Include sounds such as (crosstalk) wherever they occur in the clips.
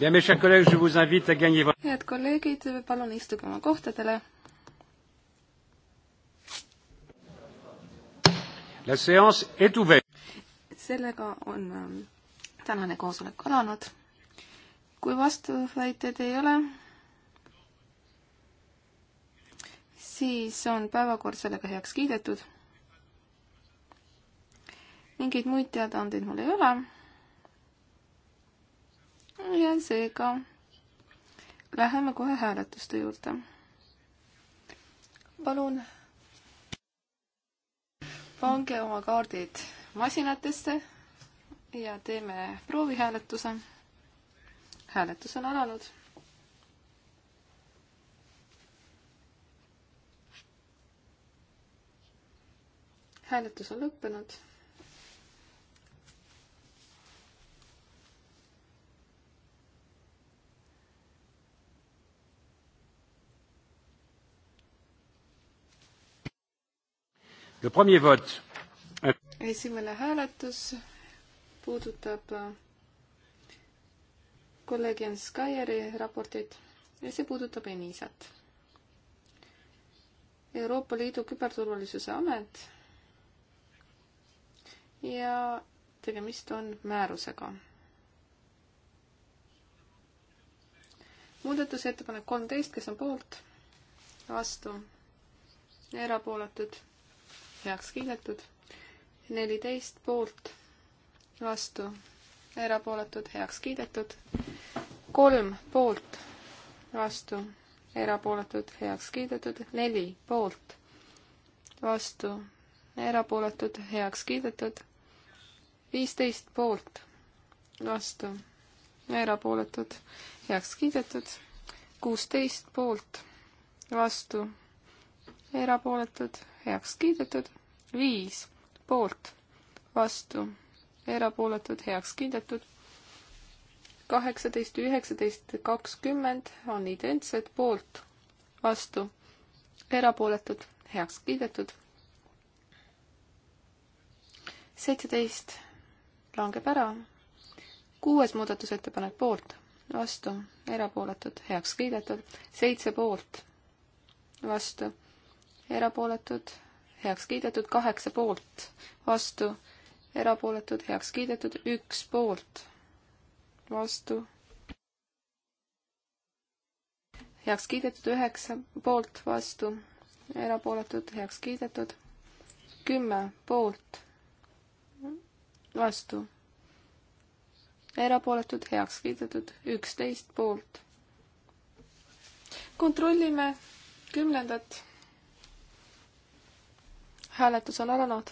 head kolleegid, palun istuge oma kohtadele. sellega on ähm, tänane koosolek alanud. kui vastuväiteid ei ole, siis on päevakord sellega heaks kiidetud. mingeid muid teadaandeid mul ei ole ja seega läheme kohe hääletuste juurde. palun pange oma kaardid masinatesse ja teeme proovihääletuse. hääletus on alanud hääletus on lõppenud esimene hääletus puudutab äh, kolleeg Jens Kaieri raportit ja see puudutab Enisat. Euroopa Liidu küberturvalisuse amet ja tegemist on määrusega. muudatusettepanek kolmteist, kes on poolt, vastu, erapooletud heaks kiidetud. neliteist poolt, vastu, erapooletud, heaks kiidetud. kolm poolt, vastu, erapooletud, heaks kiidetud. neli poolt, vastu, erapooletud, heaks kiidetud. viisteist poolt, vastu, erapooletud, heaks kiidetud. kuusteist poolt, vastu, erapooletud heaks kiidetud, viis poolt, vastu, erapooletud, heaks kiidetud, kaheksateist, üheksateist, kakskümmend on identsed, poolt, vastu, erapooletud, heaks kiidetud. seitseteist langeb ära, kuues muudatusettepanek poolt, vastu, erapooletud, heaks kiidetud, seitse poolt, vastu erapooletud, heaks kiidetud, kaheksa poolt, vastu, erapooletud, heaks kiidetud, üks poolt, vastu, heaks kiidetud, üheksa poolt, vastu, erapooletud, heaks kiidetud, kümme poolt, vastu, erapooletud, heaks kiidetud, üksteist poolt. kontrollime kümnendat hääletus on alanud.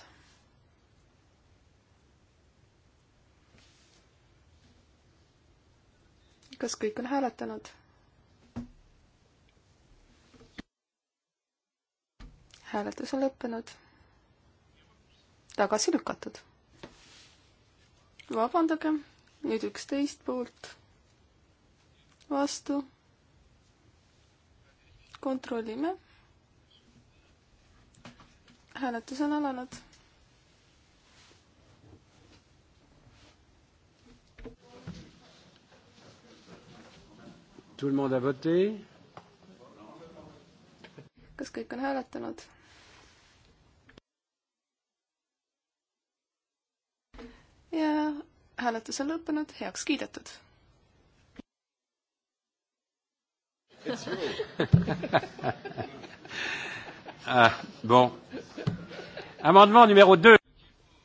kas kõik on hääletanud? hääletus on lõppenud. tagasi lükatud. vabandage, nüüd üksteist poolt. vastu. kontrollime hääletus on alanud. kas kõik on hääletanud? ja hääletus on lõppenud, heaks kiidetud. (laughs) ah, bon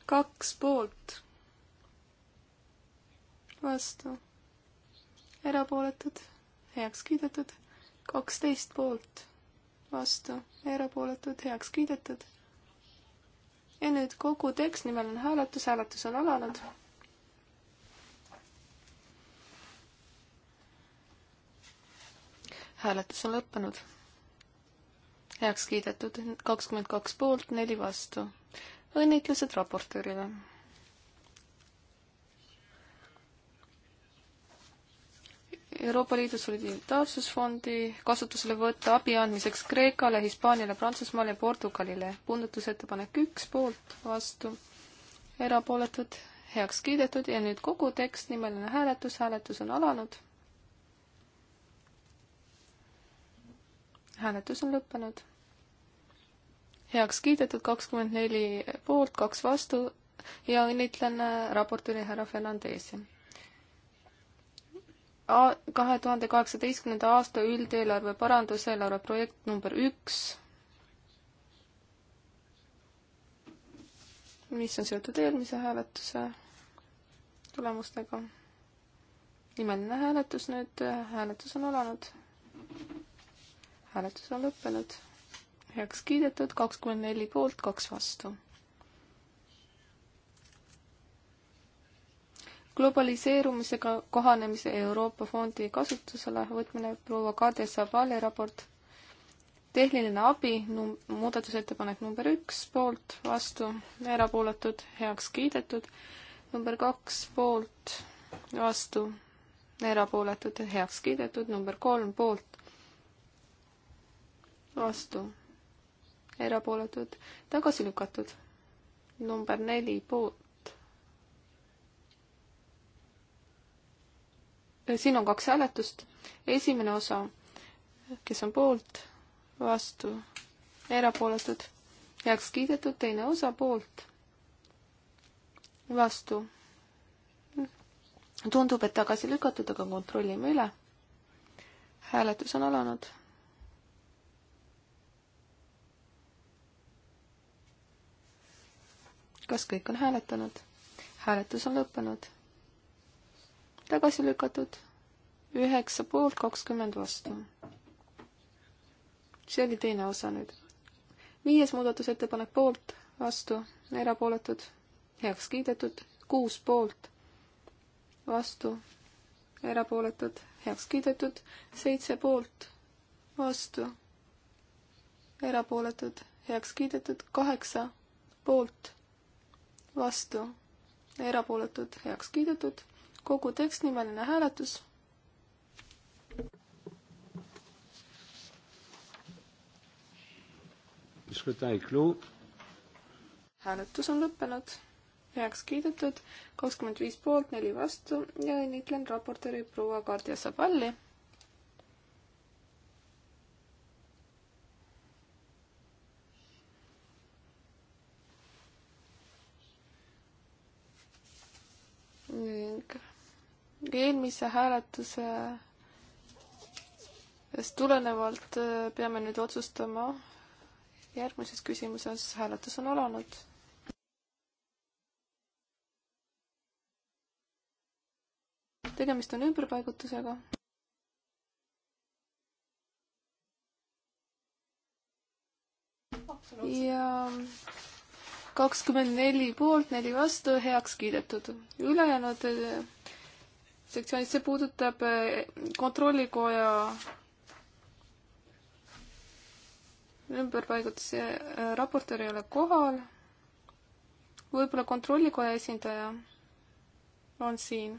kaks poolt. vastu. erapooletud, heaks kiidetud. kaksteist poolt, vastu, erapooletud, heaks kiidetud. ja nüüd kogu tekst, nimeline hääletus, hääletus on alanud. hääletus on lõppenud heaks kiidetud, kakskümmend kaks poolt, neli vastu. õnnitlused raportöörile. Euroopa Liidu solidaarsusfondi kasutusele võtta abi andmiseks Kreekale, Hispaaniale, Prantsusmaale ja Portugalile. muudatusettepanek üks poolt, vastu, erapooletud, heaks kiidetud ja nüüd kogu tekst, nimeline hääletus, hääletus on alanud hääletus on lõppenud. heaks kiidetud kakskümmend neli poolt, kaks vastu ja õnnitlen äh, raportööri härra Fernandesi. kahe tuhande kaheksateistkümnenda aasta üldeelarve parandus, eelarve projekt number üks, mis on seotud eelmise hääletuse tulemustega. nimeline hääletus nüüd, äh, hääletus on alanud hääletus on lõppenud. heaks kiidetud, kakskümmend neli poolt, kaks vastu. globaliseerumisega kohanemise Euroopa Fondi kasutusele võtmine, proua Kade Savali raport. tehniline abi num,, muudatusettepanek number üks, poolt, vastu, erapooletud, heaks kiidetud. number kaks, poolt, vastu, erapooletud, heaks kiidetud. number kolm, poolt, vastu, erapooletud, tagasi lükatud. number neli poolt. Äh, siin on kaks hääletust. esimene osa, kes on poolt, vastu, erapooletud, heaks kiidetud, teine osa poolt, vastu. tundub, et tagasi lükatud, aga kontrollime üle. hääletus on alanud kas kõik on hääletanud? hääletus on lõppenud. tagasi lükatud üheksa poolt, kakskümmend vastu. see oli teine osa nüüd. viies muudatusettepanek poolt, vastu, erapooletud, heaks kiidetud, kuus poolt, vastu, erapooletud, heaks kiidetud, seitse poolt, vastu, erapooletud, heaks kiidetud, kaheksa poolt, vastu, erapooletud, heaks kiidetud. kogu tekst, nimeline hääletus. hääletus on lõppenud, heaks kiidetud, kakskümmend viis poolt, neli vastu ja õnnitlen raportööri proua Kardia Saballi eelmise hääletusest tulenevalt äh, peame nüüd otsustama järgmises küsimuses, hääletus on alanud tegemist on ümberpaigutusega. ja kakskümmend neli poolt, neli vastu, heaks kiidetud. ülejäänud äh, sektsioonis, see puudutab eh, kontrollikoja ümberpaigutusi, eh, raportöör ei ole kohal. võib-olla kontrollikoja esindaja on siin.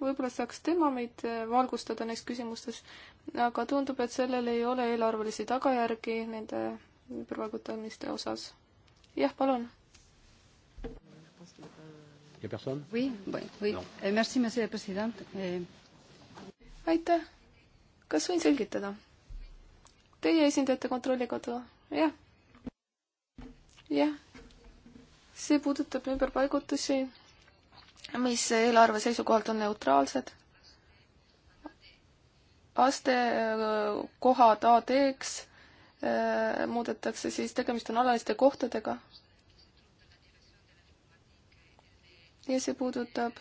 võib-olla saaks tema meid eh, valgustada neis küsimustes, aga tundub, et sellel ei ole eelarvelisi tagajärgi nende ümberpaigutamiste osas. jah, palun Il n'y a personne Oui, oui, oui. No. Eh, merci, monsieur president. Eh. aitäh. kas võin selgitada? Teie esindajate kontrollikodu, jah. jah. see puudutab ümberpaigutusi, mis eelarve seisukohalt on neutraalsed. aste eh, kohad AD-ks muudetakse siis, tegemist on alaliste kohtadega ja see puudutab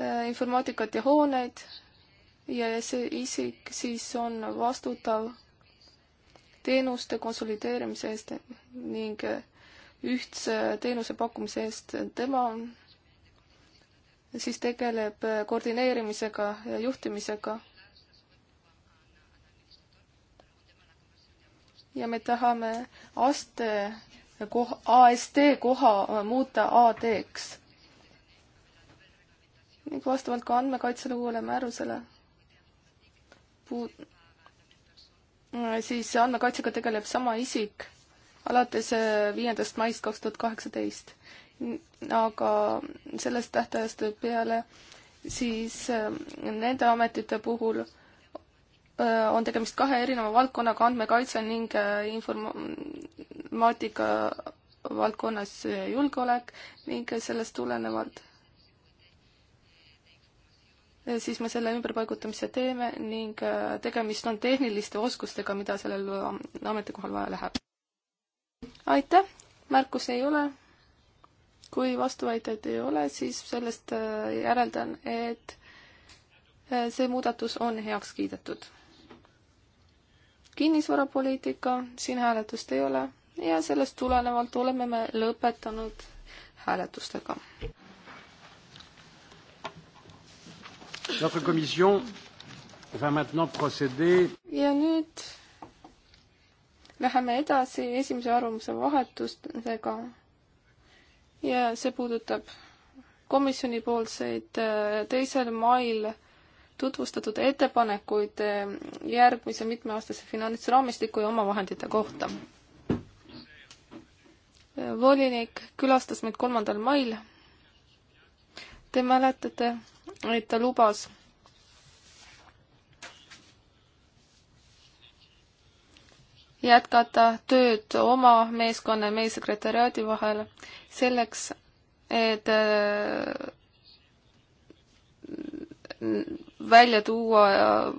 äh, informaatikat ja hooneid ja see isik siis on vastutav teenuste konsolideerimise eest ning äh, ühtse teenuse pakkumise eest. tema siis tegeleb äh, koordineerimisega ja juhtimisega. ja me tahame aste koha, AST äh, koha muuta AD-ks ning vastavalt ka andmekaitsele uuele määrusele puu-, äh, siis andmekaitsega tegeleb sama isik alates äh, viiendast maist kaks tuhat kaheksateist. aga sellest tähtajast peale siis nende ametite puhul Äh, on tegemist kahe erineva valdkonnaga, andmekaitse ning äh, informaatika valdkonnas äh, julgeolek ning sellest tulenevalt siis me selle ümberpaigutamise teeme ning tegemist on tehniliste oskustega, mida sellel ähm, ametikohal vaja läheb. aitäh, märkusi ei ole. kui vastuväiteid ei ole, siis sellest järeldan, et see muudatus on heaks kiidetud kinnisvarapoliitika, siin hääletust ei ole ja sellest tulenevalt oleme me lõpetanud hääletustega. Notre commission va maintenant procéder ja nüüd läheme edasi esimese arvamuse vahetustega ja see puudutab komisjonipoolseid äh, teisel mail tutvustatud ettepanekuid eh, järgmise mitmeaastase finantsraamistiku ja omavahendite kohta. volinik külastas meid kolmandal mail. Te mäletate, et ta lubas jätkata tööd oma meeskonna ja meie sekretäriaadi vahel selleks, et välja tuua ja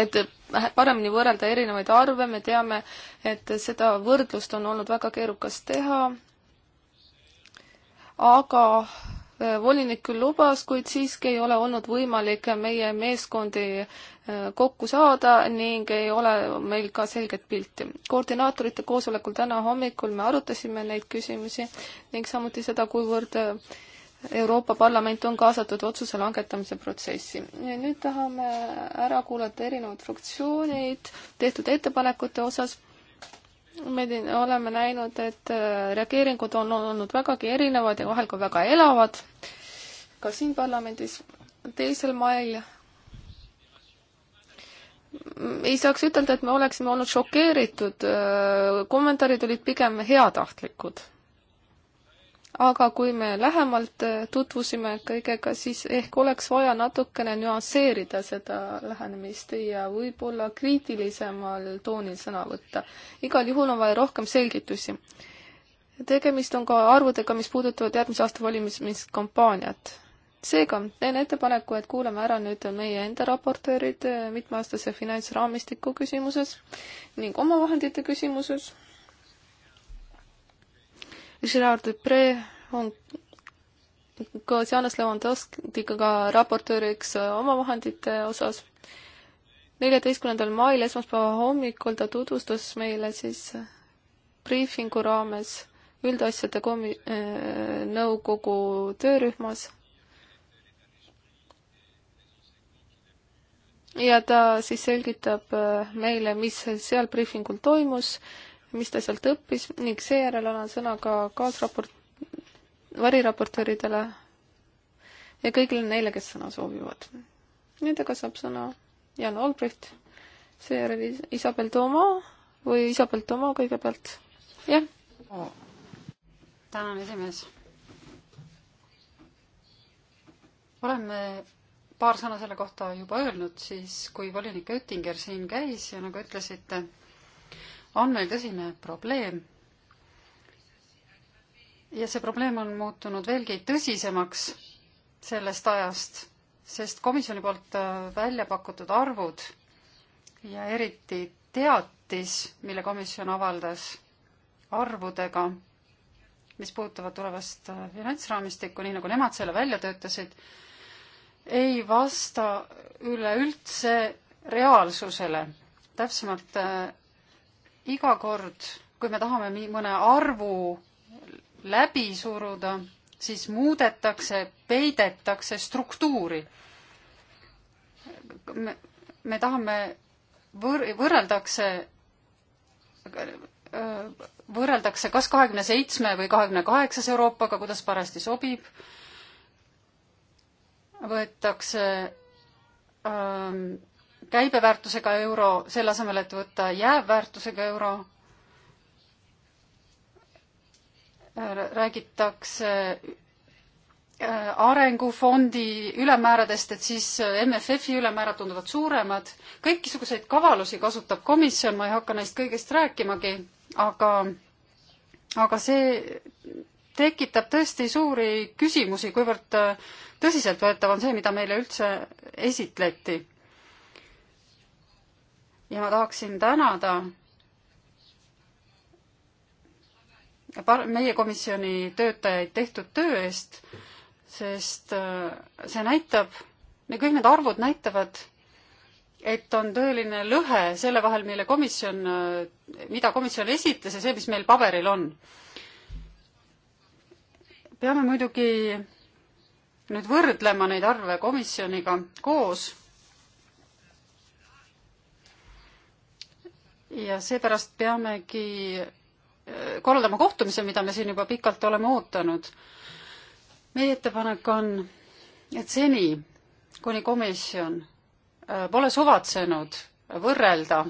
et paremini võrrelda erinevaid arve, me teame, et seda võrdlust on olnud väga keerukas teha, aga e, volinik küll lubas, kuid siiski ei ole olnud võimalik meie meeskondi e, kokku saada ning ei ole meil ka selget pilti. koordinaatorite koosolekul täna hommikul me arutasime neid küsimusi ning samuti seda, kuivõrd e, Euroopa Parlament on kaasatud otsuse langetamise protsessi. nüüd tahame ära kuulata erinevad fraktsioonid tehtud ettepanekute osas. me oleme näinud, et äh, reageeringud on olnud vägagi erinevad ja vahel ka väga elavad. ka siin parlamendis teisel mail mm, ei saaks ütelda, et me oleksime olnud šokeeritud, äh, kommentaarid olid pigem heatahtlikud aga kui me lähemalt äh, tutvusime kõigega, siis ehk oleks vaja natukene nüansseerida seda lähenemist ja võib-olla kriitilisemal toonil sõna võtta. igal juhul on vaja rohkem selgitusi. tegemist on ka arvudega, mis puudutavad järgmise aasta valimiskampaaniat. seega teen ettepaneku, et kuulame ära nüüd meie enda raportöörid äh, mitmeaastase finantsraamistiku küsimuses ning omavahendite küsimuses Gerard Dupre on koos Jaanus Levandovskiga raportööriks äh, omavahendite osas. neljateistkümnendal mail, esmaspäeva hommikul ta tutvustas meile siis äh, briifingu raames üldasjade komi-, äh, nõukogu töörühmas ja ta siis selgitab meile, mis seal briifingul toimus mis ta sealt õppis ning seejärel annan sõna ka kaasraport, variraportööridele ja kõigile neile, kes sõna soovivad. Nendega saab sõna Jan Albrecht, seejärel Isabel Toomaa või Isabel Toomaa kõigepealt, jah. tänan, esimees. oleme paar sõna selle kohta juba öelnud, siis kui volinik Oettinger siin käis ja nagu ütlesite, on meil tõsine probleem. ja see probleem on muutunud veelgi tõsisemaks sellest ajast, sest komisjoni poolt äh, välja pakutud arvud ja eriti teatis, mille komisjon avaldas arvudega, mis puudutavad tulevast äh, finantsraamistikku, nii nagu nemad selle välja töötasid, ei vasta üleüldse reaalsusele. täpsemalt äh, iga kord, kui me tahame mõne arvu läbi suruda, siis muudetakse, peidetakse struktuuri. me, me tahame, võr-, võrreldakse võrreldakse kas kahekümne seitsme või kahekümne kaheksas Euroopaga, kuidas parajasti sobib, võetakse ähm, käibeväärtusega euro, selle asemel, et võtta jäävväärtusega euro. Äh, räägitakse äh, arengufondi ülemääradest, et siis äh, MFF-i ülemäärad tunduvad suuremad. kõikisuguseid kavalusi kasutab komisjon, ma ei hakka neist kõigest rääkimagi, aga, aga see tekitab tõesti suuri küsimusi, kuivõrd tõsiseltvõetav on see, mida meile üldse esitleti ja ma tahaksin tänada meie komisjoni töötajaid tehtud töö eest, sest äh, see näitab, kõik need arvud näitavad, et on tõeline lõhe selle vahel, mille komisjon, äh, mida komisjon esitas ja see, mis meil paberil on. peame muidugi nüüd võrdlema neid arve komisjoniga koos ja seepärast peamegi eh, korraldama kohtumise, mida me siin juba pikalt oleme ootanud. meie ettepanek on, et seni, kuni komisjon eh, pole suvatsenud võrrelda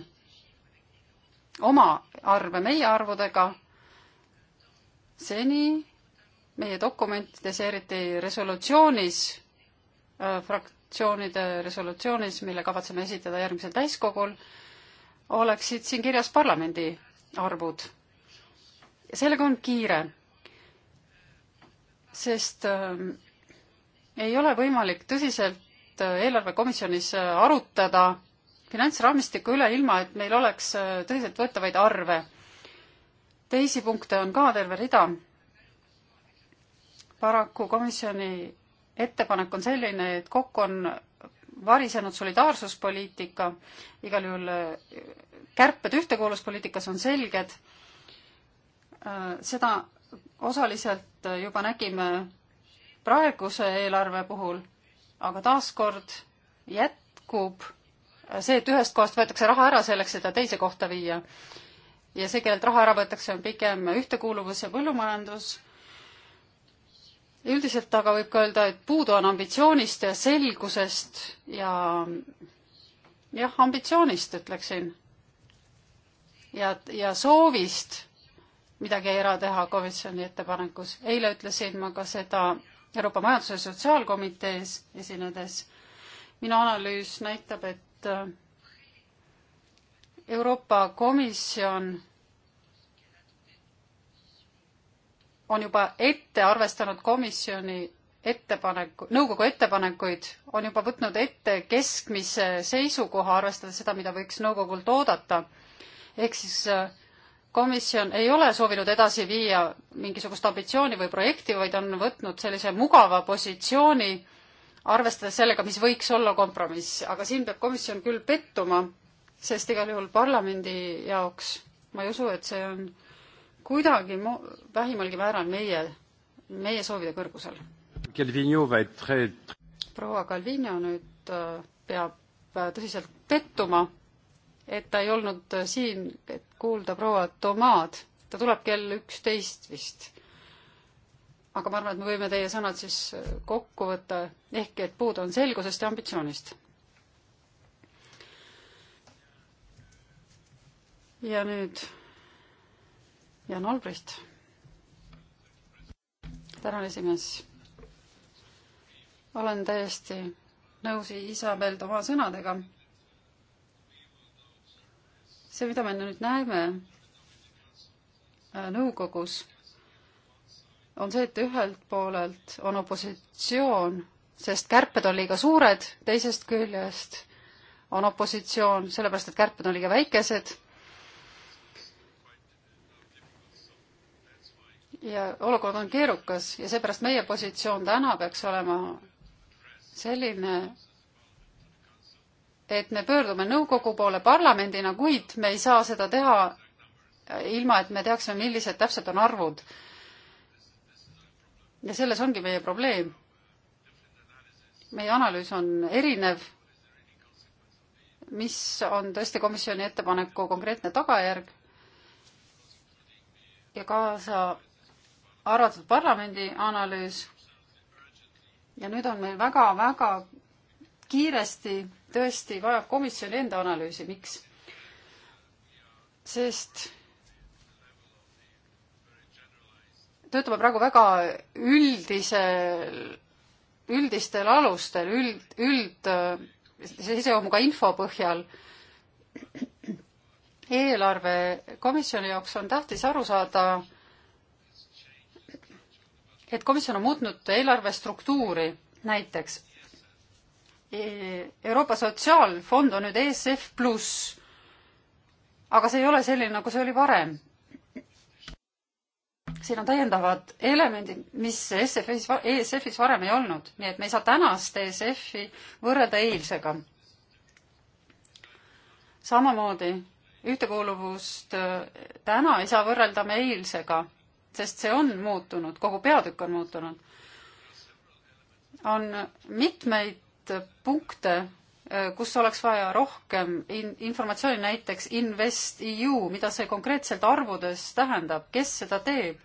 oma arve meie arvudega, seni meie dokumentides, eriti resolutsioonis, eh, fraktsioonide resolutsioonis, mille kavatseme esitada järgmisel täiskogul, oleksid siin kirjas parlamendi arvud. ja sellega on kiire, sest äh, ei ole võimalik tõsiselt äh, eelarvekomisjonis äh, arutada finantsraamistiku üle, ilma et meil oleks äh, tõsiseltvõetavaid arve. teisi punkte on ka terve rida. paraku komisjoni ettepanek on selline, et kokku on varisenud solidaarsuspoliitika, igal juhul äh, kärped ühtekuuluvuspoliitikas on selged. Äh, seda osaliselt äh, juba nägime praeguse eelarve puhul, aga taaskord jätkub see, et ühest kohast võetakse raha ära selleks, et ta teise kohta viia. ja see, kellelt raha ära võetakse, on pigem ühtekuuluvus ja põllumajandus üldiselt aga võib ka öelda, et puudu on ambitsioonist ja selgusest ja jah, ambitsioonist ütleksin. ja, ja soovist midagi ära teha komisjoni ettepanekus. eile ütlesin ma ka seda Euroopa Majandus- ja Sotsiaalkomitees esinedes. minu analüüs näitab, et Euroopa Komisjon on juba ette arvestanud komisjoni ettepaneku, nõukogu ettepanekuid, on juba võtnud ette keskmise seisukoha, arvestades seda, mida võiks nõukogult oodata. ehk siis äh, komisjon ei ole soovinud edasi viia mingisugust ambitsiooni või projekti, vaid on võtnud sellise mugava positsiooni, arvestades sellega, mis võiks olla kompromiss, aga siin peab komisjon küll pettuma, sest igal juhul parlamendi jaoks ma ei usu, et see on kuidagi mo-, vähimalgi määral meie, meie soovide kõrgusel. proua Calvino nüüd äh, peab äh, tõsiselt pettuma, et ta ei olnud äh, siin, et kuulda proua Tomaad. ta tuleb kell üksteist vist. aga ma arvan, et me võime teie sõnad siis kokku võtta, ehkki et puudu on selgusest ja ambitsioonist. ja nüüd Jan Albrecht. tänan, esimees. olen täiesti nõus Isabel Toma sõnadega. see, mida me nüüd näeme äh, nõukogus, on see, et ühelt poolelt on opositsioon, sest kärped on liiga suured, teisest küljest on opositsioon sellepärast, et kärped on liiga väikesed ja olukord on keerukas ja seepärast meie positsioon täna peaks olema selline, et me pöördume nõukogu poole parlamendina, kuid me ei saa seda teha ilma, et me teaksime, millised täpselt on arvud. ja selles ongi meie probleem. meie analüüs on erinev, mis on tõesti komisjoni ettepaneku konkreetne tagajärg ja kaasa arvatud parlamendi analüüs. ja nüüd on meil väga-väga kiiresti tõesti vajab komisjoni enda analüüsi, miks? sest töötame praegu väga üldisel, üldistel alustel, üld, üld, siseomuga info põhjal. eelarve komisjoni jaoks on tähtis aru saada, et komisjon on muutnud eelarve struktuuri, näiteks e, Euroopa Sotsiaalfond on nüüd ESF pluss, aga see ei ole selline, nagu see oli varem. siin on täiendavad elemendid, mis e SF-is, ESF-is varem ei olnud, nii et me ei saa tänast ESF-i võrrelda eilsega. samamoodi ühtekuuluvust e, täna ei saa võrrelda me eilsega sest see on muutunud, kogu peatükk on muutunud. on mitmeid punkte, eh, kus oleks vaja rohkem in-, informatsiooni, näiteks InvestEU, mida see konkreetselt arvudes tähendab, kes seda teeb?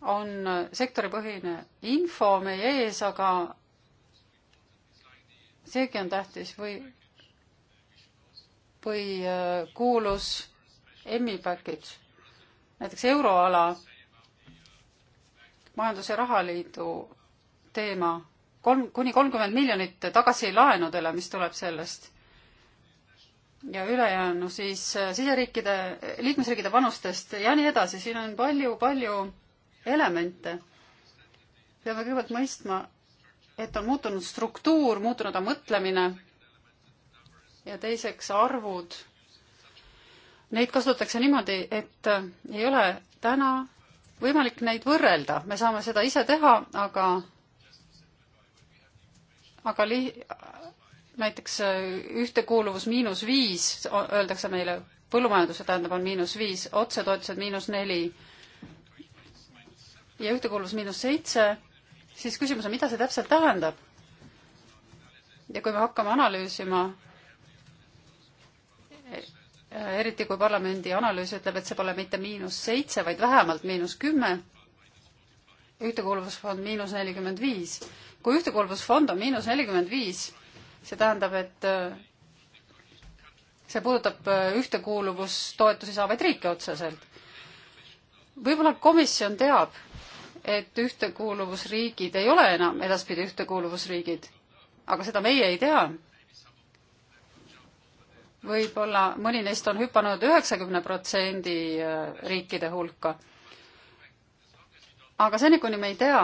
on sektoripõhine info meie ees, aga seegi on tähtis või, või eh, kuulus EMI package näiteks euroala majandus- ja rahaliidu teema, kolm, kuni kolmkümmend miljonit tagasi laenudele, mis tuleb sellest. ja ülejäänu no siis äh, siseriikide, liikmesriikide panustest ja nii edasi, siin on palju-palju elemente. peame kõigepealt mõistma, et on muutunud struktuur, muutunud on mõtlemine ja teiseks arvud Neid kasutatakse niimoodi, et äh, ei ole täna võimalik neid võrrelda, me saame seda ise teha, aga aga li-, näiteks äh, ühtekuuluvus miinus viis, öeldakse meile, põllumajanduse tähendab, on miinus viis, otsetoetused miinus neli ja ühtekuuluvus miinus seitse, siis küsimus on, mida see täpselt tähendab? ja kui me hakkame analüüsima eriti kui parlamendi analüüs ütleb, et see pole mitte miinus seitse, vaid vähemalt miinus kümme, ühtekuuluvusfond miinus nelikümmend viis. kui ühtekuuluvusfond on miinus nelikümmend viis, see tähendab, et see puudutab äh, ühtekuuluvustoetusi saavaid riike otseselt. võib-olla komisjon teab, et ühtekuuluvusriigid ei ole enam edaspidi ühtekuuluvusriigid, aga seda meie ei tea võib-olla mõni neist on hüpanud üheksakümne protsendi äh, riikide hulka. aga seni, kuni me ei tea,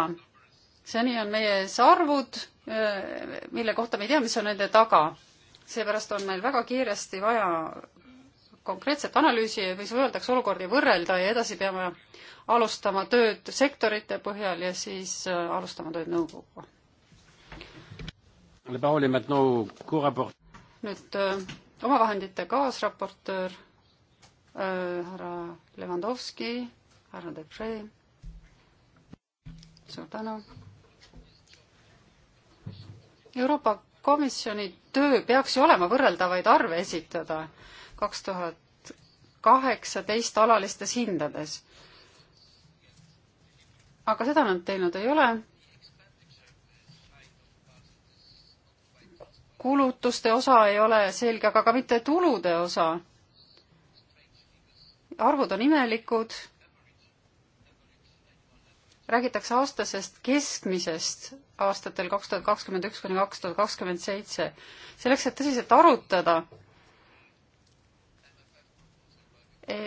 seni on meie ees arvud, äh, mille kohta me ei tea, mis on nende taga. seepärast on meil väga kiiresti vaja konkreetset analüüsi, mis öeldakse olukordi võrrelda ja edasi peame alustama tööd sektorite põhjal ja siis äh, alustama tööd nõukoguga. nüüd omavahendite kaasraportöör äh, härra Levandovski, härra Depree. suur tänu. Euroopa Komisjoni töö peaks ju olema võrreldavaid arve esitada kaks tuhat kaheksateist alalistes hindades. aga seda nad teinud ei ole kulutuste osa ei ole selge, aga ka mitte tulude osa. arvud on imelikud. räägitakse aastasest keskmisest aastatel kaks tuhat kakskümmend üks kuni kaks tuhat kakskümmend seitse. selleks, et tõsiselt arutada e,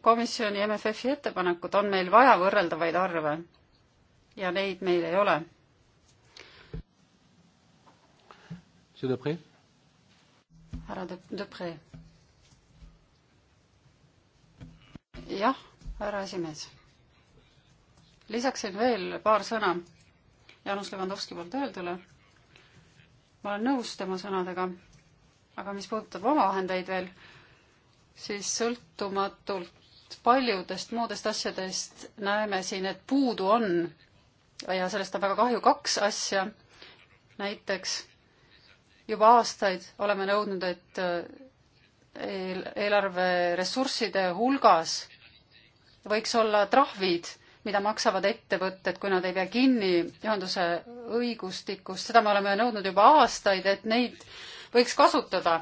komisjoni MFFi ettepanekut, on meil vaja võrreldavaid arve ja neid meil ei ole Monsieur Depré. härra Depré. jah, härra esimees. lisaksin veel paar sõna Jaanus Levandovski poolt öeldule. ma olen nõus tema sõnadega, aga mis puudutab omavahendeid veel, siis sõltumatult paljudest muudest asjadest näeme siin, et puudu on ja sellest on väga kahju, kaks asja. näiteks juba aastaid oleme nõudnud, et eelarve ressursside hulgas võiks olla trahvid, mida maksavad ettevõtted, kui nad ei pea kinni ühenduse õigustikust, seda me oleme nõudnud juba aastaid, et neid võiks kasutada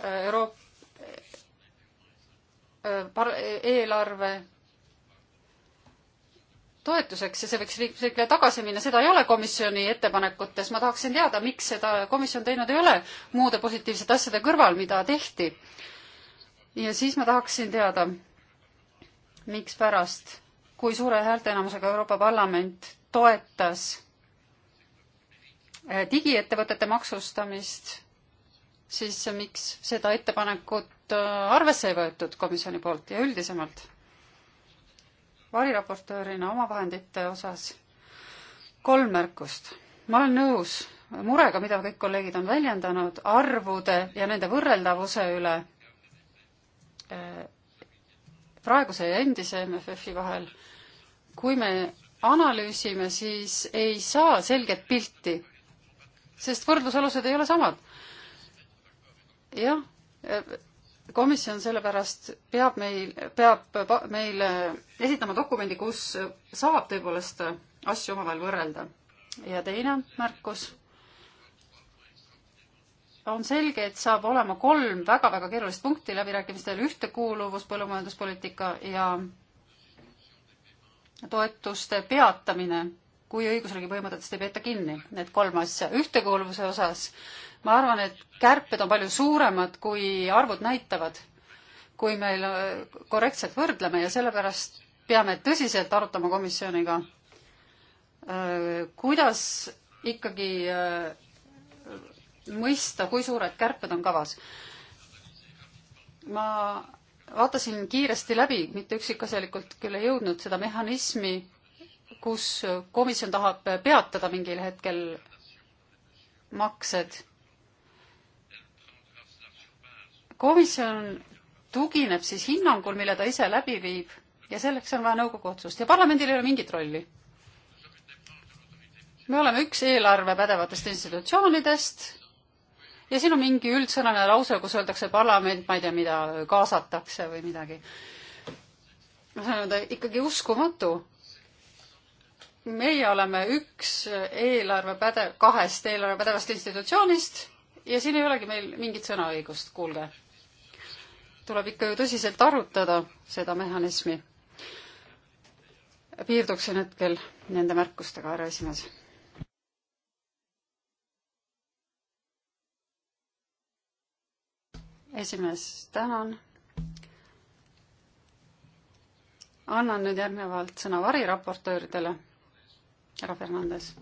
Euroop- par-, eelarve toetuseks ja see võiks riigile tagasi minna, seda ei ole komisjoni ettepanekutes, ma tahaksin teada, miks seda komisjon teinud ei ole muude positiivsete asjade kõrval, mida tehti. ja siis ma tahaksin teada, mikspärast, kui suure häälteenamusega Euroopa Parlament toetas eh, digiettevõtete maksustamist, siis miks seda ettepanekut eh, arvesse ei võetud komisjoni poolt ja üldisemalt? variraportöörina omavahendite osas kolm märkust. ma olen nõus murega, mida kõik kolleegid on väljendanud arvude ja nende võrreldavuse üle eh, praeguse ja endise MFF-i vahel. kui me analüüsime, siis ei saa selget pilti, sest võrdlusalused ei ole samad. jah eh, komisjon sellepärast peab meil, peab meile esitama dokumendi, kus saab tõepoolest asju omavahel võrrelda. ja teine märkus. on selge, et saab olema kolm väga-väga keerulist punkti läbirääkimistel, ühtekuuluvus, põllumajanduspoliitika ja toetuste peatamine kui õigusriigi põhimõtetest ei peeta kinni. Need kolm asja. ühtekuuluvuse osas ma arvan, et kärped on palju suuremad, kui arvud näitavad, kui meil äh, korrektselt võrdleme ja sellepärast peame tõsiselt arutama komisjoniga, äh, kuidas ikkagi äh, mõista, kui suured kärped on kavas. ma vaatasin kiiresti läbi, mitte üksikasjalikult küll ei jõudnud seda mehhanismi, kus komisjon tahab peatada mingil hetkel maksed. komisjon tugineb siis hinnangul, mille ta ise läbi viib ja selleks on vaja nõukogu otsust ja parlamendil ei ole mingit rolli. me oleme üks eelarve pädevatest institutsioonidest ja siin on mingi üldsõnaline lause, kus öeldakse parlament, ma ei tea, mida kaasatakse või midagi. see on ikkagi uskumatu meie oleme üks eelarvepädev, kahest eelarvepädevast institutsioonist ja siin ei olegi meil mingit sõnaõigust, kuulge. tuleb ikka ju tõsiselt arutada seda mehhanismi. piirduksin hetkel nende märkustega, härra esimees. esimees, tänan. annan nüüd järgnevalt sõna variraportööridele härra Fernandes.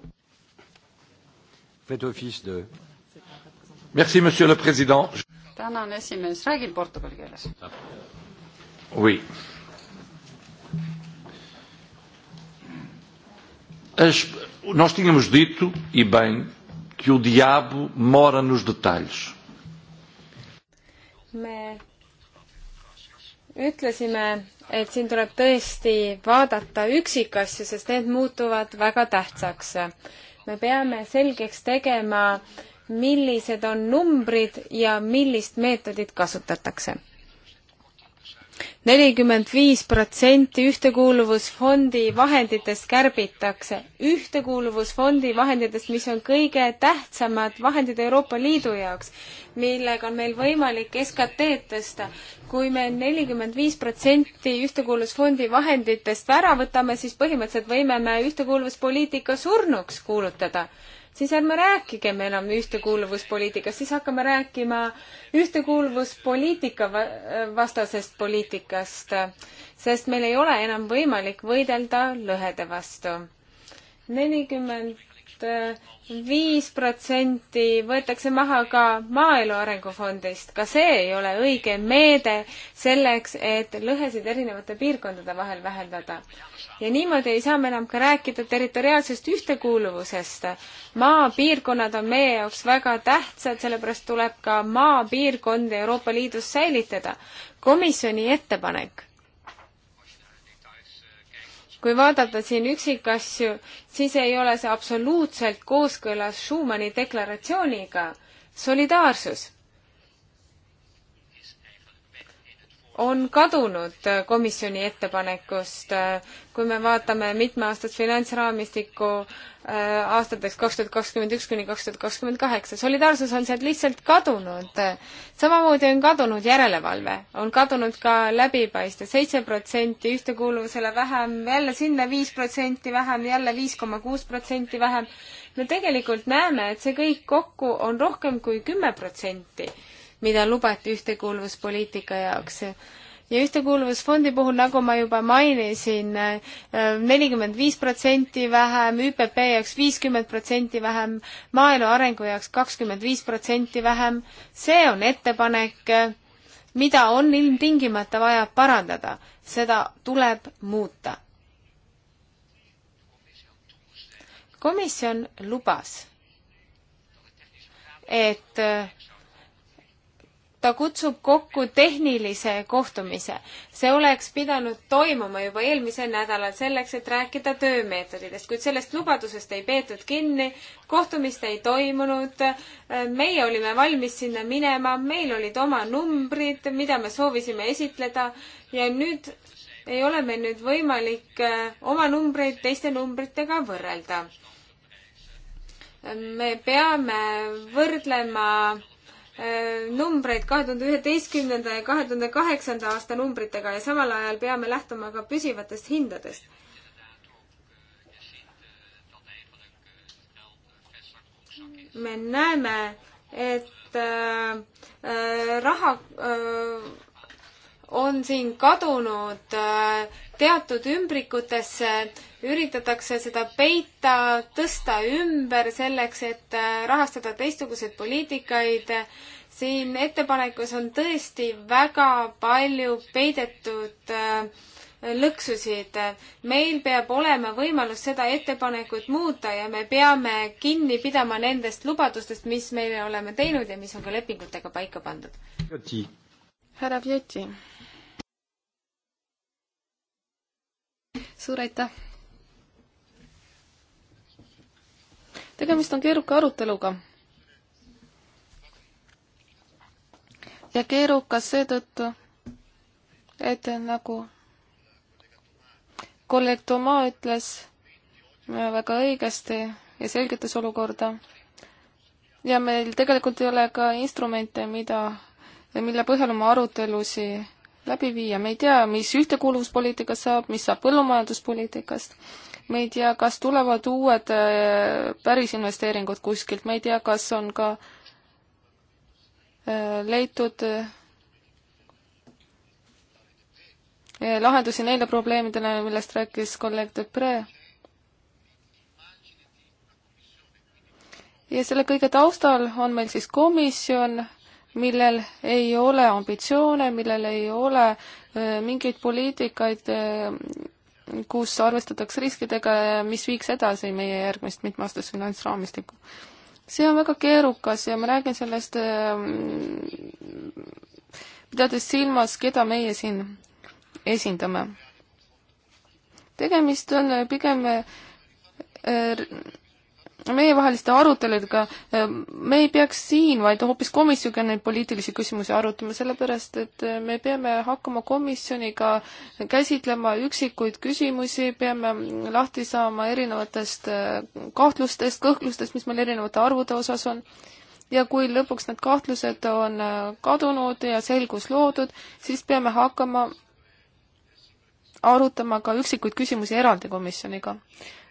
Merci, monsieur le president. tänan, esimees, räägin portugali keeles. Oui. As, nós tínhamos dito, e bem, que o diabo mora nos detalhes. me ütlesime, et siin tuleb tõesti vaadata üksikasju, sest need muutuvad väga tähtsaks. me peame selgeks tegema, millised on numbrid ja millist meetodit kasutatakse nelikümmend viis protsenti Ühtekuuluvusfondi vahenditest kärbitakse. ühtekuuluvusfondi vahenditest, mis on kõige tähtsamad vahendid Euroopa Liidu jaoks, millega on meil võimalik SKT-d tõsta. kui me nelikümmend viis protsenti Ühtekuuluvusfondi vahenditest ära võtame, siis põhimõtteliselt võime me ühtekuuluvuspoliitika surnuks kuulutada siis ärme rääkigem enam ühtekuuluvuspoliitikast, siis hakkame rääkima ühtekuuluvuspoliitika vastasest poliitikast, sest meil ei ole enam võimalik võidelda lõhede vastu. nelikümmend Eh, viis protsenti võetakse maha ka Maaelu Arengufondist. ka see ei ole õige meede selleks, et lõhesid erinevate piirkondade vahel vähendada. ja niimoodi ei saa me enam ka rääkida territoriaalsest ühtekuuluvusest. maapiirkonnad on meie jaoks väga tähtsad, sellepärast tuleb ka maapiirkondi Euroopa Liidus säilitada. komisjoni ettepanek kui vaadata siin üksikasju, siis ei ole see absoluutselt kooskõlas Schumani deklaratsiooniga. solidaarsus on kadunud komisjoni ettepanekust. kui me vaatame mitmeaastast finantsraamistikku äh, aastateks kaks tuhat kakskümmend üks kuni kaks tuhat kakskümmend kaheksa, solidaarsus on sealt lihtsalt kadunud. samamoodi on kadunud järelevalve, on kadunud ka läbipaistvus, seitse protsenti ühtekuuluvusele vähem, jälle sinna viis protsenti vähem, jälle viis koma kuus protsenti vähem. me tegelikult näeme, et see kõik kokku on rohkem kui kümme protsenti mida lubati ühtekuuluvuspoliitika jaoks ja Ühtekuuluvusfondi puhul, nagu ma juba mainisin, nelikümmend viis protsenti vähem, ÜPP jaoks viiskümmend protsenti vähem, maaelu arengu jaoks kakskümmend viis protsenti vähem, see on ettepanek, mida on ilmtingimata vaja parandada, seda tuleb muuta. komisjon lubas, et ta kutsub kokku tehnilise kohtumise. see oleks pidanud toimuma juba eelmisel nädalal selleks, et rääkida töömeetoditest, kuid sellest lubadusest ei peetud kinni, kohtumist ei toimunud, meie olime valmis sinna minema, meil olid oma numbrid, mida me soovisime esitleda ja nüüd ei ole meil nüüd võimalik eh, oma numbreid teiste numbritega võrrelda. me peame võrdlema Äh, numbreid kahe tuhande üheteistkümnenda ja kahe tuhande kaheksanda aasta numbritega ja samal ajal peame lähtuma ka püsivatest hindadest. me näeme, et äh, äh, raha äh, on siin kadunud äh, teatud ümbrikutesse, üritatakse seda peita, tõsta ümber selleks, et äh, rahastada teistsuguseid poliitikaid. siin ettepanekus on tõesti väga palju peidetud äh, lõksusid. meil peab olema võimalus seda ettepanekut muuta ja me peame kinni pidama nendest lubadustest, mis meile oleme teinud ja mis on ka lepingutega paika pandud. härra Vjeti suur aitäh! tegemist on keeruka aruteluga. ja keerukas seetõttu, et nagu kolleeg Toma ütles äh, väga õigesti ja selgitas olukorda, ja meil tegelikult ei ole ka instrumente, mida, mille põhjal oma arutelusi läbi viia, me ei tea, mis ühtekuuluvuspoliitikast saab, mis saab põllumajanduspoliitikast, me ei tea, kas tulevad uued äh, päris investeeringud kuskilt, me ei tea, kas on ka äh, leitud äh, lahendusi neile probleemidele, millest rääkis kolleeg Depre. ja selle kõige taustal on meil siis komisjon, millel ei ole ambitsioone, millel ei ole äh, mingeid poliitikaid, äh, kus arvestatakse riskidega, mis viiks edasi meie järgmist mitmeaastast finantsraamistikku. see on väga keerukas ja ma räägin sellest, äh, pidades silmas, keda meie siin esindame. tegemist on pigem meievaheliste aruteludega, äh, me ei peaks siin, vaid hoopis komisjoniga neid poliitilisi küsimusi arutama, sellepärast et äh, me peame hakkama komisjoniga käsitlema üksikuid küsimusi, peame lahti saama erinevatest äh, kahtlustest, kõhklustest, mis meil erinevate arvude osas on. ja kui lõpuks need kahtlused on kadunud ja selgus loodud, siis peame hakkama arutama ka üksikuid küsimusi eraldi komisjoniga.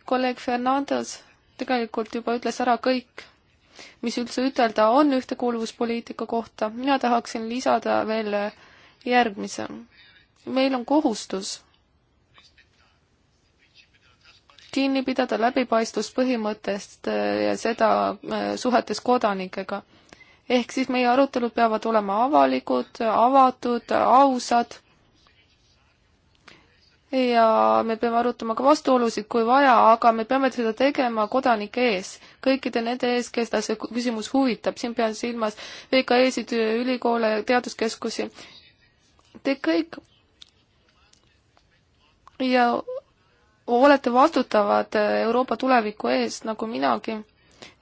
kolleeg Fernandes tegelikult juba ütles ära kõik, mis üldse ütelda on ühtekuuluvuspoliitika kohta, mina tahaksin lisada veel järgmise. meil on kohustus kinni pidada läbipaistvuspõhimõttest äh, ja seda äh, suhetes kodanikega. ehk siis meie arutelud peavad olema avalikud, avatud, ausad ja me peame arutama ka vastuolusid, kui vaja, aga me peame seda tegema kodanike ees, kõikide nende ees, kes ta see küsimus huvitab, siin pean silmas VKE-sid, ülikoole, teaduskeskusi, te kõik ja olete vastutavad Euroopa tuleviku eest, nagu minagi,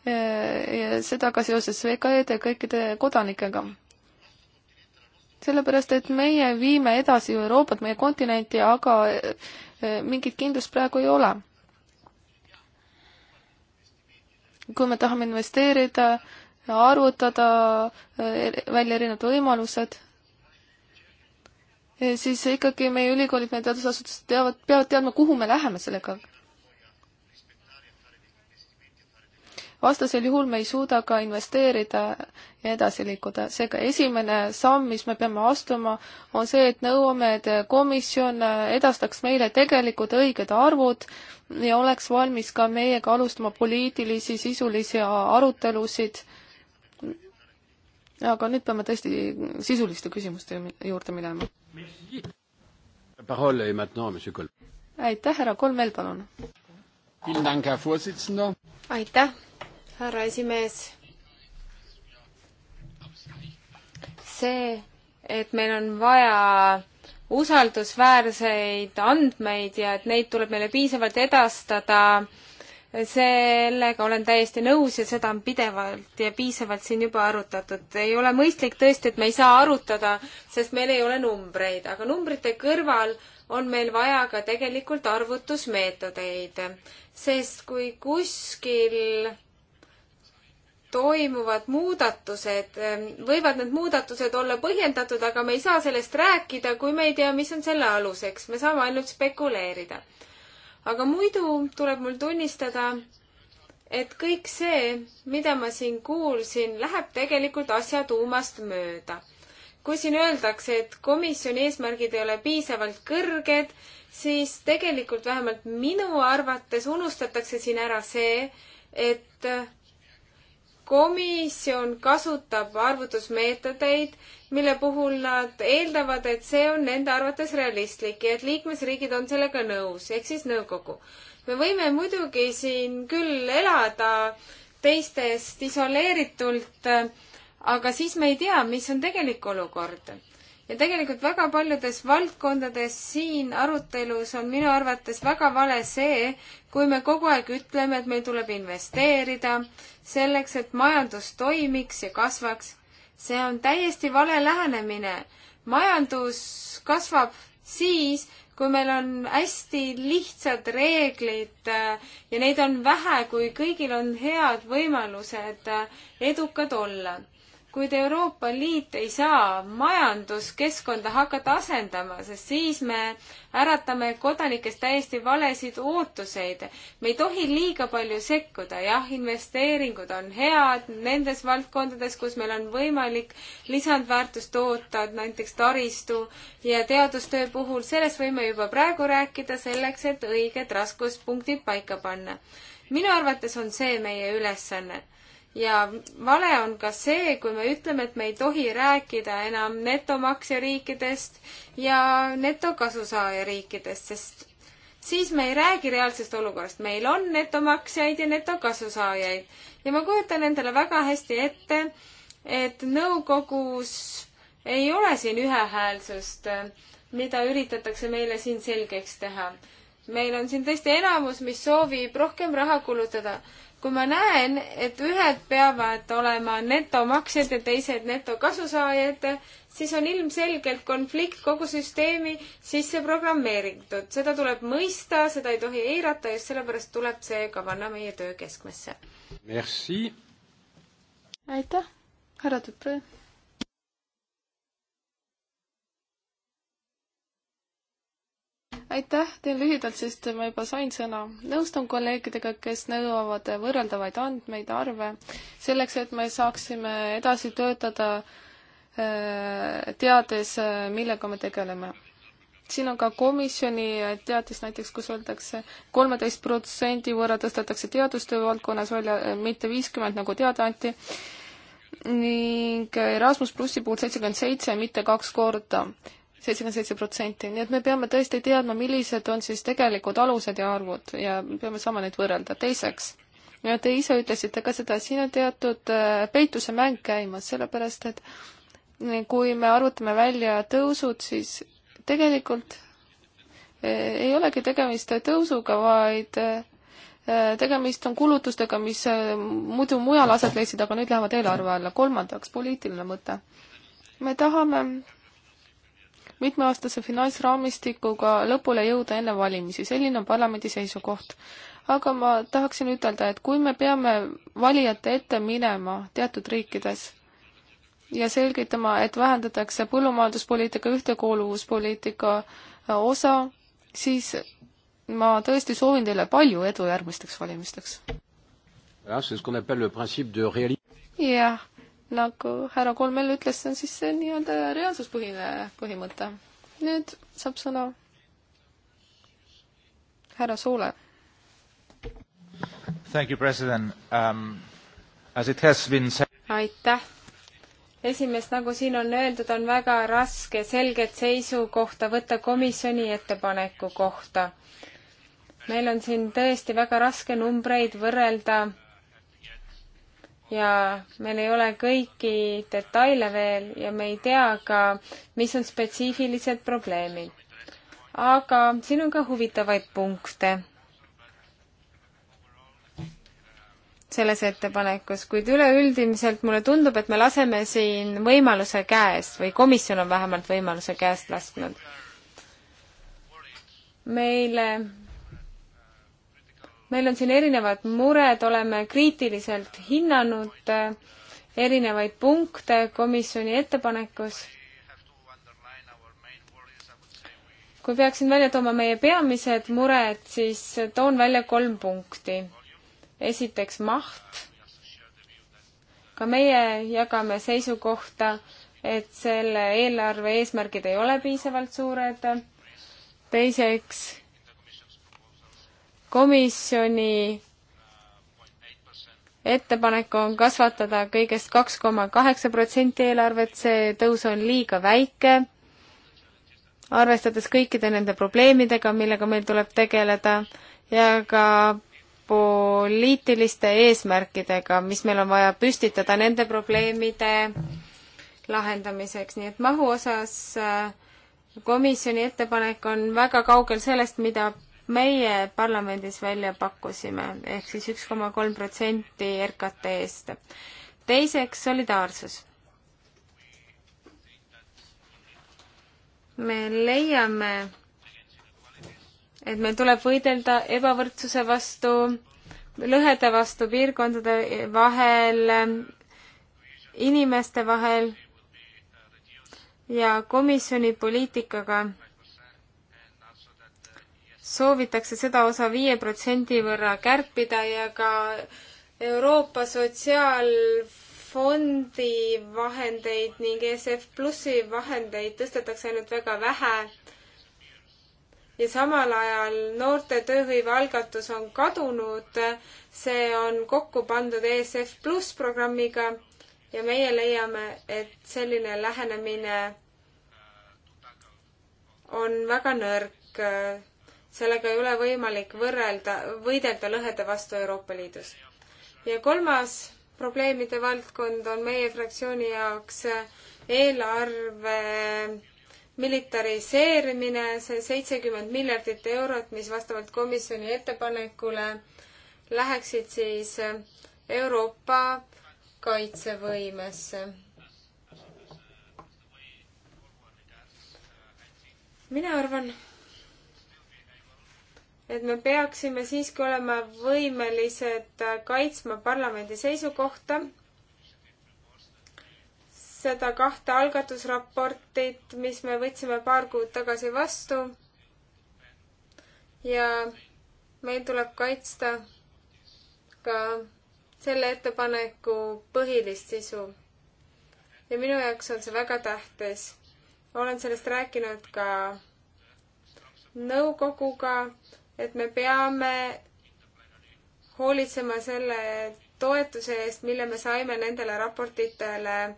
eh, ja seda ka seoses VKE-de kõikide kodanikega sellepärast, et meie viime edasi Euroopat, meie kontinenti, aga eh, eh, mingit kindlust praegu ei ole. kui me tahame investeerida, arvutada eh, välja erinevad võimalused, siis ikkagi meie ülikoolid, meie teadusasutused teavad, peavad teadma, kuhu me läheme sellega vastasel juhul me ei suuda ka investeerida ja edasi liikuda. seega esimene samm, mis me peame astuma, on see, et nõuame, et komisjon edastaks meile tegelikud õiged arvud ja oleks valmis ka meiega alustama poliitilisi sisulisi arutelusid. aga nüüd peame tõesti sisuliste küsimuste juurde minema. aitäh, härra Kolmel, palun! aitäh, härra esimees. see, et meil on vaja usaldusväärseid andmeid ja et neid tuleb meile piisavalt edastada, sellega olen täiesti nõus ja seda on pidevalt ja piisavalt siin juba arutatud. ei ole mõistlik tõesti, et me ei saa arutada, sest meil ei ole numbreid, aga numbrite kõrval äh, on meil vaja ka tegelikult arvutusmeetodeid, sest kui kuskil toimuvad muudatused, ehm, võivad need muudatused olla põhjendatud, aga me ei saa sellest rääkida, kui me ei tea, mis on selle aluseks, me saame ainult spekuleerida. aga muidu tuleb mul tunnistada, et kõik see, mida ma siin kuulsin, läheb tegelikult asja tuumast mööda kui siin öeldakse, et komisjoni eesmärgid ei ole piisavalt kõrged, siis tegelikult vähemalt minu arvates unustatakse siin ära see, et komisjon kasutab arvutusmeetodeid, mille puhul nad eeldavad, et see on nende arvates realistlik ja et liikmesriigid on sellega nõus, ehk siis nõukogu. me võime muidugi siin küll elada teistest isoleeritult äh, aga siis me ei tea, mis on tegelik olukord. ja tegelikult väga paljudes valdkondades siin arutelus on minu arvates väga vale see, kui me kogu aeg ütleme, et meil tuleb investeerida selleks, et majandus toimiks ja kasvaks. see on täiesti vale lähenemine. majandus kasvab siis, kui meil on hästi lihtsad reeglid äh, ja neid on vähe, kui kõigil on head võimalused äh, edukad olla kuid Euroopa Liit ei saa majanduskeskkonda hakata asendama, sest siis me äratame kodanikest täiesti valesid ootuseid. me ei tohi liiga palju sekkuda, jah, investeeringud on head nendes valdkondades, kus meil on võimalik lisandväärtust toota, näiteks taristu ja teadustöö puhul, sellest võime juba praegu rääkida, selleks et õiged raskuspunktid paika panna minu arvates on see meie ülesanne ja vale on ka see, kui me ütleme, et me ei tohi rääkida enam netomaksja riikidest ja netokasusaaja riikidest, sest siis me ei räägi reaalsest olukorrast. meil on netomaksjaid ja netokasusaajaid ja ma kujutan endale väga hästi ette, et nõukogus ei ole siin ühehäälsust, mida üritatakse meile siin selgeks teha. meil on siin tõesti enamus, mis soovib rohkem raha kulutada kui ma näen, et ühed peavad olema netomaksjad ja teised netokasusaajad, siis on ilmselgelt konflikt kogu süsteemi sisse programmeeritud. seda tuleb mõista, seda ei tohi eirata, just sellepärast tuleb see ka panna meie töö keskmesse. Merci. aitäh, härra Tüpre. aitäh, teen lühidalt, sest ma juba sain sõna. nõustun kolleegidega, kes nõuavad võrreldavaid andmeid, arve, selleks, et me saaksime edasi töötada äh, teades, millega me tegeleme. siin on ka komisjoni teatis näiteks, kus öeldakse, kolmeteist protsendi võrra tõstetakse teadustöö valdkonnas välja, mitte viiskümmend, nagu teada anti, ning Erasmus plussi puhul seitsekümmend seitse, mitte kaks korda seitsekümmend seitse protsenti, nii et me peame tõesti teadma, millised on siis tegelikud alused ja arvud ja peame saama neid võrrelda. teiseks, te ise ütlesite ka seda, siin on teatud äh, peituse mäng käimas, sellepärast et kui me arvutame välja tõusud, siis tegelikult äh, ei olegi tegemist tõusuga, vaid äh, tegemist on kulutustega, mis muidu mujal aset leidsid, aga nüüd lähevad eelarve alla. kolmandaks, poliitiline mõte. me tahame mitmeaastase finantsraamistikuga lõpule jõuda enne valimisi, selline on parlamendi seisukoht. aga ma tahaksin ütelda, et kui me peame valijate ette minema teatud riikides ja selgitama, et vähendatakse põllumajanduspoliitika ühtekuuluvuspoliitika äh, osa, siis ma tõesti soovin teile palju edu järgmisteks valimisteks. jah, nagu härra Kolmel ütles, see on siis see nii-öelda reaalsuspõhine põhimõte. nüüd saab sõna härra Soole. Thank you, president um,. As it has been said aitäh! esimest, nagu siin on öeldud, on väga raske selget seisukohta võtta komisjoni ettepaneku kohta. meil on siin tõesti väga raske numbreid võrrelda ja meil ei ole kõiki detaile veel ja me ei tea ka, mis on spetsiifilised probleemid. aga siin on ka huvitavaid punkte selles ettepanekus, kuid üleüldiselt mulle tundub, et me laseme siin võimaluse käest või komisjon on vähemalt võimaluse käest lasknud. meile meil on siin erinevad mured, oleme kriitiliselt hinnanud äh, erinevaid punkte komisjoni ettepanekus. kui peaksin välja tooma meie peamised mured, siis toon välja kolm punkti. esiteks maht. ka meie jagame seisukohta, et selle eelarve eesmärgid ei ole piisavalt suured. teiseks komisjoni ettepanek on kasvatada kõigest kaks koma kaheksa protsenti eelarvet, see tõus on liiga väike, arvestades kõikide nende probleemidega, millega meil tuleb tegeleda ja ka poliitiliste eesmärkidega, mis meil on vaja püstitada nende probleemide lahendamiseks, nii et mahu osas äh, komisjoni ettepanek on väga kaugel sellest, mida meie parlamendis välja pakkusime, ehk siis üks koma kolm protsenti RKT-st. teiseks, solidaarsus. me leiame, et meil tuleb võidelda ebavõrdsuse vastu, lõhede vastu piirkondade vahel, inimeste vahel ja komisjoni poliitikaga soovitakse seda osa viie protsendi võrra kärpida ja ka Euroopa Sotsiaalfondi vahendeid ning ESF Plussi vahendeid tõstetakse ainult väga vähe. ja samal ajal noorte tööhõive algatus on kadunud, see on kokku pandud ESF Pluss programmiga ja meie leiame, et selline lähenemine on väga nõrk sellega ei ole võimalik võrrelda, võidelda lõhede vastu Euroopa Liidus. ja kolmas probleemide valdkond on meie fraktsiooni jaoks eelarve militariseerimine, see seitsekümmend miljardit eurot, mis vastavalt komisjoni ettepanekule läheksid siis Euroopa kaitsevõimesse. mina arvan, et me peaksime siiski olema võimelised kaitsma parlamendi seisukohta, seda kahte algatusraportit, mis me võtsime paar kuud tagasi vastu. ja meil tuleb kaitsta ka selle ettepaneku põhilist sisu. ja minu jaoks on see väga tähtis. olen sellest rääkinud ka nõukoguga et me peame hoolitsema selle toetuse eest, mille me saime nendele raportitele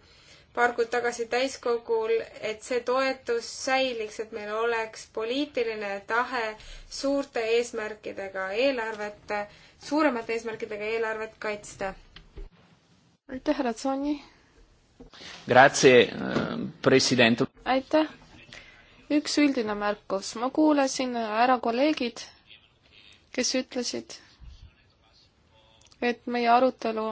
paar kuud tagasi täiskogul, et see toetus säiliks, et meil oleks poliitiline tahe suurte eesmärkidega eelarvet, suuremate eesmärkidega eelarvet kaitsta. aitäh, härra Tsooni! Grazie, eh, president! aitäh! üks üldine märkus, ma kuulasin ära kolleegid kes ütlesid, et meie arutelu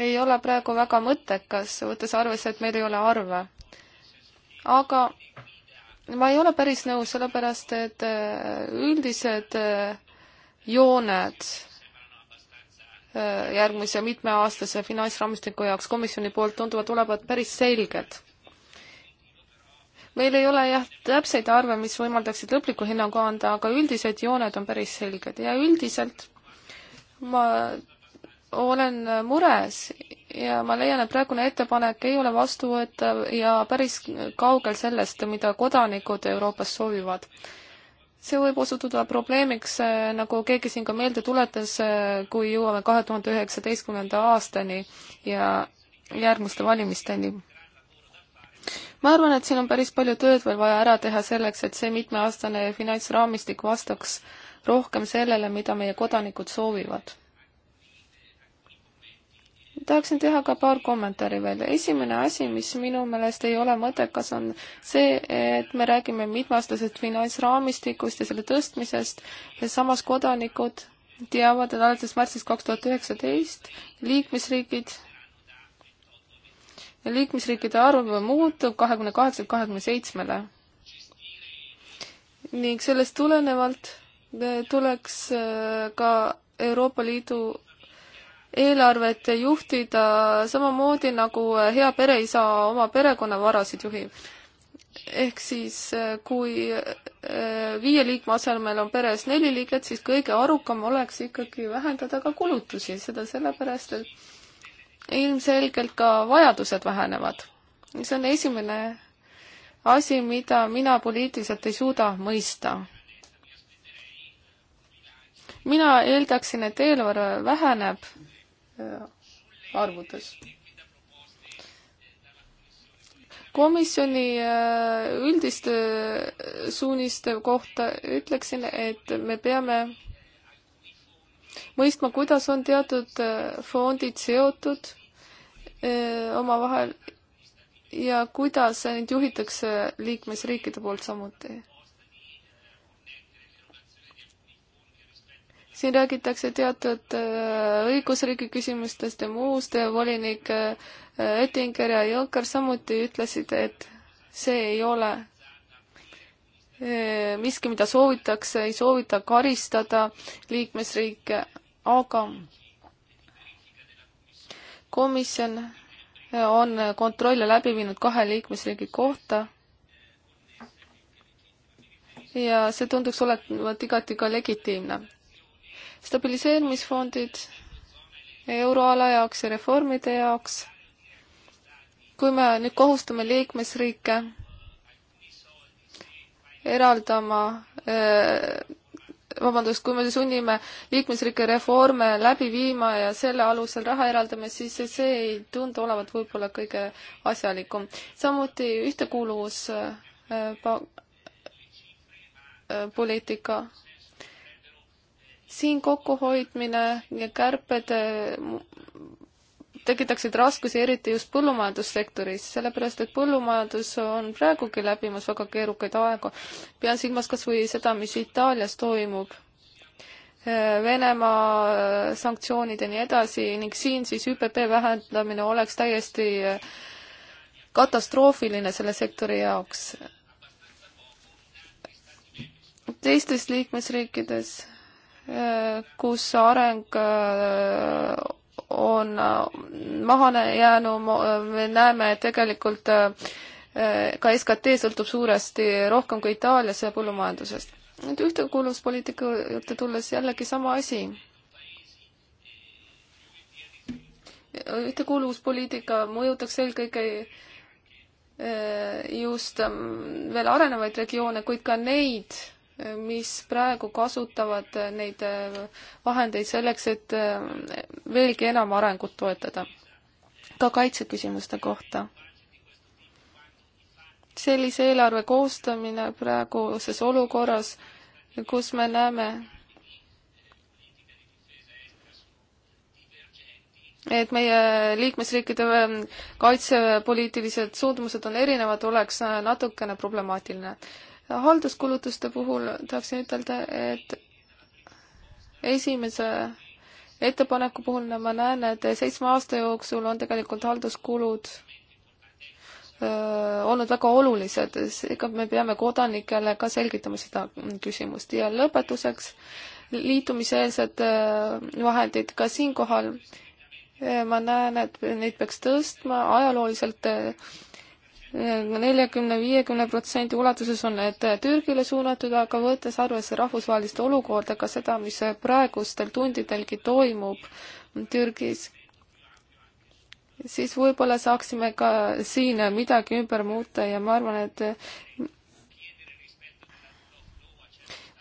ei ole praegu väga mõttekas, võttes arvesse, et meil ei ole arve. aga ma ei ole päris nõus, sellepärast et äh, üldised äh, jooned äh, järgmise mitmeaastase finantsraamistiku jaoks komisjoni poolt tunduvad olevat päris selged meil ei ole jah täpseid arve, mis võimaldaksid lõpliku hinnangu anda, aga üldised jooned on päris selged ja üldiselt ma olen mures ja ma leian, et praegune ettepanek ei ole vastuvõetav ja päris kaugel sellest, mida kodanikud Euroopas soovivad. see võib osutuda probleemiks, nagu keegi siin ka meelde tuletas, kui jõuame kahe tuhande üheksateistkümnenda aastani ja järgmiste valimisteni ma arvan, et siin on päris palju tööd veel vaja ära teha selleks, et see mitmeaastane finantsraamistik vastaks rohkem sellele, mida meie kodanikud soovivad. tahaksin teha ka paar kommentaari veel. esimene asi, mis minu meelest ei ole mõttekas, on see, et me räägime mitmeaastasest finantsraamistikust ja selle tõstmisest ja samas kodanikud teavad, et alates märtsist kaks tuhat üheksateist liikmesriigid liikmesriikide arv muutub kahekümne kaheksalt kahekümne seitsmele. ning sellest tulenevalt eh, tuleks eh, ka Euroopa Liidu eelarvet juhtida samamoodi, nagu eh, hea pereisa oma perekonnavarasid juhib. ehk siis, kui viie liikme asemel on peres neli liiget, siis kõige arukam oleks ikkagi vähendada ka kulutusi, seda sellepärast, et ilmselgelt ka vajadused vähenevad. see on esimene asi, mida mina poliitiliselt ei suuda mõista. mina eeldaksin, et eelarve väheneb äh, arvudes. komisjoni äh, üldiste äh, suuniste kohta ütleksin, et me peame mõistma, kuidas on teatud fondid seotud omavahel ja kuidas neid juhitakse liikmesriikide poolt samuti? siin räägitakse teatud õigusriigi küsimustest ja muust, volinik Oettinger ja Juncker samuti ütlesid, et see ei ole miski, mida soovitakse, ei soovita karistada liikmesriike, aga komisjon eh, on kontrolle läbi viinud kahe liikmesriigi kohta ja see tunduks olevat igati ka legitiimne. stabiliseerimisfondid euroala jaoks ja reformide jaoks, kui me nüüd kohustame liikmesriike eraldama öö, eh, vabandust, kui me sunnime liikmesriike reforme läbi viima ja selle alusel raha eraldame, siis see ei tundu olevat võib-olla kõige asjalikum. samuti ühtekuuluvus äh, äh, poliitika. siin kokkuhoidmine ja kärped äh, tekitaksid raskusi eriti just põllumajandussektoris, sellepärast et põllumajandus on praegugi läbimas väga keerukaid aegu. pean silmas kas või seda, mis Itaalias toimub, Venemaa äh, sanktsioonid ja nii edasi ning siin siis ÜPP vähendamine oleks täiesti äh, katastroofiline selle sektori jaoks. teistes liikmesriikides, äh, kus areng on maha jäänu, me näeme tegelikult äh, ka SKT sõltub suuresti rohkem kui Itaalias põllumajandusest. nüüd ühtekuuluvuspoliitika juurde tulles jällegi sama asi ühtekuuluvuspoliitika mõjutaks eelkõige äh, just ähm, veel arenevaid regioone, kuid ka neid, äh, mis praegu kasutavad neid vahendeid selleks, et veelgi enam arengut toetada ka kaitseküsimuste kohta. sellise eelarve koostamine praeguses olukorras, kus me näeme, et meie liikmesriikide ähm, kaitsepoliitilised suundumused on erinevad, oleks äh, natukene problemaatiline. halduskulutuste puhul tahaksin ütelda, et esimese ettepaneku puhul ma näen, et seitsme aasta jooksul on tegelikult halduskulud olnud väga olulised, seega me peame kodanikele ka selgitama seda küsimust ja lõpetuseks liitumiseelsed vahendid ka siinkohal ma näen, et neid peaks tõstma, ajalooliselt neljakümne, viiekümne protsendi ulatuses on need Türgile suunatud, aga võttes arvesse rahvusvahelist olukorda, ka seda, mis praegustel tundidelgi toimub Türgis, siis võib-olla saaksime ka siin midagi ümber muuta ja ma arvan, et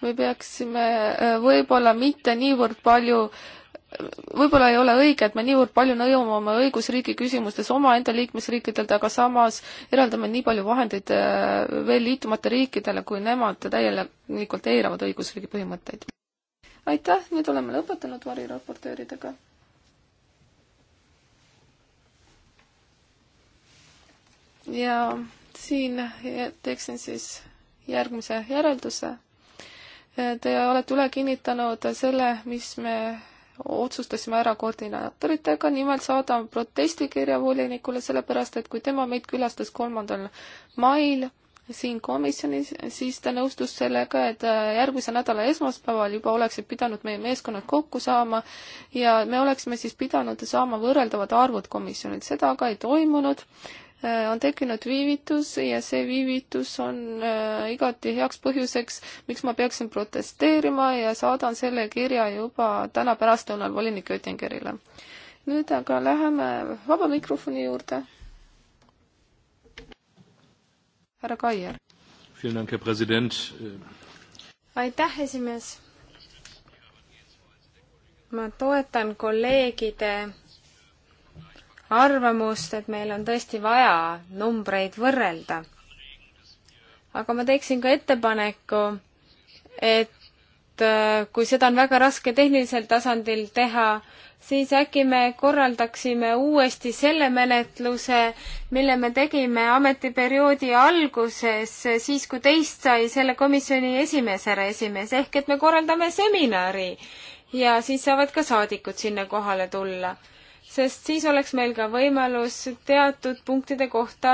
me peaksime võib-olla mitte niivõrd palju äh, võib-olla ei ole õige, et me niivõrd palju nõuame oma õigusriigi küsimustes omaenda liikmesriikidelt, aga samas eraldame nii palju vahendeid äh, veel liitumata riikidele, kui nemad täielikult eiravad õigusriigi põhimõtteid. aitäh, nüüd oleme lõpetanud variraportööridega. ja siin teeksin siis järgmise järelduse. Te olete üle kinnitanud selle, mis me otsustasime ära koordinaatoritega, nimelt saadame protestikirja volinikule, sellepärast et kui tema meid külastas kolmandal mail siin komisjonis, siis ta nõustus sellega, et järgmise nädala esmaspäeval juba oleksid pidanud meie meeskonnad kokku saama ja me oleksime siis pidanud saama võrreldavad arvud komisjonilt, seda aga ei toimunud Äh, on tekkinud viivitus ja see viivitus on äh, igati heaks põhjuseks, miks ma peaksin protesteerima ja saadan selle kirja juba täna pärastlõunal volinik Oettingerile. nüüd aga läheme vaba mikrofoni juurde. härra Kaier. aitäh, esimees. ma toetan kolleegide arvamust, et meil on tõesti vaja numbreid võrrelda. aga ma teeksin ka ettepaneku, et äh, kui seda on väga raske tehnilisel tasandil teha, siis äkki me korraldaksime uuesti selle menetluse, mille me tegime ametiperioodi alguses, siis kui teist sai selle komisjoni esimees, härra esimees, ehk et me korraldame seminari ja siis saavad ka saadikud sinna kohale tulla sest siis oleks meil ka võimalus teatud punktide kohta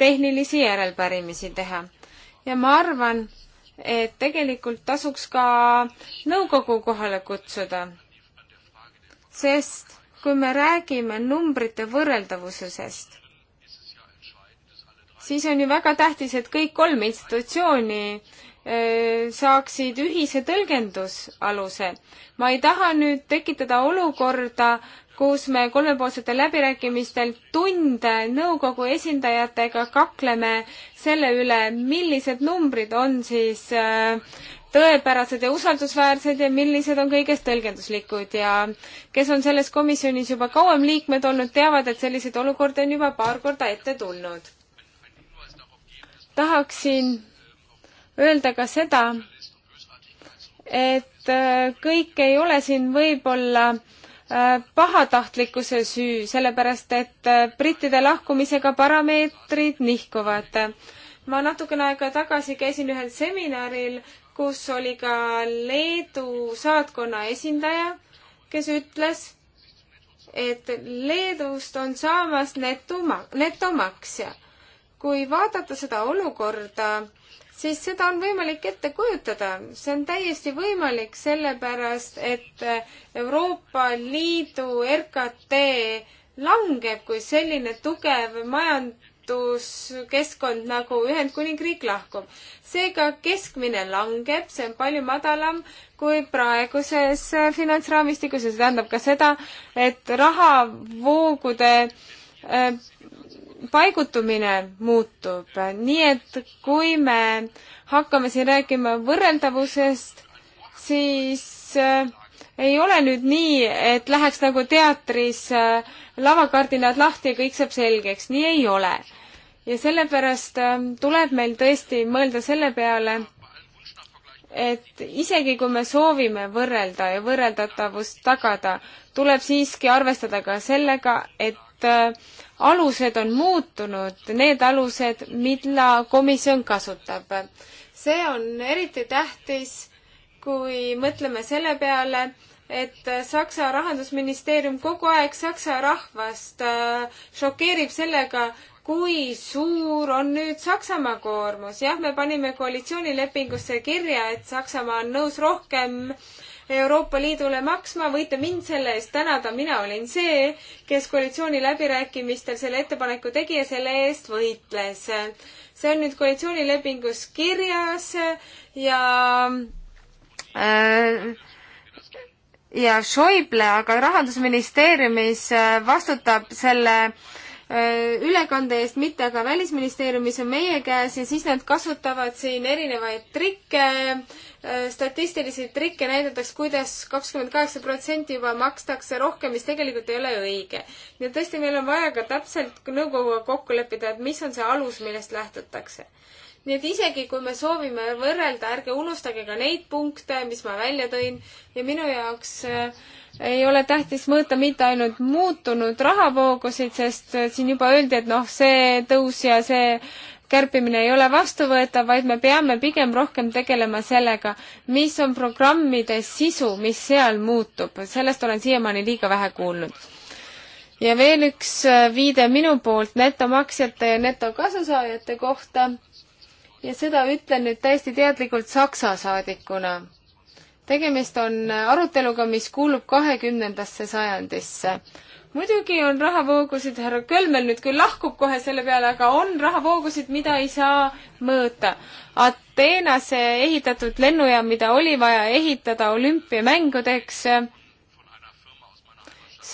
tehnilisi järelpärimisi teha. ja ma arvan, et tegelikult tasuks ka nõukogu kohale kutsuda, sest kui me räägime numbrite võrreldavusest, siis on ju väga tähtis, et kõik kolm institutsiooni saaksid ühise tõlgendusaluse. ma ei taha nüüd tekitada olukorda, kus me kolmepoolsetel läbirääkimistel tunde nõukogu esindajatega kakleme selle üle, millised numbrid on siis äh, tõepärased ja usaldusväärsed ja millised on kõigest tõlgenduslikud ja kes on selles komisjonis juba kauem liikmed olnud, teavad, et selliseid olukordi on juba paar korda ette tulnud. tahaksin öelda ka seda, et äh, kõik ei ole siin võib-olla äh, Äh, pahatahtlikkuse süü, sellepärast et äh, brittide lahkumisega parameetrid nihkuvad. ma natukene aega tagasi käisin ühel seminaril, kus oli ka Leedu saatkonna esindaja, kes ütles, et Leedust on saamas netoma-, netomaksja. kui vaadata seda olukorda, siis seda on võimalik ette kujutada, see on täiesti võimalik, sellepärast et Euroopa Liidu RKT langeb, kui selline tugev majanduskeskkond nagu Ühendkuningriik lahkub. seega keskmine langeb, see on palju madalam kui praeguses finantsraamistikus ja see tähendab ka seda, et rahavoogude äh, paigutumine muutub, nii et kui me hakkame siin rääkima võrreldavusest, siis äh, ei ole nüüd nii, et läheks nagu teatris äh, lavakardinad lahti ja kõik saab selgeks, nii ei ole. ja sellepärast äh, tuleb meil tõesti mõelda selle peale, et isegi kui me soovime võrrelda ja võrreldatavust tagada, tuleb siiski arvestada ka sellega, et alused on muutunud, need alused, mida komisjon kasutab. see on eriti tähtis, kui mõtleme selle peale, et Saksa rahandusministeerium kogu aeg Saksa rahvast äh, šokeerib sellega, kui suur on nüüd Saksamaa koormus. jah, me panime koalitsioonilepingusse kirja, et Saksamaa on nõus rohkem äh, Euroopa Liidule maksma, võite mind selle eest tänada, mina olin see, kes koalitsiooniläbirääkimistel selle ettepaneku tegi ja selle eest võitles. see on nüüd koalitsioonilepingus kirjas ja äh, ja Schäuble aga rahandusministeeriumis äh, vastutab selle äh, Äh, ülekande eest, mitte aga Välisministeeriumis on meie käes ja siis nad kasutavad siin erinevaid trikke, äh, statistilisi trikke näidatakse kuidas, kuidas kakskümmend kaheksa protsenti juba makstakse rohkem, mis tegelikult ei ole õige. nii et tõesti, meil on vaja ka täpselt nõukoguga kokku leppida, et mis on see alus, millest lähtutakse nii et isegi, kui me soovime võrrelda, ärge unustage ka neid punkte, mis ma välja tõin ja minu jaoks äh, ei ole tähtis mõõta mitte ainult muutunud rahavoogusid, sest äh, siin juba öeldi, et noh, see tõus ja see kärpimine ei ole vastuvõetav, vaid me peame pigem rohkem tegelema sellega, mis on programmide sisu, mis seal muutub. sellest olen siiamaani liiga vähe kuulnud. ja veel üks äh, viide minu poolt netomaksjate ja netokasusaajate kohta ja seda ütlen nüüd täiesti teadlikult Saksa saadikuna. tegemist on aruteluga, mis kuulub kahekümnendasse sajandisse. muidugi on rahavoogusid, härra Kölmel nüüd küll lahkub kohe selle peale, aga on rahavoogusid, mida ei saa mõõta. Ateenasse ehitatud lennujaam, mida oli vaja ehitada olümpiamängudeks,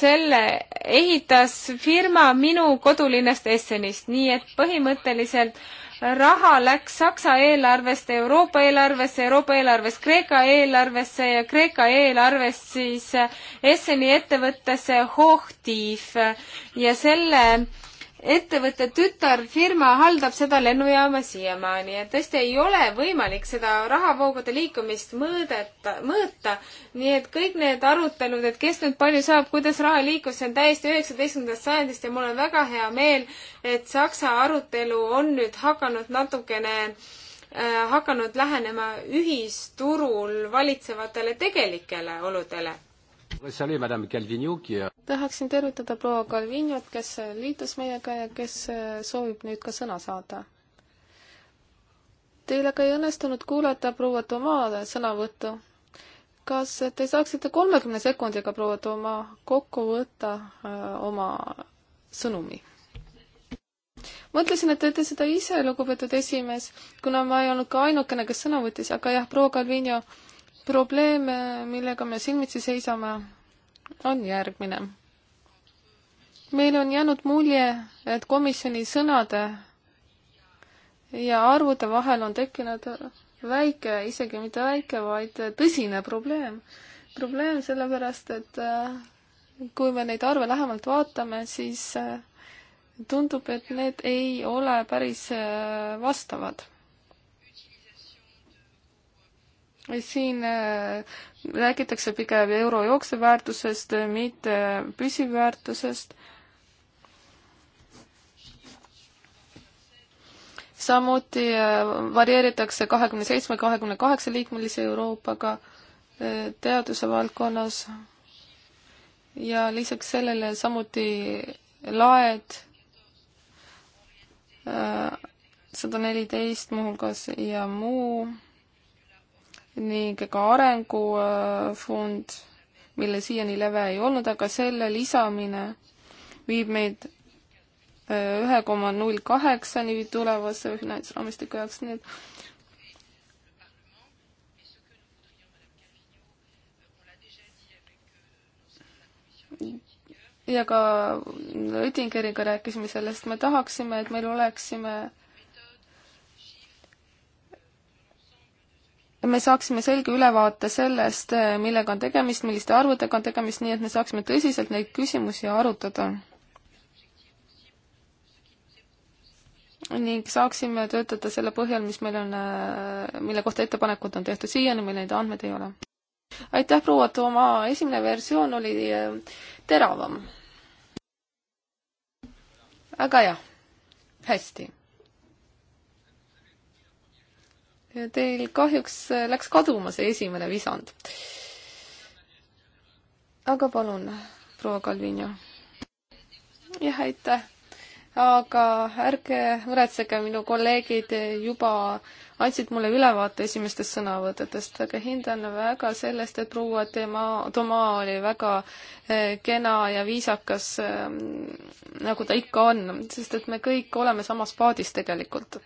selle ehitas firma minu kodulinnast Essenist, nii et põhimõtteliselt äh, raha läks Saksa eelarvest Euroopa eelarvesse, Euroopa eelarvest Kreeka eelarvesse ja Kreeka eelarvest siis ESM-i eh, ettevõttesse Hochtief ja selle ettevõtte tütarfirma haldab seda lennujaama siiamaani ja tõesti ei ole võimalik seda rahavoogude liikumist mõõdeta, mõõta. nii et kõik need arutelud, et kes nüüd palju saab, kuidas raha liikus, see on täiesti üheksateistkümnendast sajandist ja mul on väga hea meel, et Saksa arutelu on nüüd hakanud natukene äh, hakanud lähenema ühisturul valitsevatele tegelikele oludele tahaksin tervitada proua Calvinot, kes liitus meiega ja kes äh, soovib nüüd ka sõna saada. Teile ka ei õnnestunud kuulata proua Tomaa sõnavõttu. kas te saaksite kolmekümne sekundiga, proua Tomaa, kokku võtta öö, äh, oma sõnumi? mõtlesin, et te teete seda ise, lugupeetud esimees, kuna ma ei olnud ka ainukene, kes sõna võttis, aga jah, proua Calvino, probleem, millega me silmitsi seisame, on järgmine. meil on jäänud mulje, et komisjoni sõnade ja arvude vahel on tekkinud väike, isegi mitte väike, vaid tõsine probleem. probleem sellepärast, et äh, kui me neid arve lähemalt vaatame, siis äh, tundub, et need ei ole päris äh, vastavad siin äh, räägitakse pigem euro jooksevväärtusest, mitte püsivväärtusest. samuti äh, varieeritakse kahekümne seitsme, kahekümne kaheksa liikmelise Euroopaga äh, teaduse valdkonnas ja lisaks sellele samuti laed sada neliteist muuhulgas ja muu ning ka arengufond, mille siiani leve ei olnud, aga selle lisamine viib meid äh, ühe koma null kaheksani tulevase finantsraamistiku jaoks, nii et ja ka Oettingeriga rääkisime sellest, me tahaksime, et meil oleksime me saaksime selge ülevaate sellest, eh, millega on tegemist, milliste arvudega on tegemist, nii et me saaksime tõsiselt neid küsimusi arutada. ning saaksime töötada selle põhjal, mis meil on, eh, mille kohta ettepanekud on tehtud, siiani meil neid andmeid ei ole. aitäh, proua Tooma, esimene versioon oli eh, teravam. aga jah, hästi Teil kahjuks äh, läks kaduma see esimene visand. aga palun, proua Kalvinio. jah, aitäh. aga ärge muretsege, minu kolleegid juba andsid mulle ülevaate esimestest sõnavõtetest, aga hindan väga sellest, et proua tema, Toma oli väga äh, kena ja viisakas, äh, nagu ta ikka on, sest et me kõik oleme samas paadis tegelikult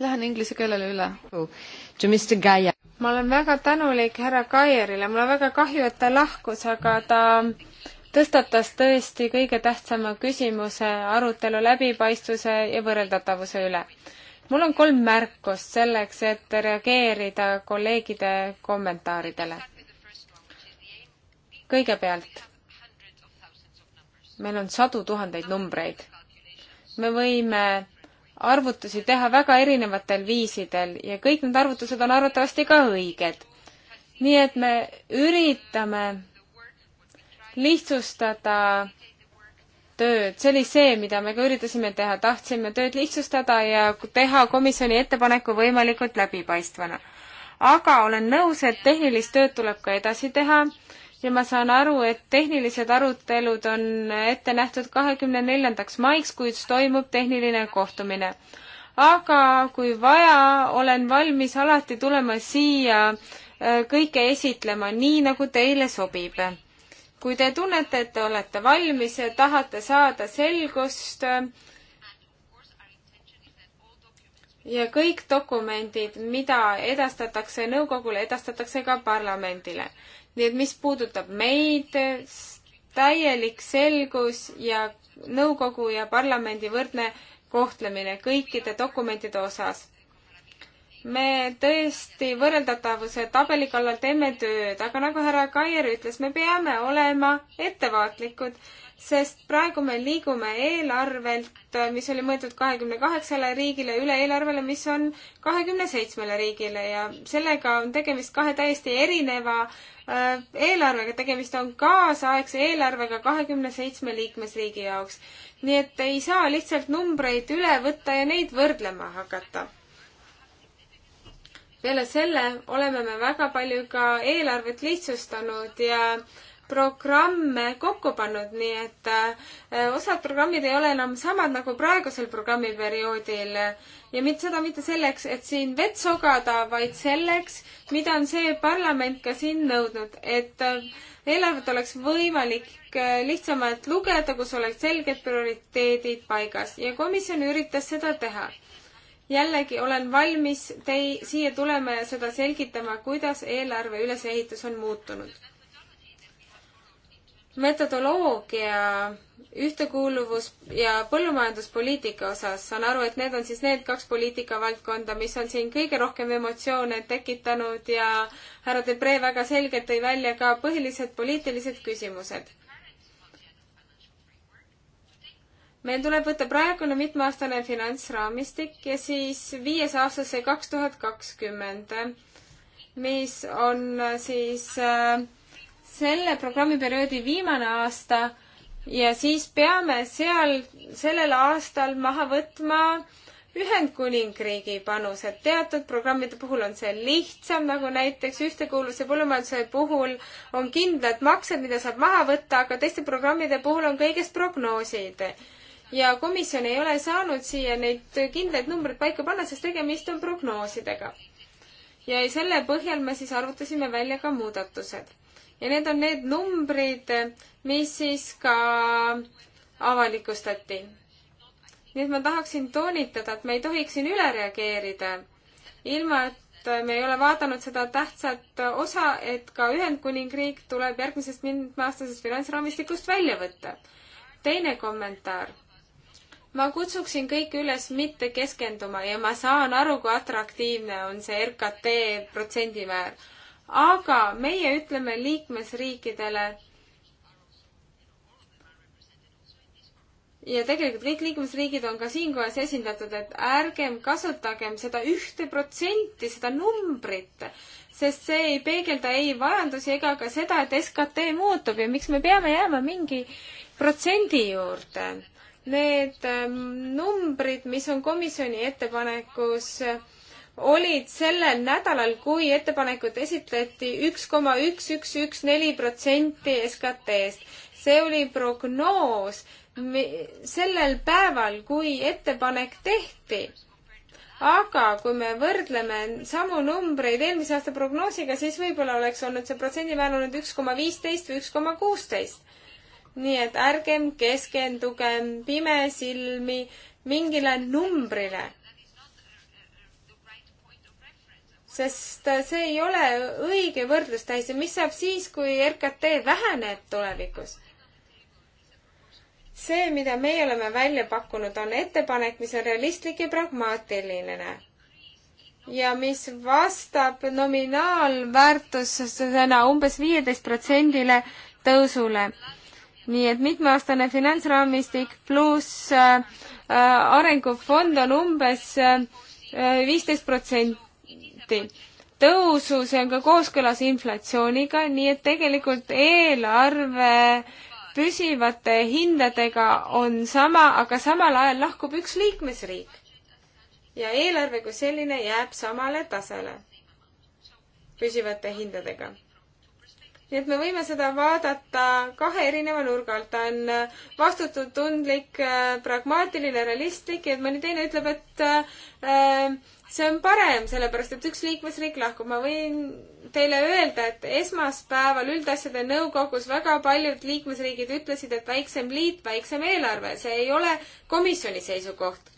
Lähen inglise keelele üle. ma olen väga tänulik härra Kaierile, mul on väga kahju, et ta lahkus, aga ta tõstatas tõesti kõige tähtsama küsimuse arutelu läbipaistvuse ja võrreldatavuse üle. mul on kolm märkust selleks, et reageerida kolleegide kommentaaridele. kõigepealt, meil on sadu tuhandeid numbreid. me võime arvutusi teha väga erinevatel viisidel ja kõik need arvutused on arvatavasti ka õiged. nii et me üritame lihtsustada tööd, see oli see, mida me ka üritasime teha, tahtsime tööd lihtsustada ja teha komisjoni ettepaneku võimalikult läbipaistvana. aga olen nõus, et tehnilist tööd tuleb ka edasi teha ja ma saan aru, et tehnilised arutelud on ette nähtud kahekümne neljandaks maiks, kuid toimub tehniline kohtumine. aga kui vaja, olen valmis alati tulema siia äh, kõike esitlema nii, nagu teile sobib. kui te tunnete, et te olete valmis ja tahate saada selgust, ja kõik dokumendid, mida edastatakse nõukogule, edastatakse ka parlamendile nii et mis puudutab meid, täielik selgus ja nõukogu ja parlamendi võrdne kohtlemine kõikide dokumentide osas. me tõesti võrreldatavuse tabeli kallal teeme tööd, aga nagu härra Kaier ütles, me peame olema ettevaatlikud sest praegu me liigume eelarvelt, mis oli mõeldud kahekümne kaheksale riigile, üle eelarvele, mis on kahekümne seitsmele riigile ja sellega on tegemist kahe täiesti erineva äh, eelarvega, tegemist on kaasaegse eelarvega kahekümne seitsme liikmesriigi jaoks. nii et ei saa lihtsalt numbreid üle võtta ja neid võrdlema hakata peale selle oleme me väga palju ka eelarvet lihtsustanud ja äh, programme kokku pannud, nii et äh, osad programmid ei ole enam samad nagu praegusel programmiperioodil. ja mitte seda mitte selleks, et siin vett sogada, vaid selleks, mida on see parlament ka siin nõudnud, et äh, eelarvet oleks võimalik äh, lihtsamalt lugeda, kus oleks selged prioriteedid paigas ja komisjon üritas seda teha jällegi olen valmis tei-, siia tulema ja seda selgitama, kuidas eelarve ülesehitus on muutunud metodoloogia ühtekuuluvus ja põllumajanduspoliitika osas, saan aru, et need on siis need kaks poliitikavaldkonda, mis on siin kõige rohkem emotsioone tekitanud ja härra Debre väga selgelt tõi välja ka põhilised poliitilised küsimused. meil tuleb võtta praegune mitmeaastane finantsraamistik ja siis viies aastasse kaks tuhat kakskümmend, mis on siis äh, selle programmiperioodi viimane aasta ja siis peame seal sellel aastal maha võtma Ühendkuningriigi panused. teatud programmide puhul on see lihtsam, nagu näiteks ühtekuuluvuse põllumajanduse puhul on kindlad maksed, mida saab maha võtta, aga teiste programmide puhul on kõigest prognoosid. ja komisjon ei ole saanud siia neid kindlaid numbreid paika panna, sest tegemist on prognoosidega ja selle põhjal me siis arvutasime välja ka muudatused. ja need on need numbrid, mis siis ka avalikustati. nii et ma tahaksin toonitada, et me ei tohiks siin üle reageerida, ilma et me ei ole vaadanud seda tähtsat osa, et ka Ühendkuningriik tuleb järgmisest mitmeaastasest finantsraamistikust välja võtta. teine kommentaar ma kutsuksin kõiki üles mitte keskenduma ja ma saan aru, kui atraktiivne on see RKT protsendimäär. aga meie ütleme liikmesriikidele ja tegelikult kõik liikmesriigid on ka siinkohas esindatud, et ärgem kasutagem seda ühte protsenti, seda numbrit, sest see ei peegelda ei vajadusi ega ka seda, et SKT muutub ja miks me peame jääma mingi protsendi juurde Need ähm, numbrid, mis on komisjoni ettepanekus, olid sellel nädalal, kui ettepanekut esitleti, üks koma üks, üks, üks, neli protsenti SKT-st. see oli prognoos sellel päeval, kui ettepanek tehti aga kui me võrdleme samu numbreid eelmise aasta prognoosiga, siis võib-olla oleks olnud see protsendimäär olnud üks koma viisteist või üks koma kuusteist nii et ärgem keskendugem pimesilmi mingile numbrile. sest see ei ole õige võrdlustäis ja mis saab siis, kui RKT väheneb tulevikus? see, mida meie oleme välja pakkunud, on ettepanek, mis on realistlik ja pragmaatiline ja mis vastab nominaalväärtusena umbes viieteist protsendile tõusule nii et mitmeaastane finantsraamistik pluss äh, äh arengufond on umbes äh, viisteist äh, protsenti tõusu, see on ka kooskõlas inflatsiooniga, nii et tegelikult eelarve püsivate hindadega on sama, aga samal ajal lahkub üks liikmesriik. ja eelarve kui selline jääb samale tasele püsivate hindadega nii et me võime seda vaadata kahe erineva nurga alt. ta on äh, vastutustundlik, äh, pragmaatiline, realistlik ja mõni teine ütleb, et äh, see on parem, sellepärast et üks liikmesriik lahkub. ma võin teile öelda, et esmaspäeval üldasjade nõukogus väga paljud liikmesriigid ütlesid, et väiksem liit, väiksem eelarve, see ei ole komisjoni seisukoht.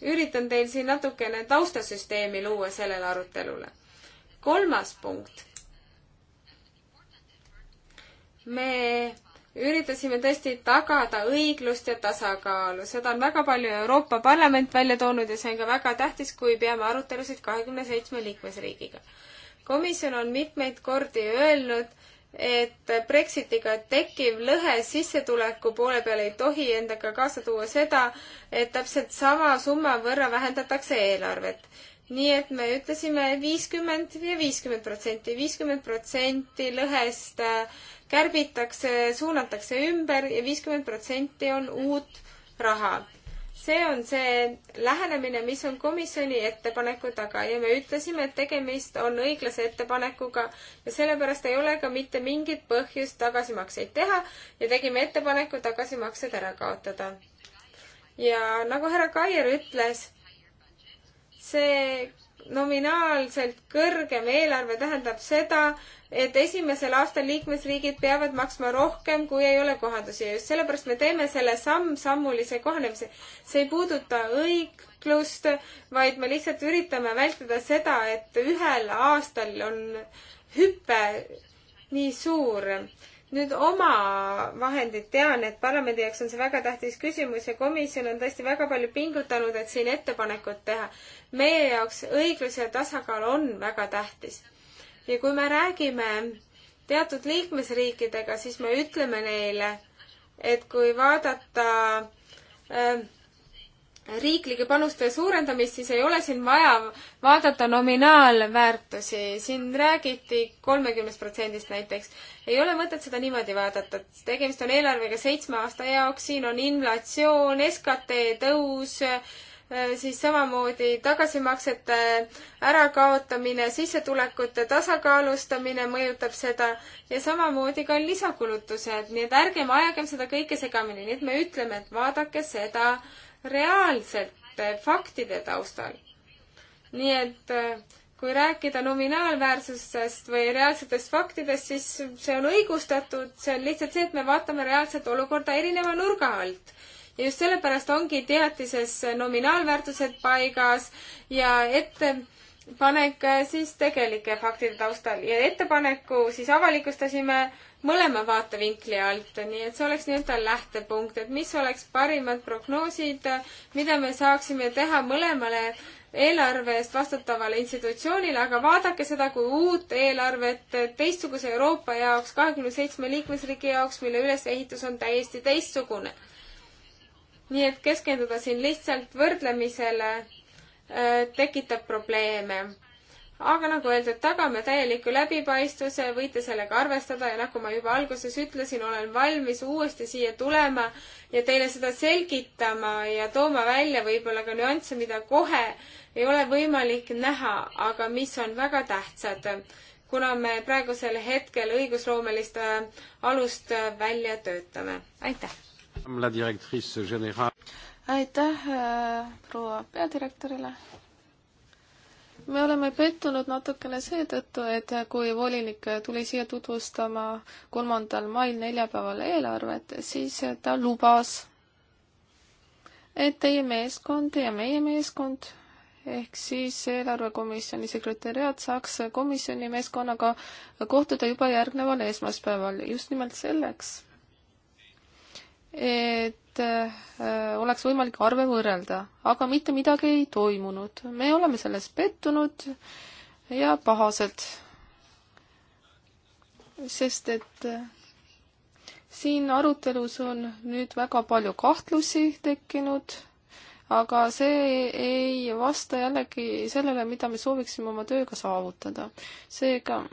üritan teil siin natukene taustasüsteemi luua sellele arutelule. kolmas punkt me üritasime tõesti tagada õiglust ja tasakaalu. seda on väga palju Euroopa Parlament välja toonud ja see on ka väga tähtis, kui peame arutelusid kahekümne seitsme liikmesriigiga. komisjon on mitmeid kordi öelnud, et Brexitiga tekkiv lõhe sissetuleku poole peal ei tohi endaga kaasa tuua seda, et täpselt sama summa võrra vähendatakse eelarvet nii et me ütlesime viiskümmend ja viiskümmend protsenti, viiskümmend protsenti lõhest äh, kärbitakse, suunatakse ümber ja viiskümmend protsenti on uut raha. see on see lähenemine, mis on komisjoni ettepaneku taga ja me ütlesime, et tegemist on õiglase ettepanekuga ja sellepärast ei ole ka mitte mingit põhjust tagasimakseid teha ja tegime ettepaneku tagasimaksed ära kaotada. ja nagu härra Kaier ütles see nominaalselt kõrgem eelarve tähendab seda, et esimesel aastal liikmesriigid peavad maksma rohkem, kui ei ole kohandusi ja just sellepärast me teeme selle samm-sammulise kohanemise. see ei puuduta õiglust, vaid me lihtsalt üritame vältida seda, et ühel aastal on hüpe nii suur nüüd oma vahendid tean, et parlamendi jaoks on see väga tähtis küsimus ja komisjon on tõesti väga palju pingutanud, et siin ettepanekut teha. meie jaoks õiglus ja tasakaal on väga tähtis. ja kui me räägime teatud liikmesriikidega, siis me ütleme neile, et kui vaadata äh, riiklike panuste suurendamist, siis ei ole siin vaja vaadata nominaalväärtusi, siin räägiti kolmekümnest protsendist näiteks. ei ole mõtet seda niimoodi vaadata, et tegemist on eelarvega seitsme aasta jaoks, siin on inflatsioon, SKT tõus, äh, siis samamoodi tagasimaksete ärakaotamine, sissetulekute tasakaalustamine mõjutab seda ja samamoodi ka lisakulutused, nii et ärgem ajagem seda kõike segamini, nii et me ütleme, et vaadake seda äh, reaalsete faktide taustal. nii et äh, kui rääkida nominaalväärsusest või reaalsetest faktidest, siis see on õigustatud, see on lihtsalt see, et me vaatame reaalset olukorda erineva nurga alt. ja just sellepärast ongi teatises nominaalväärtused paigas ja ette ettepanek äh, siis tegelike faktide taustal ja ettepaneku siis avalikustasime mõlema vaatevinkli alt, nii et see oleks nii-öelda lähtepunkt, et mis oleks parimad prognoosid, mida me saaksime teha mõlemale eelarve eest vastutavale institutsioonile, aga vaadake seda kui uut eelarvet teistsuguse Euroopa jaoks, kahekümne seitsme liikmesriigi jaoks, mille ülesehitus on täiesti teistsugune. nii et keskenduda siin lihtsalt võrdlemisele Äh, tekitab probleeme. aga nagu öeldud, tagame täieliku läbipaistvuse, võite sellega arvestada ja nagu ma juba alguses ütlesin, olen valmis uuesti siia tulema ja teile seda selgitama ja tooma välja võib-olla ka nüansse, mida kohe ei ole võimalik näha, aga mis on väga tähtsad, kuna me praegusel hetkel õigusloomelist alust välja töötame. aitäh! aitäh äh, proua peadirektorile. me oleme pettunud natukene seetõttu, et kui volinik tuli siia tutvustama kolmandal mail neljapäeval eelarvet, siis ta lubas, et teie meeskond ja meie meeskond ehk siis eelarvekomisjoni sekretäriaat saaks komisjoni meeskonnaga kohtuda juba järgneval esmaspäeval just nimelt selleks, et et äh, oleks võimalik arve võrrelda, aga mitte midagi ei toimunud. me oleme selles pettunud ja pahased. sest et äh, siin arutelus on nüüd väga palju kahtlusi tekkinud, aga see ei vasta jällegi sellele, mida me sooviksime oma tööga saavutada. seega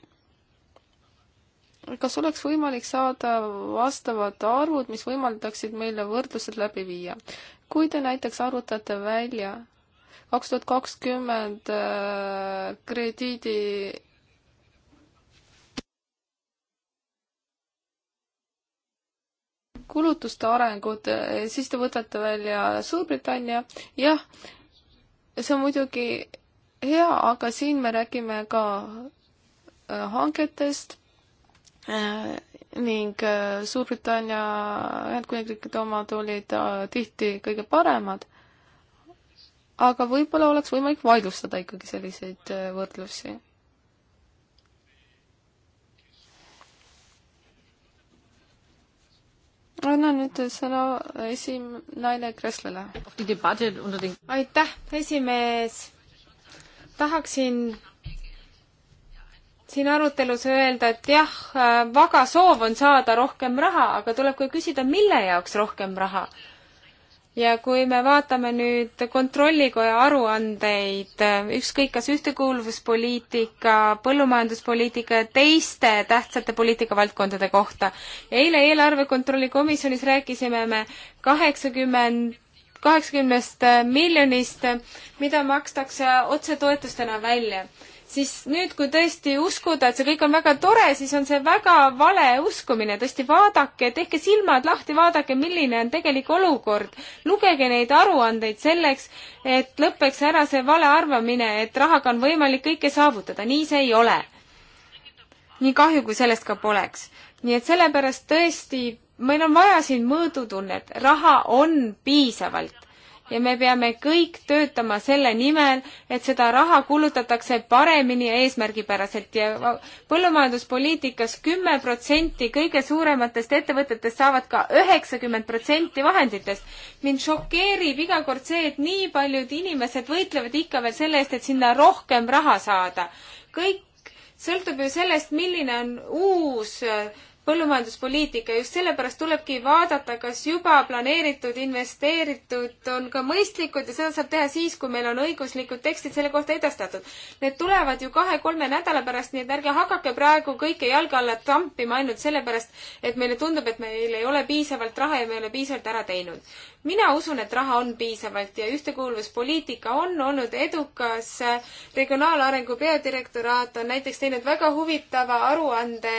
kas oleks võimalik saada vastavad arvud, mis võimaldaksid meile võrdlused läbi viia? kui te näiteks arvutate välja kaks tuhat kakskümmend äh, krediidi kulutuste arengud, äh, siis te võtate välja Suurbritannia, jah, see on muidugi hea, aga siin me räägime ka äh, hangetest ning äh, Suurbritannia Ühendkuningriikide omad olid äh, tihti kõige paremad, aga võib-olla oleks võimalik vaidlustada ikkagi selliseid äh, võrdlusi. annan nüüd sõna esinaine Kresslale. aitäh, esimees! tahaksin siin arutelus öelda, et jah, vaga soov on saada rohkem raha, aga tuleb ka küsida, mille jaoks rohkem raha. ja kui me vaatame nüüd Kontrollikoja aruandeid, ükskõik kas ühtekuuluvuspoliitika, põllumajanduspoliitika ja teiste tähtsate poliitikavaldkondade kohta, eile eelarve kontrolli komisjonis rääkisime me kaheksakümmend kaheksakümnest miljonist, mida makstakse otsetoetustena välja siis nüüd, kui tõesti uskuda, et see kõik on väga tore, siis on see väga vale uskumine. tõesti, vaadake, tehke silmad lahti, vaadake, milline on tegelik olukord. lugege neid aruandeid selleks, et lõpeks ära see vale arvamine, et rahaga on võimalik kõike saavutada. nii see ei ole. nii kahju, kui sellest ka poleks. nii et sellepärast tõesti, meil on vaja siin mõõdutunnet. raha on piisavalt ja me peame kõik töötama selle nimel, et seda raha kulutatakse paremini ja eesmärgipäraselt ja põllumajanduspoliitikas kümme protsenti kõige suurematest ettevõtetest saavad ka üheksakümmend protsenti vahenditest. mind šokeerib iga kord see, et nii paljud inimesed võitlevad ikka veel selle eest, et sinna rohkem raha saada. kõik sõltub ju sellest, milline on uus põllumajanduspoliitika, just sellepärast tulebki vaadata, kas juba planeeritud, investeeritud on ka mõistlikud ja seda saab teha siis, kui meil on õiguslikud tekstid selle kohta edastatud. Need tulevad ju kahe-kolme nädala pärast, nii et ärge hakake praegu kõike jalge alla trampima ainult sellepärast, et meile tundub, et meil ei ole piisavalt raha ja me ei ole piisavalt ära teinud mina usun, et raha on piisavalt ja ühtekuuluvuspoliitika on olnud edukas. regionaalarengu peadirektoraat on näiteks teinud väga huvitava aruande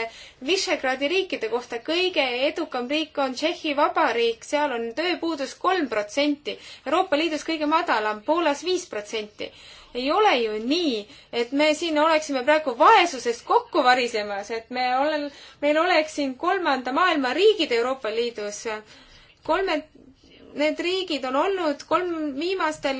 Visegradi riikide kohta. kõige edukam riik on Tšehhi Vabariik, seal on tööpuudus kolm protsenti, Euroopa Liidus kõige madalam, Poolas viis protsenti ei ole ju nii, et me siin oleksime praegu vaesusest kokku varisemas, et me olen, meil oleks siin kolmanda maailma riigid Euroopa Liidus. kolme, need riigid on olnud kolm viimastel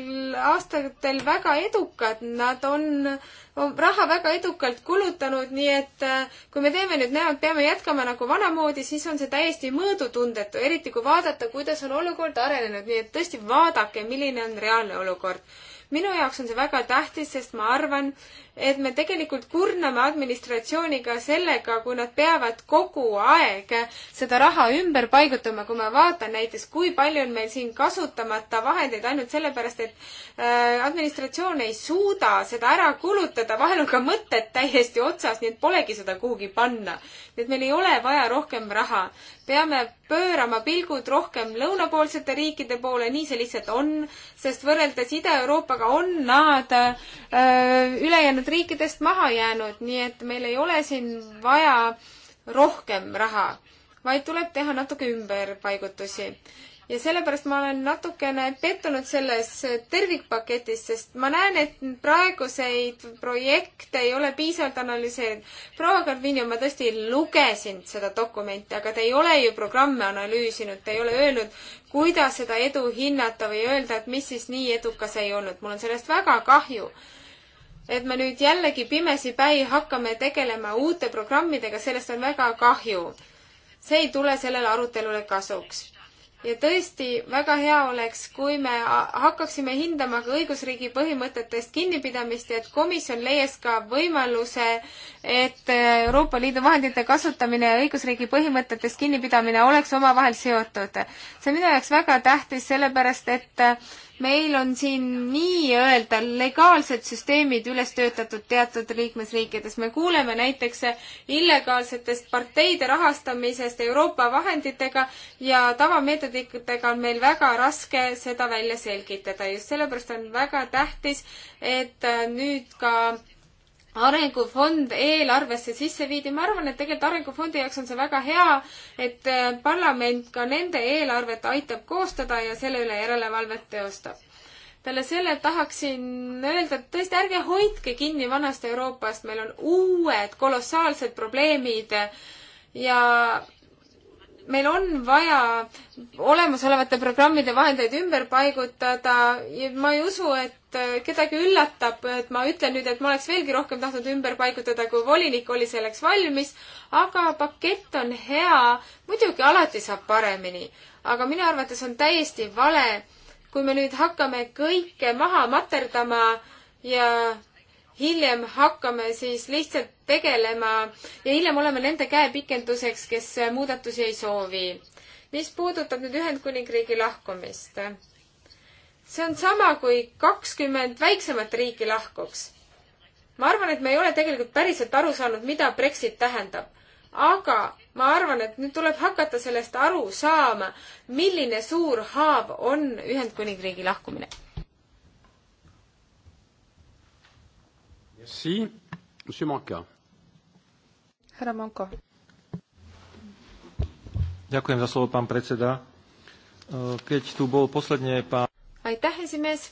aastatel väga edukad, nad on, on raha väga edukalt kulutanud, nii et äh, kui me teeme nüüd näo, et peame jätkama nagu vanamoodi, siis on see täiesti mõõdutundetu, eriti kui vaadata, kuidas on olukord arenenud, nii et tõesti vaadake, milline on reaalne olukord. minu jaoks on see väga tähtis, sest ma arvan, et me tegelikult kurname administratsiooniga sellega, kui nad peavad kogu aeg seda raha ümber paigutama, kui ma vaatan näiteks, kui palju on meil siin kasutamata vahendeid ainult sellepärast, et äh, administratsioon ei suuda seda ära kulutada, vahel on ka mõtted täiesti otsas, nii et polegi seda kuhugi panna. nii et meil ei ole vaja rohkem raha. peame pöörama pilgud rohkem lõunapoolsete riikide poole, nii see lihtsalt on, sest võrreldes Ida-Euroopaga on nad öö, äh, ülejäänud teistest riikidest maha jäänud, nii et meil ei ole siin vaja rohkem raha, vaid tuleb teha natuke ümberpaigutusi. ja sellepärast ma olen natukene pettunud selles tervikpaketis, sest ma näen, et praeguseid projekte ei ole piisavalt analüseerinud. proua Karvinio, ma tõesti lugesin seda dokumenti, aga te ei ole ju programme analüüsinud, te ei ole öelnud, kuidas seda edu hinnata või öelda, et mis siis nii edukas ei olnud. mul on sellest väga kahju et me nüüd jällegi pimesi päi hakkame tegelema uute programmidega, sellest on väga kahju. see ei tule sellele arutelule kasuks. ja tõesti, väga hea oleks, kui me hakkaksime hindama ka õigusriigi põhimõtetest kinnipidamist ja et komisjon leiaks ka võimaluse, et äh, Euroopa Liidu vahendite kasutamine ja õigusriigi põhimõtetest kinnipidamine oleks omavahel seotud. see on minu jaoks väga tähtis, sellepärast et äh, meil on siin nii-öelda legaalsed süsteemid üles töötatud teatud liikmesriikides. me kuuleme näiteks illegaalsetest parteide rahastamisest Euroopa vahenditega ja tavameetoditega on meil väga raske seda välja selgitada. just sellepärast on väga tähtis, et nüüd ka arengufond eelarvesse sisse viidi, ma arvan, et tegelikult arengufondi jaoks on see väga hea, et äh, parlament ka nende eelarvet aitab koostada ja selle üle järelevalvet teostab. peale selle tahaksin öelda, et tõesti ärge hoidke kinni vanast Euroopast, meil on uued kolossaalsed probleemid ja meil on vaja olemasolevate programmide vahendeid ümber paigutada ja ma ei usu, et äh, kedagi üllatab, et ma ütlen nüüd, et ma oleks veelgi rohkem tahtnud ümber paigutada, kui volinik oli selleks valmis, aga pakett on hea, muidugi alati saab paremini, aga minu arvates on täiesti vale, kui me nüüd hakkame kõike maha materdama ja hiljem hakkame siis lihtsalt tegelema ja hiljem oleme nende käepikenduseks, kes muudatusi ei soovi. mis puudutab nüüd Ühendkuningriigi lahkumist, see on sama, kui kakskümmend väiksemat riiki lahkuks. ma arvan, et me ei ole tegelikult päriselt aru saanud, mida Brexit tähendab aga ma arvan, et nüüd tuleb hakata sellest aru saama, milline suur haav on Ühendkuningriigi lahkumine Merci, monsieur Manka. härra Manka. Ďakujem za slovo, pán predseda. Keď tu bol posledne pán... Aitäh, esimees.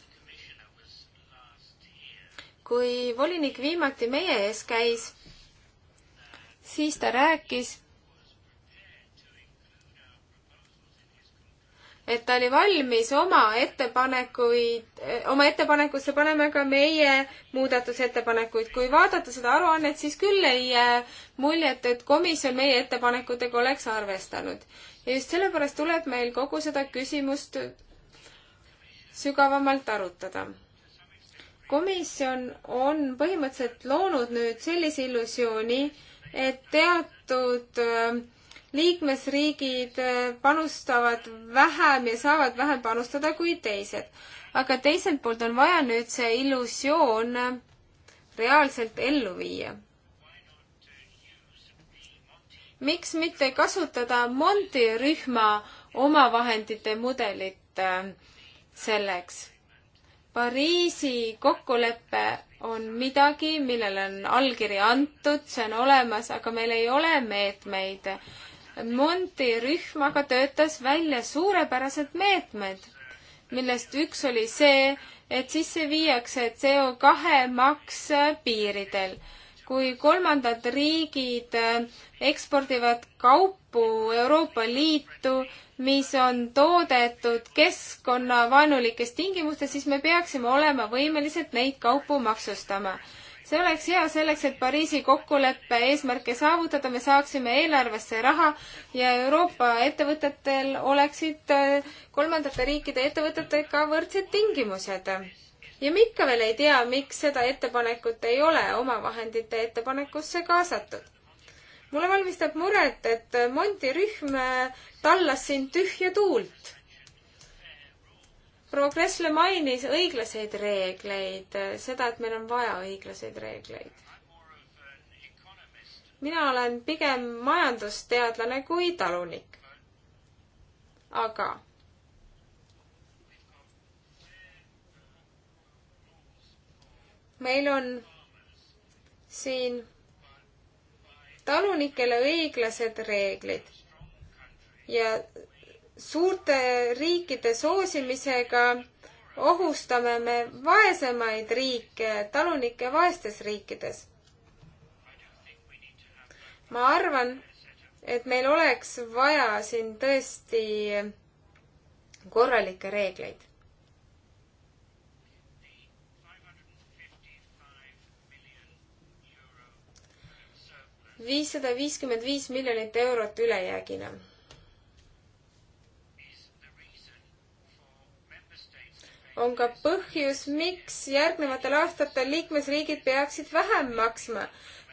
Kui volinik viimati meie ees käis, siis ta rääkis et ta oli valmis oma ettepanekuid, oma ettepanekusse panema ka meie muudatusettepanekuid. kui vaadata seda aruannet, siis küll ei jää muljet, et komisjon meie ettepanekutega oleks arvestanud. ja just sellepärast tuleb meil kogu seda küsimust sügavamalt arutada. komisjon on põhimõtteliselt loonud nüüd sellise illusiooni, et teatud äh, liikmesriigid äh, panustavad vähem ja saavad vähem panustada kui teised. aga teiselt poolt on vaja nüüd see illusioon äh, reaalselt ellu viia. miks mitte kasutada Monti rühma omavahendite mudelit äh, selleks? Pariisi kokkulepe on midagi, millele on allkiri antud, see on olemas, aga meil ei ole meetmeid Monti rühm aga töötas välja suurepärased meetmed, millest üks oli see, et sisse viiakse CO2 maks piiridel. kui kolmandad riigid äh, ekspordivad kaupu Euroopa Liitu, mis on toodetud keskkonnavaenulikes tingimustes, siis me peaksime olema võimelised neid kaupu maksustama see oleks hea selleks, et Pariisi kokkuleppe eesmärke saavutada, me saaksime eelarvesse raha ja Euroopa ettevõtetel oleksid äh, kolmandate riikide ettevõtetega võrdsed tingimused. ja me ikka veel ei tea, miks seda ettepanekut ei ole omavahendite ettepanekusse kaasatud. mulle valmistab muret, et Monti rühm äh, tallas siin tühja tuult proua Kressle mainis õiglaseid reegleid, seda, et meil on vaja õiglaseid reegleid. mina olen pigem majandusteadlane kui talunik. aga meil on siin talunikele õiglased reeglid ja suurte riikide soosimisega ohustame me vaesemaid riike, talunikke vaestes riikides. ma arvan, et meil oleks vaja siin tõesti korralikke reegleid. viissada viiskümmend viis miljonit eurot ülejäägina on ka põhjus, miks järgnevatel aastatel liikmesriigid peaksid vähem maksma.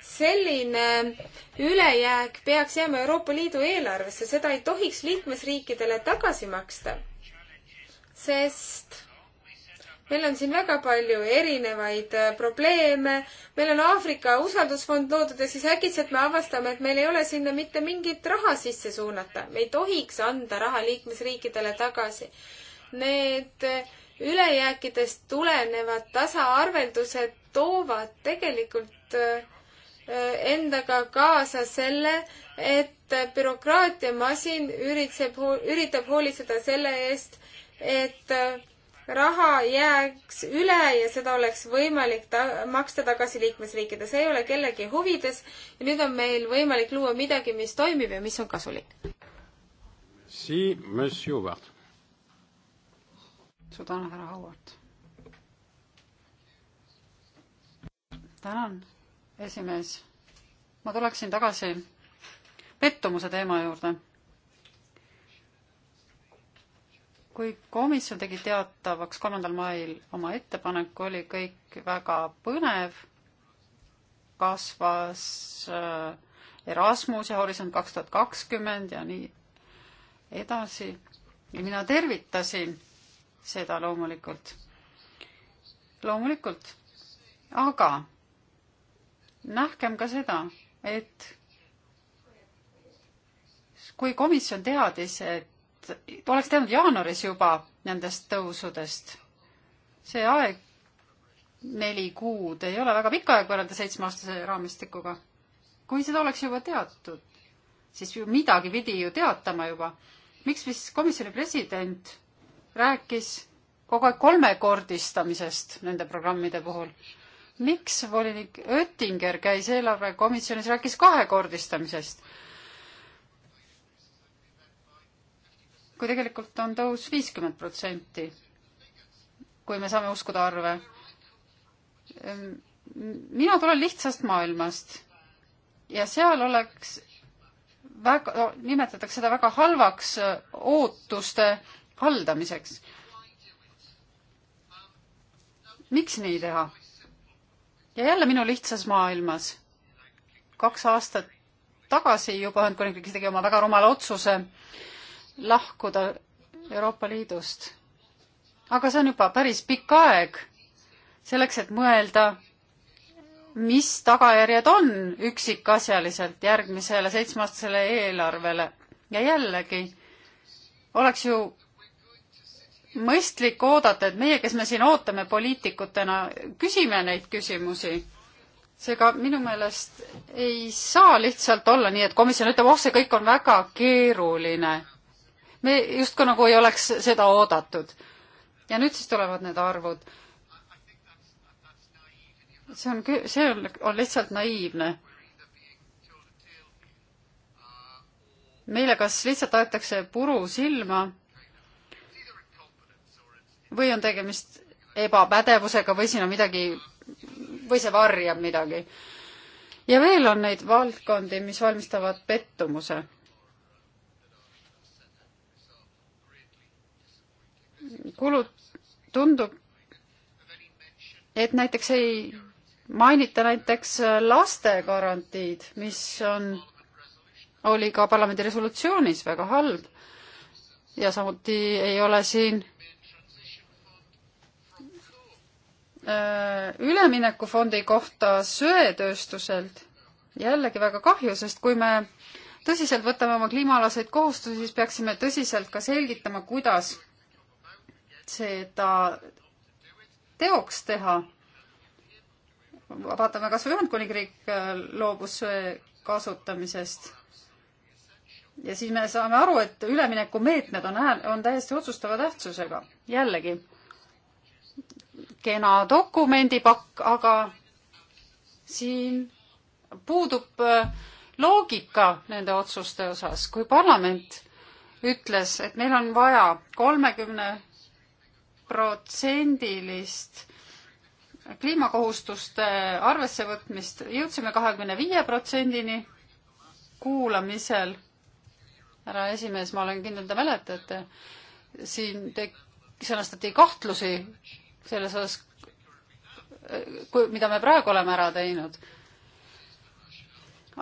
selline ülejääk peaks jääma Euroopa Liidu eelarvesse, seda ei tohiks liikmesriikidele tagasi maksta. sest meil on siin väga palju erinevaid äh, probleeme, meil on Aafrika usaldusfond loodud ja siis äkitselt me avastame, et meil ei ole sinna mitte mingit raha sisse suunata. me ei tohiks anda raha liikmesriikidele tagasi. Need äh, ülejääkidest tulenevad tasaarveldused toovad tegelikult äh, endaga kaasa selle, et bürokraatiamasin üritseb, üritab hoolitseda selle eest, et äh, raha jääks üle ja seda oleks võimalik ta-, maksta tagasi liikmesriikide, see ei ole kellegi huvides ja nüüd on meil võimalik luua midagi, mis toimib ja mis on kasulik. Si, monsieur Vart suur tänu, härra Howard. tänan, esimees. ma tuleksin tagasi pettumuse teema juurde. kui komisjon tegi teatavaks kolmandal mail oma ettepaneku, oli kõik väga põnev, kasvas äh, Erasmus ja Horisont kaks tuhat kakskümmend ja nii edasi. ja mina tervitasin seda loomulikult. loomulikult. aga nähkem ka seda, et kui komisjon teadis, et oleks teadnud jaanuaris juba nendest tõusudest, see aeg, neli kuud, ei ole väga pikk aeg võrrelda seitsmeaastase raamistikuga. kui seda oleks juba teatud, siis ju midagi pidi ju teatama juba. miks siis komisjoni president rääkis kogu aeg kolmekordistamisest nende programmide puhul. miks volinik Oettinger käis eelarvekomisjonis, rääkis kahekordistamisest? kui tegelikult on tõus viiskümmend protsenti, kui me saame uskuda arve. mina tulen lihtsast maailmast ja seal oleks väga, nimetatakse seda väga halvaks äh, ootuste haldamiseks. miks nii teha? ja jälle minu lihtsas maailmas. kaks aastat tagasi juba Ühendkuningriigis tegi oma väga rumala otsuse lahkuda Euroopa Liidust. aga see on juba päris pikk aeg selleks, et mõelda, mis tagajärjed on üksikasjaliselt järgmisele seitsmeaastasele eelarvele ja jällegi oleks ju mõistlik oodata, et meie, kes me siin ootame poliitikutena, küsime neid küsimusi. seega minu meelest ei saa lihtsalt olla nii, et komisjon ütleb, oh, see kõik on väga keeruline. me justkui nagu ei oleks seda oodatud. ja nüüd siis tulevad need arvud. see on, see on, on lihtsalt naiivne meile kas lihtsalt aetakse puru silma või on tegemist ebapädevusega või siin on midagi või see varjab midagi. ja veel on neid valdkondi, mis valmistavad pettumuse. kulud, tundub, et näiteks ei mainita näiteks lastegarantiid, mis on, oli ka parlamendi resolutsioonis väga halb. ja samuti ei ole siin Äh, üleminekufondi kohta söetööstuselt. jällegi väga kahju, sest kui me tõsiselt võtame oma kliimaalaseid kohustusi, siis peaksime tõsiselt ka selgitama, kuidas seda teoks teha. vaatame kas või Ühendkuningriik äh, loobus söe kasutamisest. ja siis me saame aru, et üleminekumeetmed on, on täiesti otsustava tähtsusega. jällegi kena dokumendipakk, aga siin puudub äh, loogika nende otsuste osas, kui parlament ütles, et meil on vaja kolmekümne protsendilist kliimakohustuste arvessevõtmist, jõudsime kahekümne viie protsendini kuulamisel. härra esimees, ma olen kindel, te mäletate, siin te sõnastati kahtlusi selles osas, kui, mida me praegu oleme ära teinud.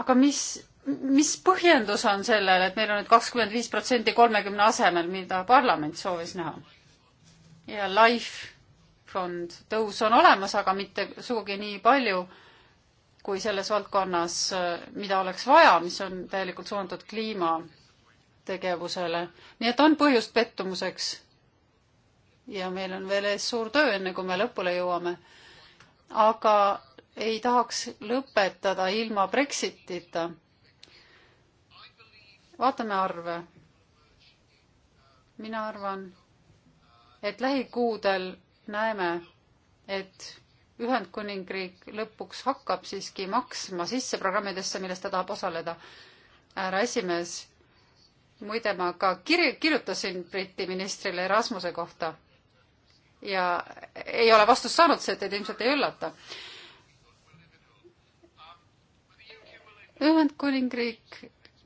aga mis, mis põhjendus on sellel, et meil on nüüd kakskümmend viis protsenti kolmekümne asemel, mida parlament soovis näha? ja LIFE fond tõus on olemas, aga mitte sugugi nii palju kui selles valdkonnas, mida oleks vaja, mis on täielikult suunatud kliimategevusele. nii et on põhjust pettumuseks ja meil on veel ees suur töö, enne kui me lõpule jõuame. aga ei tahaks lõpetada ilma Brexitita. vaatame arve. mina arvan, et lähikuudel näeme, et Ühendkuningriik lõpuks hakkab siiski maksma sisse programmidesse, milles ta tahab osaleda. härra esimees, muide ma ka kir-, kirjutasin Briti ministrile Erasmuse kohta ja ei ole vastust saanud, see teid ilmselt ei üllata. Ühendkuningriik,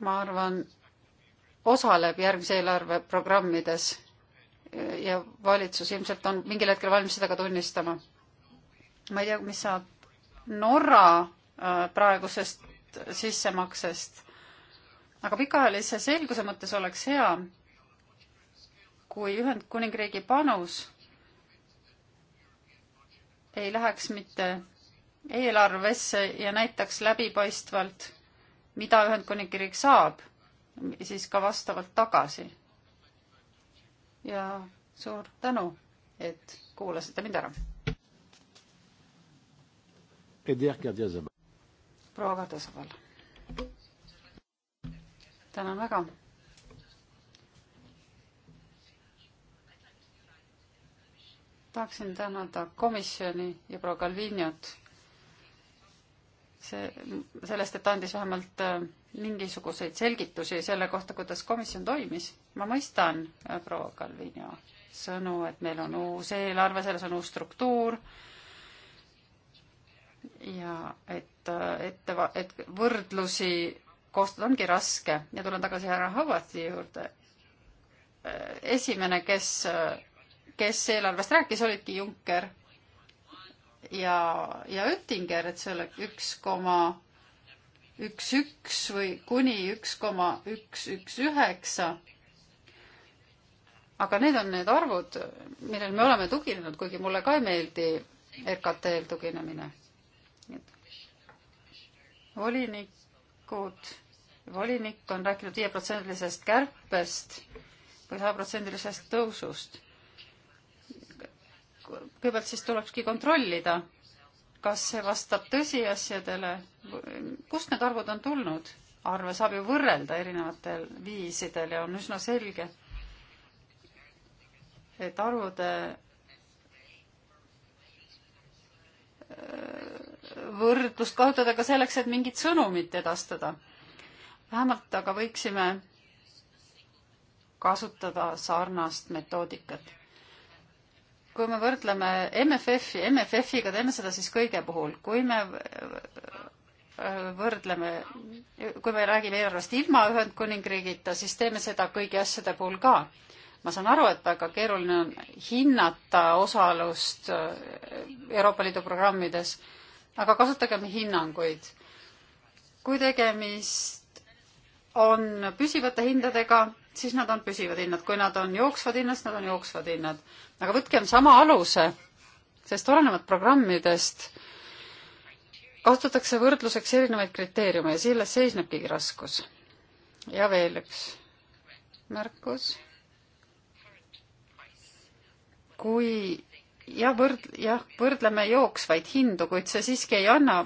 ma arvan, osaleb järgmise eelarve programmides ja valitsus ilmselt on mingil hetkel valmis seda ka tunnistama. ma ei tea, mis saab Norra äh, praegusest sissemaksest, aga pikaajalise selguse mõttes oleks hea, kui Ühendkuningriigi panus ei läheks mitte eelarvesse ja näitaks läbipaistvalt, mida Ühendkuningriik saab, siis ka vastavalt tagasi. ja suur tänu, et kuulasite mind ära. proua Kadasabal. tänan väga tahaksin tänada komisjoni ja proua Calviniot see, sellest, et ta andis vähemalt äh, mingisuguseid selgitusi selle kohta, kuidas komisjon toimis. ma mõistan äh, proua Calvinio sõnu, et meil on uus eelarve, selles on uus struktuur ja et, äh, et, et võrdlusi koostada ongi raske ja tulen tagasi härra Havati juurde. esimene, kes kes eelarvest rääkis, olidki Juncker ja, ja Oettinger, et see ole üks koma üks, üks või kuni üks koma üks, üks, üheksa. aga need on need arvud, millel me oleme tuginenud, kuigi mulle ka ei meeldi RKT-l tuginemine. volinikud, volinik on rääkinud viieprotsendilisest kärpest või sajaprotsendilisest tõusust kõigepealt siis tulekski kontrollida, kas see vastab tõsiasjadele, kust need arvud on tulnud, arve saab ju võrrelda erinevatel viisidel ja on üsna selge, et arvude äh, võrdlust kasutada ka selleks, et mingit sõnumit edastada. vähemalt aga võiksime kasutada sarnast metoodikat kui me võrdleme MFF-i MFF-iga, teeme seda siis kõige puhul, kui me võrdleme, kui me räägime eelarvest ilma Ühendkuningriigita, siis teeme seda kõigi asjade puhul ka. ma saan aru, et väga keeruline on hinnata osalust eh, Euroopa Liidu programmides, aga kasutagem hinnanguid. kui tegemist on püsivate hindadega, siis nad on püsivad hinnad, kui nad on jooksvad hinnast, nad on jooksvad hinnad. aga võtkem sama aluse, sest olenevalt programmidest kasutatakse võrdluseks erinevaid kriteeriume ja selles seisnebki raskus. ja veel üks märkus. kui jah, võrd-, jah, võrdleme jooksvaid hindu, kuid see siiski ei anna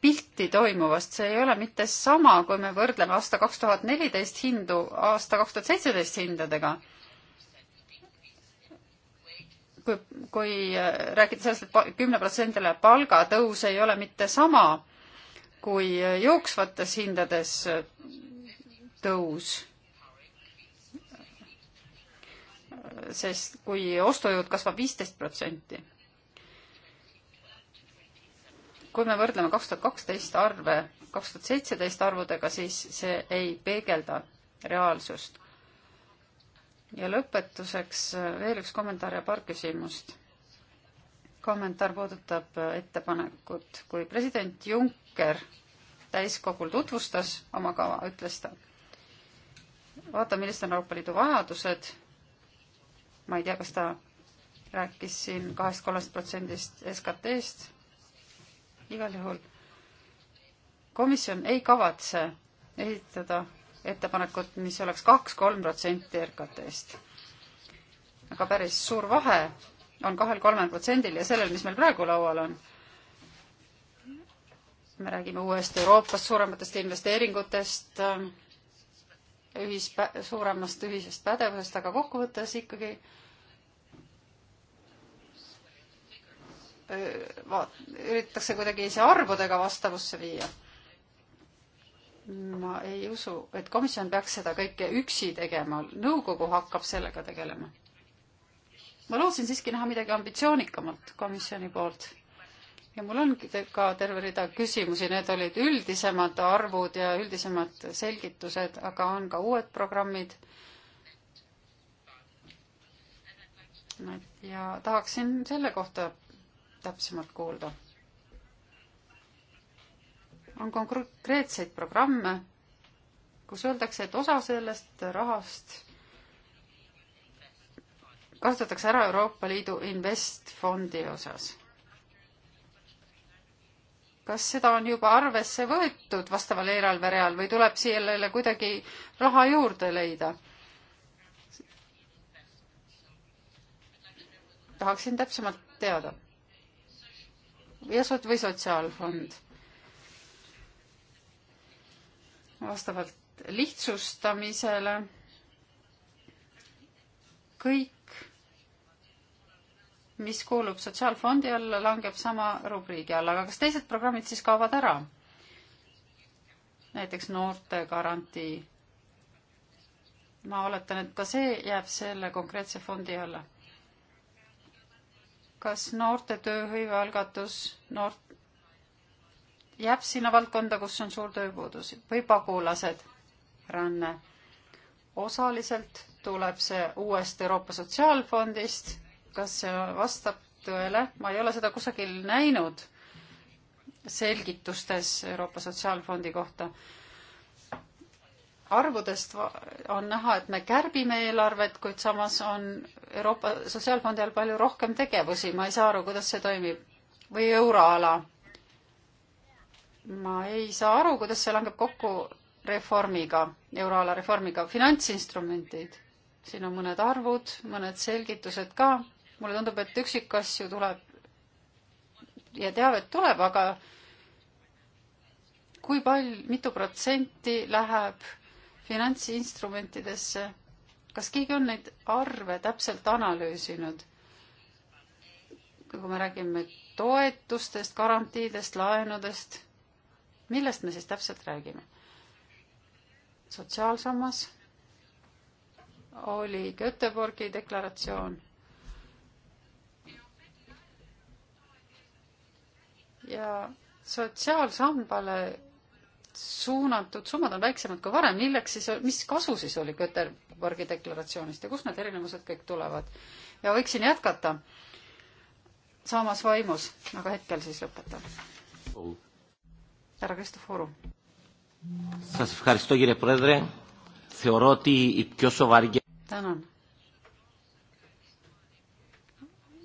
pilti toimuvast, see ei ole mitte sama, kui me võrdleme aasta kaks tuhat neliteist hindu aasta kaks tuhat seitseteist hindadega. kui, kui äh, rääkida sellest et, et kümneprotsendile palgatõus ei ole mitte sama kui jooksvates hindades äh, tõus sest kui ostujõud kasvab viisteist protsenti, kui me võrdleme kaks tuhat kaksteist arve kaks tuhat seitseteist arvudega, siis see ei peegelda reaalsust. ja lõpetuseks veel üks kommentaar ja paar küsimust. kommentaar puudutab ettepanekut, kui president Juncker täiskogul tutvustas oma kava, ütles ta, vaata, millised on Euroopa Liidu vajadused ma ei tea, kas ta rääkis siin kahest-kolmest protsendist SKT-st. igal juhul komisjon ei kavatse esitada ettepanekut, mis oleks kaks-kolm protsenti RKT-st. aga päris suur vahe on kahel-kolmel protsendil ja sellel, mis meil praegu laual on. me räägime uuest Euroopast, suurematest investeeringutest ühis, suuremast ühisest pädevusest, aga kokkuvõttes ikkagi vaat-, üritatakse kuidagi ise arvudega vastavusse viia. ma ei usu, et komisjon peaks seda kõike üksi tegema, nõukogu hakkab sellega tegelema. ma lootsin siiski näha midagi ambitsioonikamalt komisjoni poolt ja mul ongi ka terve rida küsimusi, need olid üldisemad arvud ja üldisemad selgitused, aga on ka uued programmid. ja tahaksin selle kohta täpsemalt kuulda. on konkreetseid programme, kus öeldakse, et osa sellest rahast kasutatakse ära Euroopa Liidu investfondi osas kas seda on juba arvesse võetud vastaval eelarvereal või tuleb sellele kuidagi raha juurde leida? tahaksin täpsemalt teada. ja sot- või sotsiaalfond. vastavalt lihtsustamisele kõik mis kuulub Sotsiaalfondi alla, langeb sama rubriigi alla, aga kas teised programmid siis kaovad ära? näiteks noorte garantii. ma oletan, et ka see jääb selle konkreetse fondi alla. kas noorte tööhõive algatus, noort, jääb sinna valdkonda, kus on suur tööpuudus või pagulased, ränne? osaliselt tuleb see uuest Euroopa Sotsiaalfondist kas see vastab tõele, ma ei ole seda kusagil näinud selgitustes Euroopa Sotsiaalfondi kohta. arvudest on näha, et me kärbime eelarvet, kuid samas on Euroopa Sotsiaalfondi all palju rohkem tegevusi, ma ei saa aru, kuidas see toimib. või euroala. ma ei saa aru, kuidas see langeb kokku reformiga, euroala reformiga, finantsinstrumendid, siin on mõned arvud, mõned selgitused ka mulle tundub, et üksikasju tuleb ja teavet tuleb, aga kui palju, mitu protsenti läheb finantsinstrumentidesse, kas keegi on neid arve täpselt analüüsinud? kui me räägime toetustest, garantiidest, laenudest, millest me siis täpselt räägime? sotsiaalsammas oli Göteborgi deklaratsioon ja sotsiaalsambale suunatud summad on väiksemad kui varem, milleks siis, mis kasu siis oli Göteborgi deklaratsioonist ja kust need erinevused kõik tulevad? ja võiksin jätkata samas vaimus, aga hetkel siis lõpetan. härra Kristoforu. tänan.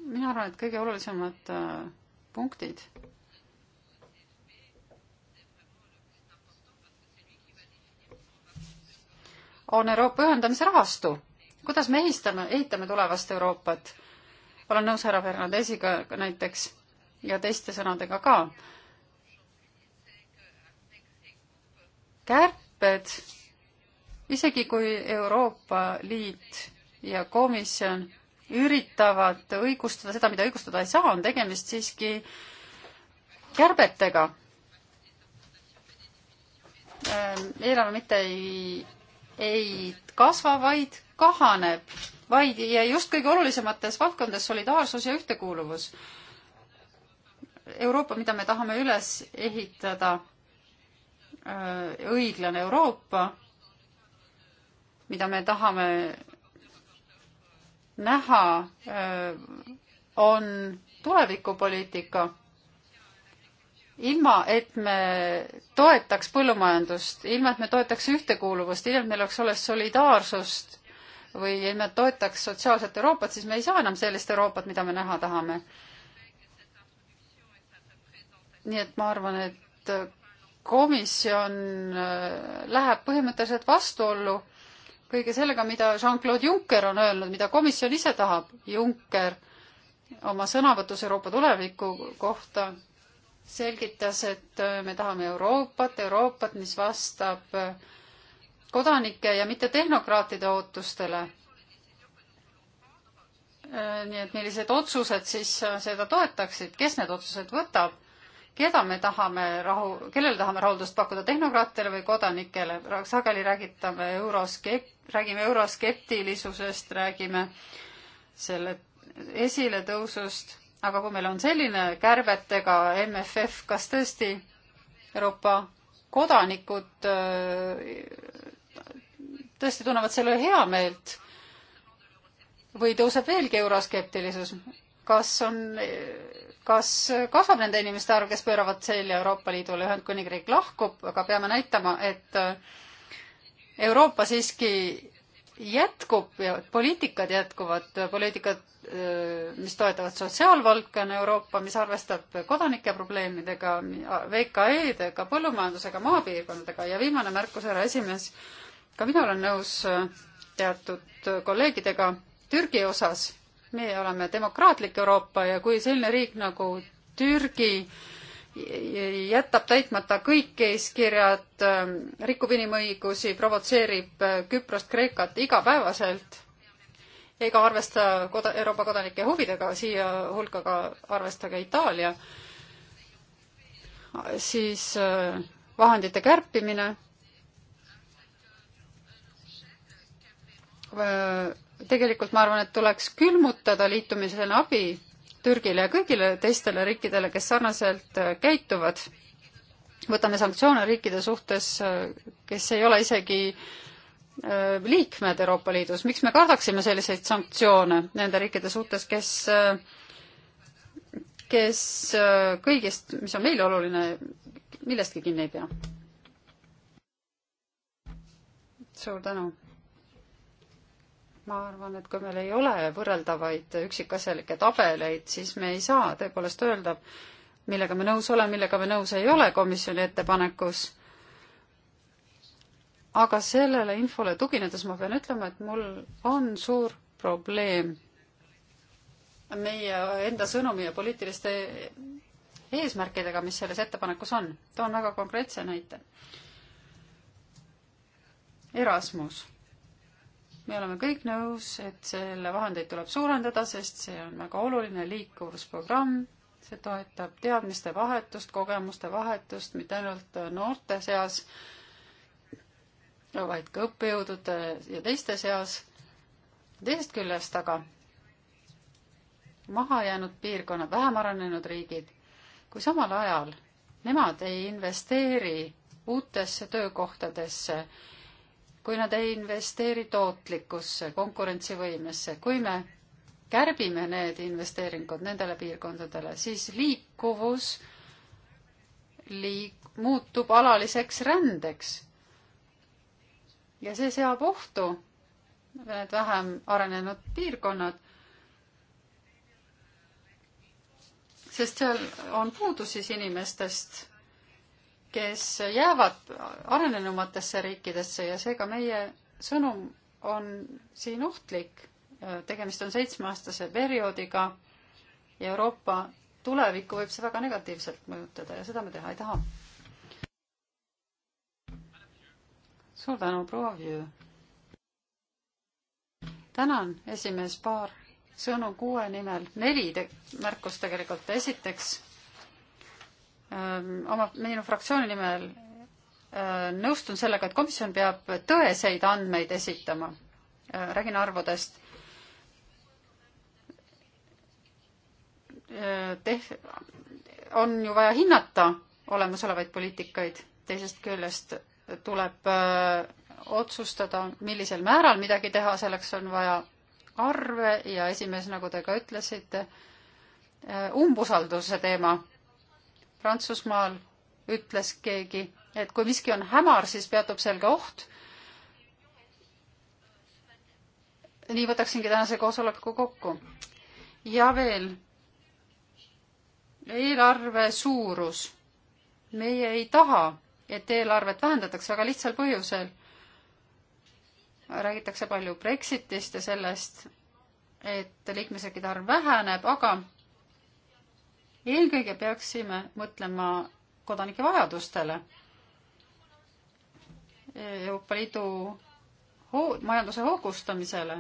mina arvan, et kõige olulisemad äh, punktid on Euroopa ühendamise rahastu. kuidas me ehistame, ehitame tulevast Euroopat? olen nõus härra Fernandesiga näiteks ja teiste sõnadega ka. kärped, isegi kui Euroopa Liit ja komisjon üritavad õigustada seda, mida õigustada ei saa, on tegemist siiski kärbetega. eelarve mitte ei ei kasva, vaid kahaneb, vaid ja just kõige olulisemates valdkondades solidaarsus ja ühtekuuluvus. Euroopa, mida me tahame üles ehitada, äh, õiglane Euroopa, mida me tahame näha, äh, on tulevikupoliitika ilma, et me toetaks põllumajandust, ilma, et me toetaks ühtekuuluvust, ilma, et meil oleks alles solidaarsust või et me toetaks sotsiaalset Euroopat, siis me ei saa enam sellist Euroopat, mida me näha tahame. nii et ma arvan, et komisjon äh, läheb põhimõtteliselt vastuollu kõige sellega, mida Jean-Claude Juncker on öelnud, mida komisjon ise tahab. Juncker oma sõnavõtus Euroopa tuleviku kohta selgitas, et äh, me tahame Euroopat, Euroopat, mis vastab äh, kodanike ja mitte tehnokraatide ootustele. Äh, nii et millised otsused siis seda toetaksid, kes need otsused võtab, keda me tahame rahu, kellele tahame rahuldust pakkuda, tehnokraatidele või kodanikele? sageli räägitame euroskep-, räägime euroskeptilisusest, räägime selle esiletõusust aga kui meil on selline kärbetega MFF, kas tõesti Euroopa kodanikud äh, tõesti tunnevad selle heameelt või tõuseb veelgi euroskeptilisus? kas on, kas kasvab nende inimeste arv, kes pööravad selja Euroopa Liidule, Ühendkuningriik lahkub, aga peame näitama, et äh, Euroopa siiski jätkub ja poliitikad jätkuvad, poliitikad Äh, mis toetavad sotsiaalvaldkonna Euroopa, mis arvestab kodanike probleemidega, VKE-dega, põllumajandusega, maapiirkondadega ja viimane märkus, härra esimees, ka mina olen nõus äh, teatud kolleegidega Türgi osas, meie oleme demokraatlik Euroopa ja kui selline riik nagu Türgi jätab täitmata kõik eeskirjad, äh, rikub inimõigusi, provotseerib Küprost, Kreekat igapäevaselt ega arvesta koda-, Euroopa kodanike huvidega, siia hulka ka arvestage Itaalia, siis äh, vahendite kärpimine, äh, tegelikult ma arvan, et tuleks külmutada liitumisena abi Türgile ja kõigile teistele riikidele, kes sarnaselt äh, käituvad. võtame sanktsioone riikide suhtes, kes ei ole isegi äh, Äh, liikmed Euroopa Liidus, miks me kardaksime selliseid sanktsioone nende riikide suhtes, kes, äh, kes äh, kõigest, mis on meile oluline, millestki kinni ei pea? suur tänu. ma arvan, et kui meil ei ole võrreldavaid üksikasjalikke tabeleid, siis me ei saa tõepoolest öelda, millega me nõus oleme, millega me nõus ei ole komisjoni ettepanekus aga sellele infole tuginedes ma pean ütlema, et mul on suur probleem meie enda sõnumi ja poliitiliste eesmärkidega, mis selles ettepanekus on. toon väga konkreetse näite. Erasmus. me oleme kõik nõus, et selle vahendeid tuleb suurendada, sest see on väga oluline liikuvusprogramm, see toetab teadmiste vahetust, kogemuste vahetust, mitte ainult noorte seas, vaid ka õppejõudude ja teiste seas. teisest küljest aga mahajäänud piirkonnad, vähem arenenud riigid, kui samal ajal nemad ei investeeri uutesse töökohtadesse, kui nad ei investeeri tootlikkusse, konkurentsivõimesse, kui me kärbime need investeeringud nendele piirkondadele, siis liikuvus liik-, muutub alaliseks rändeks ja see seab ohtu need vähem arenenud piirkonnad, sest seal on puudus siis inimestest, kes jäävad arenenumatesse riikidesse ja seega meie sõnum on siin ohtlik. tegemist on seitsmeaastase perioodiga ja Euroopa tulevikku võib see väga negatiivselt mõjutada ja seda me teha ei taha suur tänu, proua Vjõe. tänan, esimees, paar sõnu kuue nimel, neli te-, märkust tegelikult. esiteks öö, oma, minu fraktsiooni nimel nõustun sellega, et komisjon peab tõeseid andmeid esitama. räägin arvudest. Teh-, on ju vaja hinnata olemasolevaid poliitikaid, teisest küljest tuleb äh, otsustada, millisel määral midagi teha, selleks on vaja arve ja esimees, nagu te ka ütlesite, äh, umbusalduse teema. Prantsusmaal ütles keegi, et kui miski on hämar, siis peatub selge oht. nii võtaksingi tänase koosoleku kokku. ja veel, eelarve suurus. meie ei taha et eelarvet vähendatakse väga lihtsal põhjusel. räägitakse palju Brexitist ja sellest, et liikmesriikide arv väheneb, aga eelkõige peaksime mõtlema kodanike vajadustele. Euroopa Liidu hoo majanduse hoogustamisele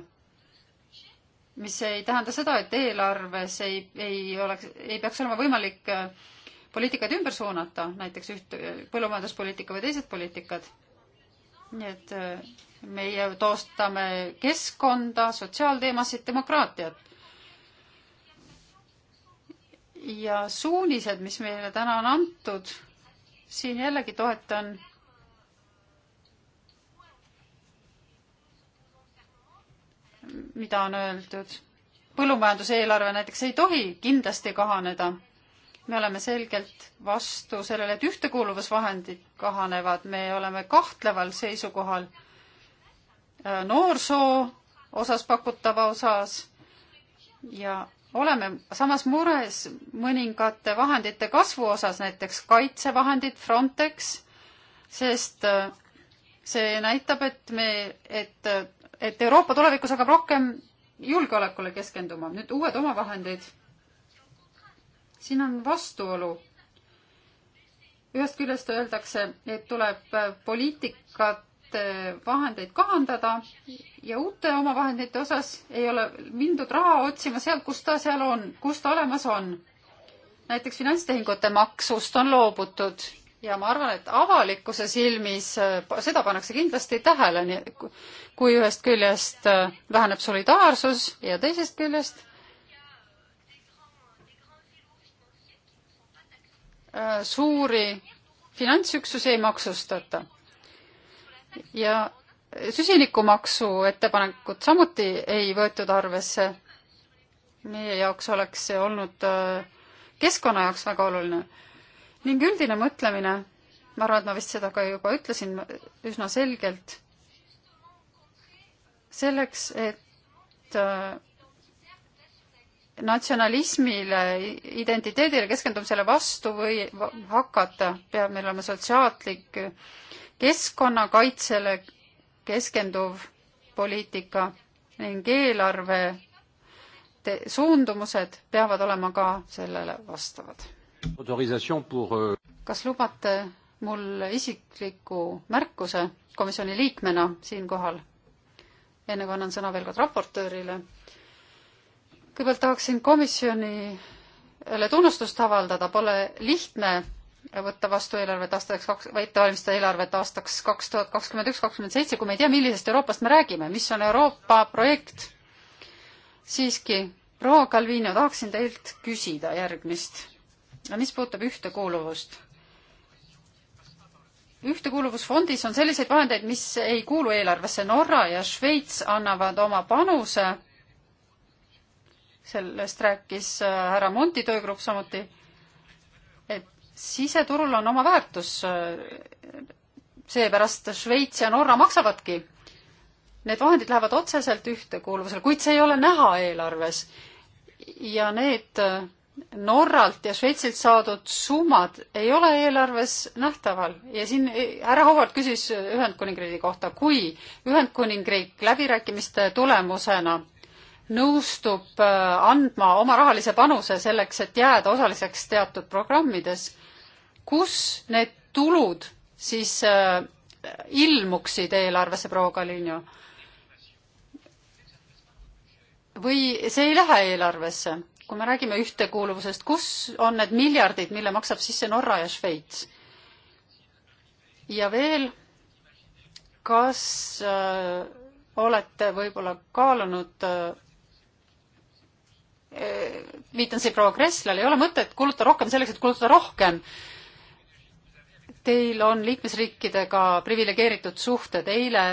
mis ei tähenda seda, et eelarves ei, ei oleks, ei peaks olema võimalik äh, poliitikaid ümber suunata, näiteks üht, põllumajanduspoliitika või teised poliitikad. nii et äh, meie toostame keskkonda, sotsiaalteemasid, demokraatiat. ja suunised, mis meile täna on antud, siin jällegi toetan mida on öeldud. põllumajanduseelarve näiteks ei tohi kindlasti kahaneda me oleme selgelt vastu sellele, et ühtekuuluvusvahendid kahanevad, me oleme kahtleval seisukohal äh, noorsoo osas pakutava osas ja oleme samas mures mõningate vahendite kasvu osas, näiteks kaitsevahendid, Frontex, sest äh, see näitab, et me, et, et Euroopa tulevikus hakkab rohkem julgeolekule keskenduma. nüüd uued omavahendid siin on vastuolu. ühest küljest öeldakse, et tuleb poliitikate vahendeid kahandada ja uute omavahendite osas ei ole mindud raha otsima sealt, kus ta seal on, kus ta olemas on. näiteks finantstehingute maksust on loobutud ja ma arvan, et avalikkuse silmis äh, seda pannakse kindlasti tähele, nii kui ühest küljest äh, väheneb solidaarsus ja teisest küljest Äh, suuri finantsüksusi ei maksustata. ja süsinikumaksu ettepanekut samuti ei võetud arvesse. meie jaoks oleks see olnud äh, keskkonna jaoks väga oluline. ning üldine mõtlemine, ma arvan, et ma vist seda ka juba ütlesin üsna selgelt, selleks, et äh, natsionalismile, identiteedile keskendumisele vastu või hakata, peab meil olema sotsiaatlik keskkonnakaitsele keskenduv poliitika ning eelarve suundumused peavad olema ka sellele vastavad. Euh, kas lubate mul isikliku märkuse komisjoni liikmena siinkohal, enne kui annan sõna veel kord raportöörile? kõigepealt tahaksin komisjonile tunnustust avaldada, pole lihtne võtta vastu eelarvet aastaks kaks, või ette valmistada eelarvet aastaks kaks tuhat kakskümmend üks, kakskümmend seitse, kui me ei tea, millisest Euroopast me räägime, mis on Euroopa projekt. siiski, proua Calvino, tahaksin teilt küsida järgmist. mis puudutab ühtekuuluvust. ühtekuuluvusfondis on selliseid vahendeid, mis ei kuulu eelarvesse. Norra ja Šveits annavad oma panuse sellest rääkis äh, härra Monti töögrupp samuti, et siseturul on oma väärtus. Äh, seepärast Šveits ja Norra maksavadki. Need vahendid lähevad otseselt ühtekuuluvusele, kuid see ei ole näha eelarves. ja need äh, Norralt ja Šveitsilt saadud summad ei ole eelarves nähtaval ja siin härra Howard küsis Ühendkuningriigi kohta, kui Ühendkuningriik läbirääkimiste tulemusena nõustub äh, andma oma rahalise panuse selleks, et jääda osaliseks teatud programmides, kus need tulud siis äh, ilmuksid eelarvesse, proua Kalinio? või see ei lähe eelarvesse? kui me räägime ühtekuuluvusest, kus on need miljardid, mille maksab sisse Norra ja Šveits? ja veel, kas äh, olete võib-olla kaalunud äh, viitan siin proua Kresslale, ei ole mõtet kulutada rohkem selleks, et kulutada rohkem. Teil on liikmesriikidega priviligeeritud suhted. eile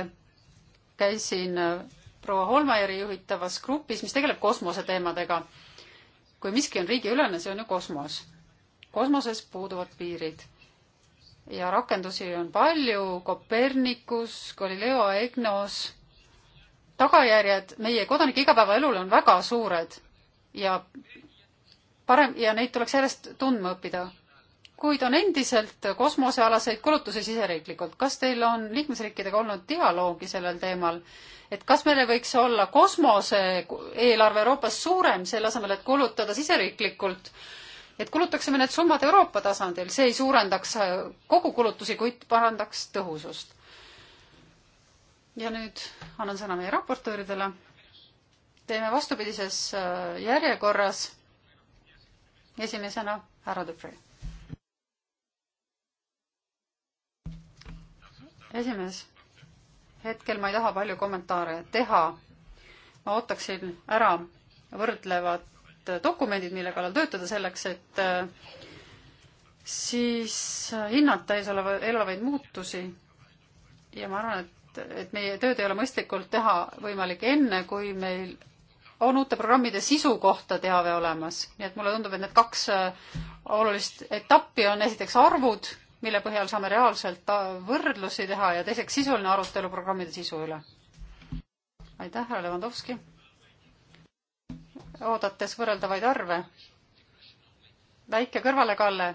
käisin proua Holmajärvi juhitavas grupis, mis tegeleb kosmoseteemadega. kui miski on riigiülene, see on ju kosmos. kosmoses puuduvad piirid ja rakendusi on palju, Copernicus, Galileo, EGNOS. tagajärjed meie kodanike igapäevaelule on väga suured ja parem ja neid tuleks järjest tundma õppida. kuid on endiselt kosmosealaseid kulutusi siseriiklikult. kas teil on liikmesriikidega olnud dialoogi sellel teemal, et kas meil võiks olla kosmose eelarve Euroopas suurem, selle asemel, et kulutada siseriiklikult, et kulutaksime need summad Euroopa tasandil, see ei suurendaks kogukulutusi, kuid parandaks tõhusust. ja nüüd annan sõna meie raportööridele teeme vastupidises äh, järjekorras. esimesena härra Dupree. esimees, hetkel ma ei taha palju kommentaare teha. ma ootaksin ära võrdlevad äh, dokumendid, mille kallal töötada selleks, et äh, siis hinnata eesoleva, eelolevaid muutusi. ja ma arvan, et, et meie tööd ei ole mõistlikult teha võimalik enne, kui meil on uute programmide sisu kohta teave olemas, nii et mulle tundub, et need kaks äh, olulist etappi on esiteks arvud, mille põhjal saame reaalselt äh, võrdlusi teha ja teiseks sisuline arutelu programmide sisu üle. aitäh, härra Levandovski. oodates võrreldavaid arve. väike kõrvalekalle,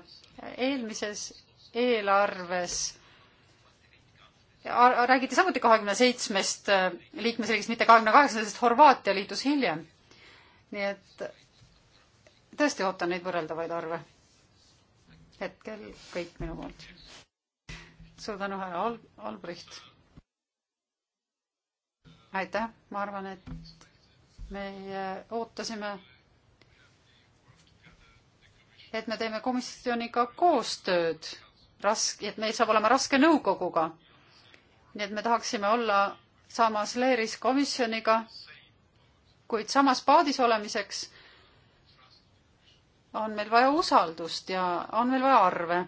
eelmises eelarves räägiti samuti kahekümne seitsmest äh, liikmesriigist, mitte kahekümne kaheksandast, Horvaatia liitus hiljem. nii et tõesti ootan neid võrreldavaid arve. hetkel kõik minu poolt. suur tänu, härra Al-, Albrecht. aitäh, ma arvan, et meie äh, ootasime, et me teeme komisjoniga koostööd, raske, et meil saab olema raske nõukoguga nii et me tahaksime olla samas leeris komisjoniga, kuid samas paadis olemiseks on meil vaja usaldust ja on meil vaja arve.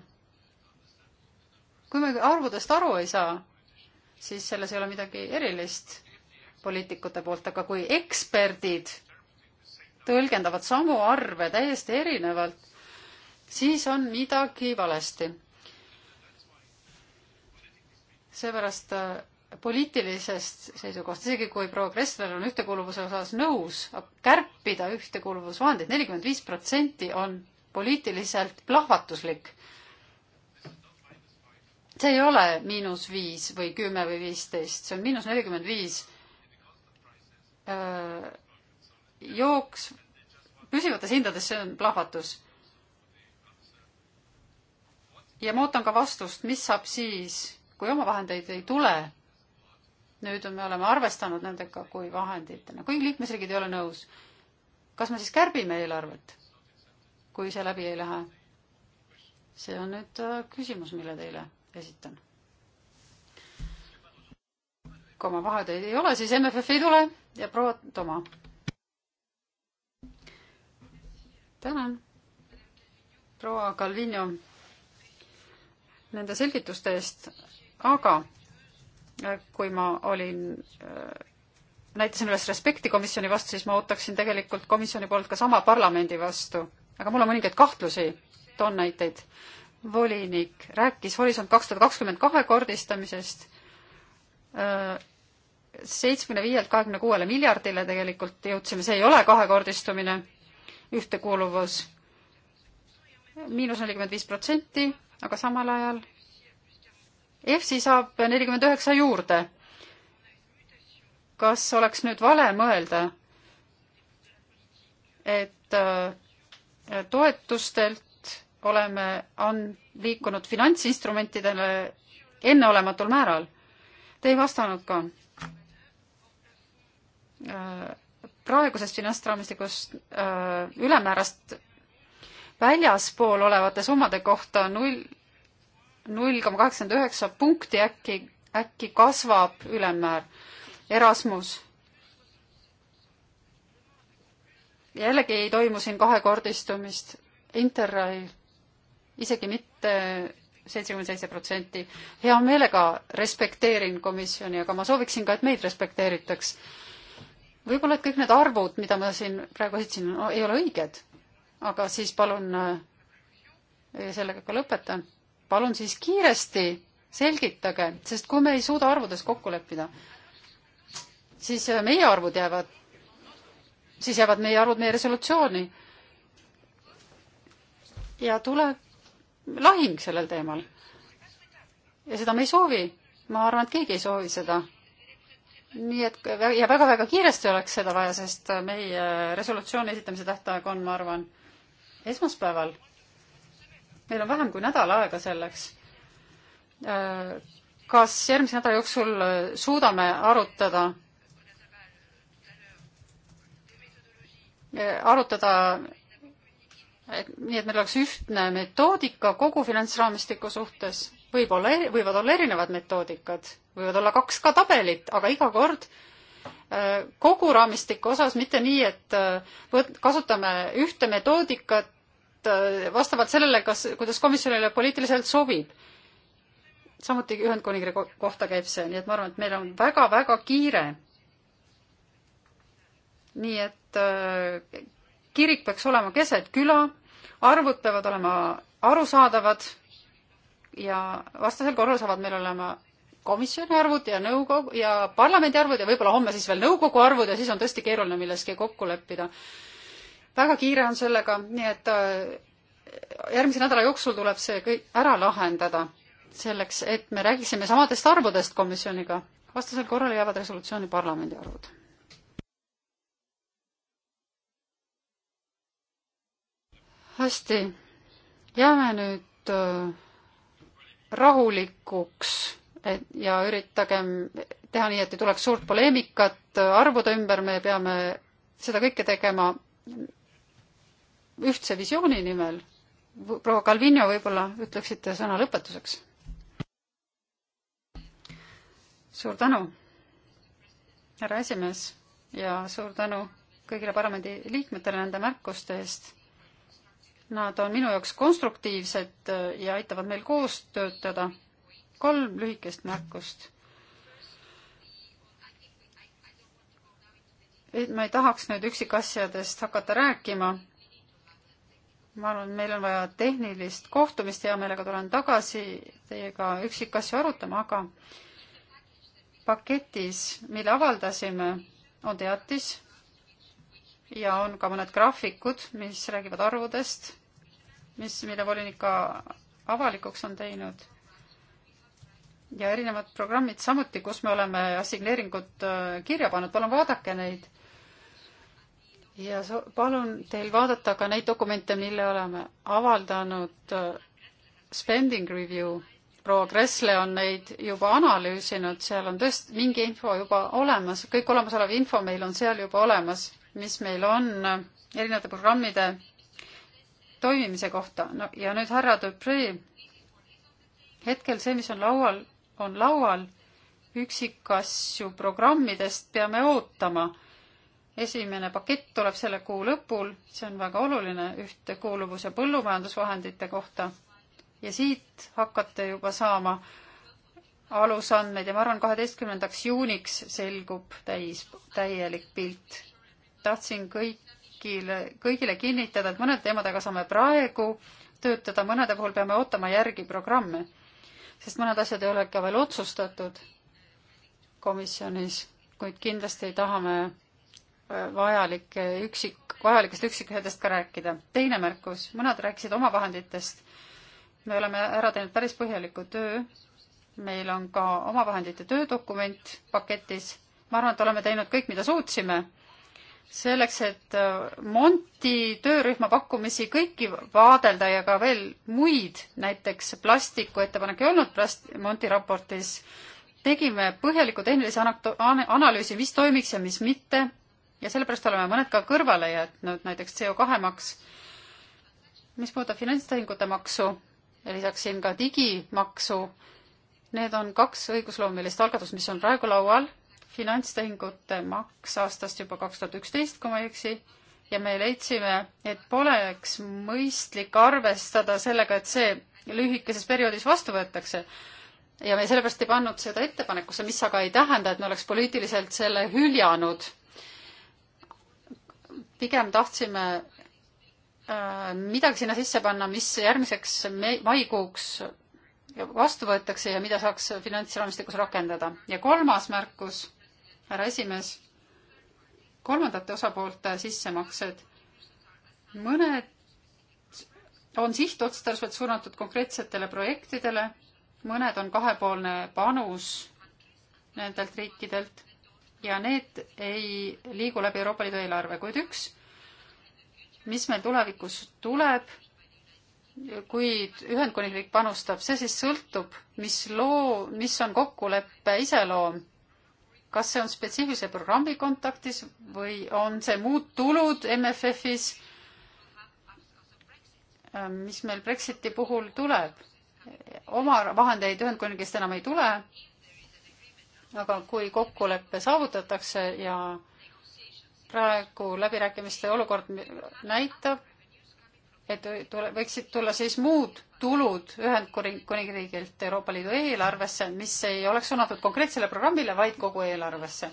kui me arvudest aru ei saa, siis selles ei ole midagi erilist poliitikute poolt, aga kui eksperdid tõlgendavad samu arve täiesti erinevalt, siis on midagi valesti seepärast äh, poliitilisest seisukohast, isegi kui proua Kressler on ühtekuuluvuse osas nõus kärpida ühtekuuluvusvahendeid, nelikümmend viis protsenti on poliitiliselt plahvatuslik. see ei ole miinus viis või kümme või viisteist, see on miinus nelikümmend viis äh, jooks, püsivates hindades, see on plahvatus. ja ma ootan ka vastust, mis saab siis kui omavahendeid ei tule, nüüd on, me oleme arvestanud nendega kui vahenditena, kõik liikmesriigid ei ole nõus. kas me siis kärbime eelarvet, kui see läbi ei lähe? see on nüüd äh, küsimus, mille teile esitan. kui oma vahendeid ei ole, siis MFF ei tule ja proua Toma. tänan, proua Calvino nende selgituste eest aga äh, kui ma olin, äh, näitasin üles respekti komisjoni vastu, siis ma ootaksin tegelikult komisjoni poolt ka sama parlamendi vastu. aga mul on mõningaid kahtlusi, toon näiteid. volinik rääkis Horisont kaks tuhat kakskümmend kahekordistamisest äh, seitsmekümne viielt kahekümne kuuele miljardile tegelikult jõudsime, see ei ole kahekordistumine, ühtekuuluvus miinus nelikümmend viis protsenti, aga samal ajal EFSI saab nelikümmend üheksa juurde. kas oleks nüüd vale mõelda, et äh, toetustelt oleme, on liikunud finantsinstrumentidele enneolematul määral? Te ei vastanud ka. Äh, praegusest finantsraamistikust äh, ülemäärast väljaspool olevate summade kohta null null koma kaheksakümmend üheksa punkti äkki, äkki kasvab ülemmäär. Erasmus. jällegi ei toimu siin kahekordistumist. Interrail isegi mitte seitsekümmend seitse protsenti. hea meelega respekteerin komisjoni, aga ma sooviksin ka, et meid respekteeritaks. võib-olla, et kõik need arvud, mida ma siin praegu esitasin no,, ei ole õiged, aga siis palun äh, sellega ka lõpetan palun siis kiiresti selgitage, sest kui me ei suuda arvudes kokku leppida, siis äh, meie arvud jäävad, siis jäävad meie arvud meie resolutsiooni. ja tuleb lahing sellel teemal. ja seda me ei soovi. ma arvan, et keegi ei soovi seda. nii et äh, ja väga-väga kiiresti oleks seda vaja, sest äh, meie resolutsiooni esitamise tähtaeg on, ma arvan, esmaspäeval meil on vähem kui nädal aega selleks. Äh, kas järgmise nädala jooksul äh, suudame arutada, äh, arutada et nii, et meil oleks ühtne metoodika kogu finantsraamistiku suhtes, võib-olla, võivad olla erinevad metoodikad, võivad olla kaks ka tabelit, aga iga kord kogu raamistiku osas, mitte nii, et võt-, kasutame ühte metoodikat Äh, vastavalt sellele, kas, kuidas komisjonile poliitiliselt sobib. samuti Ühendkuningriigi kohta käib see, nii et ma arvan, et meil on väga-väga kiire. nii et äh, kirik peaks olema keset küla, arvud peavad olema arusaadavad ja vastasel korral saavad meil olema komisjoni arvud ja nõukogu ja parlamendi arvud ja võib-olla homme siis veel nõukogu arvud ja siis on tõesti keeruline milleski kokku leppida väga kiire on sellega, nii et äh, järgmise nädala jooksul tuleb see kõik ära lahendada, selleks et me räägiksime samadest arvudest komisjoniga. vastasel korral jäävad resolutsiooni parlamendi arvud. hästi, jääme nüüd äh, rahulikuks et, ja üritagem teha nii, et ei tuleks suurt poleemikat äh, arvude ümber, me peame seda kõike tegema ühtse visiooni nimel. proua Calvino, võib-olla ütleksite sõna lõpetuseks? suur tänu, härra esimees ja suur tänu kõigile parlamendi liikmetele nende märkuste eest. Nad on minu jaoks konstruktiivsed äh, ja aitavad meil koos töötada. kolm lühikest märkust et ma ei tahaks nüüd üksikasjadest hakata rääkima, ma arvan, et meil on vaja tehnilist kohtumist, hea meelega tulen tagasi teiega üksikasju arutama, aga paketis, mille avaldasime, on teatis ja on ka mõned graafikud, mis räägivad arvudest, mis, mille volinik ka avalikuks on teinud. ja erinevad programmid samuti, kus me oleme assigneeringud äh, kirja pannud, palun vaadake neid ja so-, palun teil vaadata ka neid dokumente, mille oleme avaldanud spending review. proua Kressle on neid juba analüüsinud, seal on tõest-, mingi info juba olemas, kõik olemasolev info meil on seal juba olemas, mis meil on erinevate programmide toimimise kohta. no ja nüüd härra Dupree, hetkel see, mis on laual, on laual, üksikasju programmidest peame ootama esimene pakett tuleb selle kuu lõpul, see on väga oluline ühtekuuluvuse põllumajandusvahendite kohta. ja siit hakkate juba saama alusandmeid ja ma arvan, kaheteistkümnendaks juuniks selgub täis, täielik pilt. tahtsin kõigile, kõigile kinnitada, et mõned teemadega saame praegu töötada, mõnede puhul peame ootama järgi programme, sest mõned asjad ei ole ikka veel otsustatud komisjonis, kuid kindlasti tahame vajalike üksik, vajalikest üksikühedest ka rääkida. teine märkus, mõned rääkisid omavahenditest. me oleme ära teinud päris põhjaliku töö. meil on ka omavahendite töödokument paketis. ma arvan, et oleme teinud kõik, mida suutsime. selleks, et äh, Monti töörühma pakkumisi kõiki vaadelda ja ka veel muid, näiteks plastiku ettepanek ei olnud plast-, Monti raportis, tegime põhjaliku tehnilise analüüsi, mis toimiks ja mis mitte ja sellepärast oleme mõned ka kõrvale jätnud, näiteks CO2 maks. mis puudutab finantstehingute maksu ja lisaks siin ka digimaksu, need on kaks õigusloomelist algatust, mis on praegu laual. finantstehingute maks aastast juba kaks tuhat üksteist, kui ma ei eksi, ja me leidsime, et poleks mõistlik arvestada sellega, et see lühikeses perioodis vastu võetakse ja me sellepärast ei pannud seda ettepanekusse, mis aga ei tähenda, et me oleks poliitiliselt selle hüljanud pigem tahtsime äh, midagi sinna sisse panna, mis järgmiseks maikuuks vastu võetakse ja mida saaks finantsraamistikus rakendada. ja kolmas märkus, härra esimees, kolmandate osapoolte sissemaksed. mõned on sihtotstarbelt suunatud konkreetsetele projektidele, mõned on kahepoolne panus nendelt riikidelt ja need ei liigu läbi Euroopa Liidu eelarve, kuid üks, mis meil tulevikus tuleb, kui Ühendkuningriik panustab, see siis sõltub, mis loo, mis on kokkuleppe iseloom. kas see on spetsiifilise programmi kontaktis või on see muud tulud MFF-is, ähm, mis meil Brexiti puhul tuleb? oma vahendeid Ühendkuningriigist enam ei tule, aga kui kokkulepe saavutatakse ja praegu läbirääkimiste olukord näitab, et tule, võiksid tulla siis muud tulud Ühendkuningriigilt Euroopa Liidu eelarvesse, mis ei oleks suunatud konkreetsele programmile, vaid kogu eelarvesse.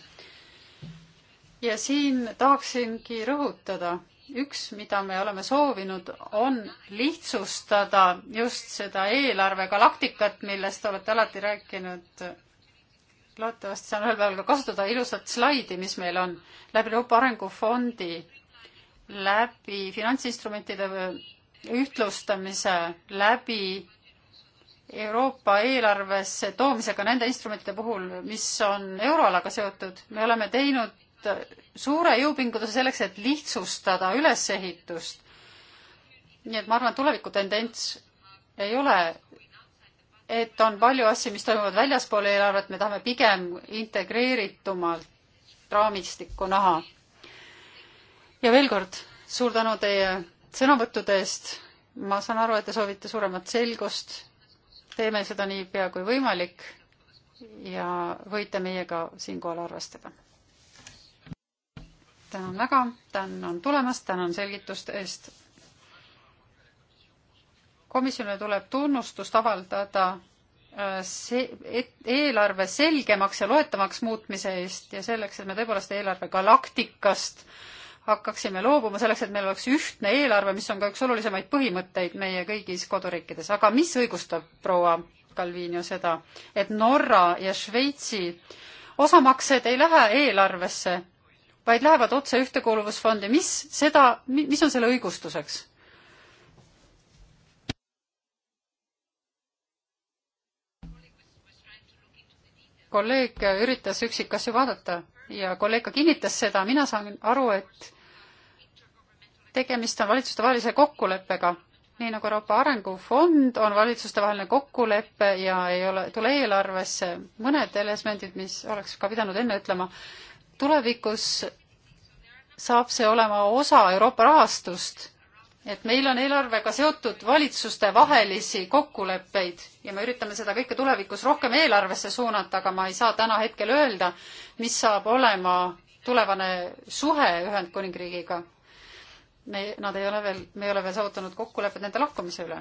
ja siin tahaksingi rõhutada, üks, mida me oleme soovinud, on lihtsustada just seda eelarve galaktikat, millest olete alati rääkinud loodetavasti saan ühel päeval ka kasutada ilusat slaidi, mis meil on läbi Euroopa Arengufondi, läbi finantsinstrumentide ühtlustamise, läbi Euroopa eelarvesse toomisega nende instrumentide puhul, mis on euroalaga seotud, me oleme teinud suure jõupingutuse selleks, et lihtsustada ülesehitust. nii et ma arvan, et tuleviku tendents ei ole et on palju asju, mis toimuvad väljaspool eelarvet, me tahame pigem integreeritumalt raamistikku näha. ja veel kord suur tänu teie sõnavõttude eest. ma saan aru, et te soovite suuremat selgust. teeme seda niipea kui võimalik ja võite meiega siinkohal arvestada. tänan väga, tänan tulemast, tänan selgituste eest komisjonile tuleb tunnustust avaldada äh, see, eelarve selgemaks ja loetavaks muutmise eest ja selleks, et me tõepoolest eelarve galaktikast hakkaksime loobuma, selleks et meil oleks ühtne eelarve, mis on ka üks olulisemaid põhimõtteid meie kõigis koduriikides. aga mis õigustab proua Calvino seda, et Norra ja Šveitsi osamaksed ei lähe eelarvesse, vaid lähevad otse ühtekuuluvusfondi, mis seda, mis on selle õigustuseks? kolleeg üritas üksikasju vaadata ja kolleeg ka kinnitas seda, mina saan aru, et tegemist on valitsustevahelise kokkuleppega, nii nagu Euroopa Arengufond on valitsustevaheline kokkulepe ja ei ole, tule eelarvesse mõned elemendid, mis oleks ka pidanud enne ütlema, tulevikus saab see olema osa Euroopa rahastust et meil on eelarvega seotud valitsuste vahelisi kokkuleppeid ja me üritame seda kõike tulevikus rohkem eelarvesse suunata, aga ma ei saa täna hetkel öelda, mis saab olema tulevane suhe Ühendkuningriigiga. me, nad ei ole veel, me ei ole veel saavutanud kokkulepet nende lahkumise üle.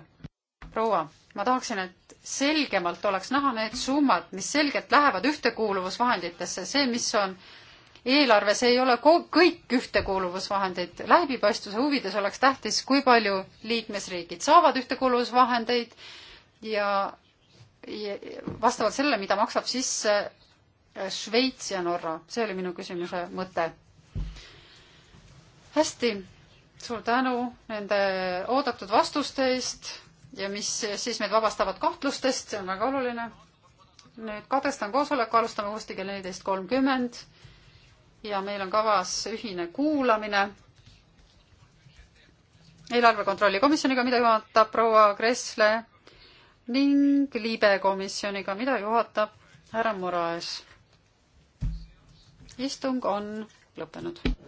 proua, ma tahaksin, et selgemalt oleks näha need summad, mis selgelt lähevad ühtekuuluvusvahenditesse, see, mis on äh, eelarves ei ole kõik ühtekuuluvusvahendeid. läbipaistvuse huvides oleks tähtis, kui palju liikmesriigid saavad ühtekuuluvusvahendeid ja, ja vastavalt sellele, mida maksab sisse Šveits ja Norra. see oli minu küsimuse mõte. hästi, suur tänu nende oodatud vastuste eest ja mis siis meid vabastavad kahtlustest, see on väga oluline. nüüd katkestan koosoleku, alustame uuesti kell neliteist kolmkümmend ja meil on kavas ühine kuulamine eelarve kontrolli komisjoniga, mida juhatab proua Kressle ning libe komisjoniga, mida juhatab härra Moraes. istung on lõppenud.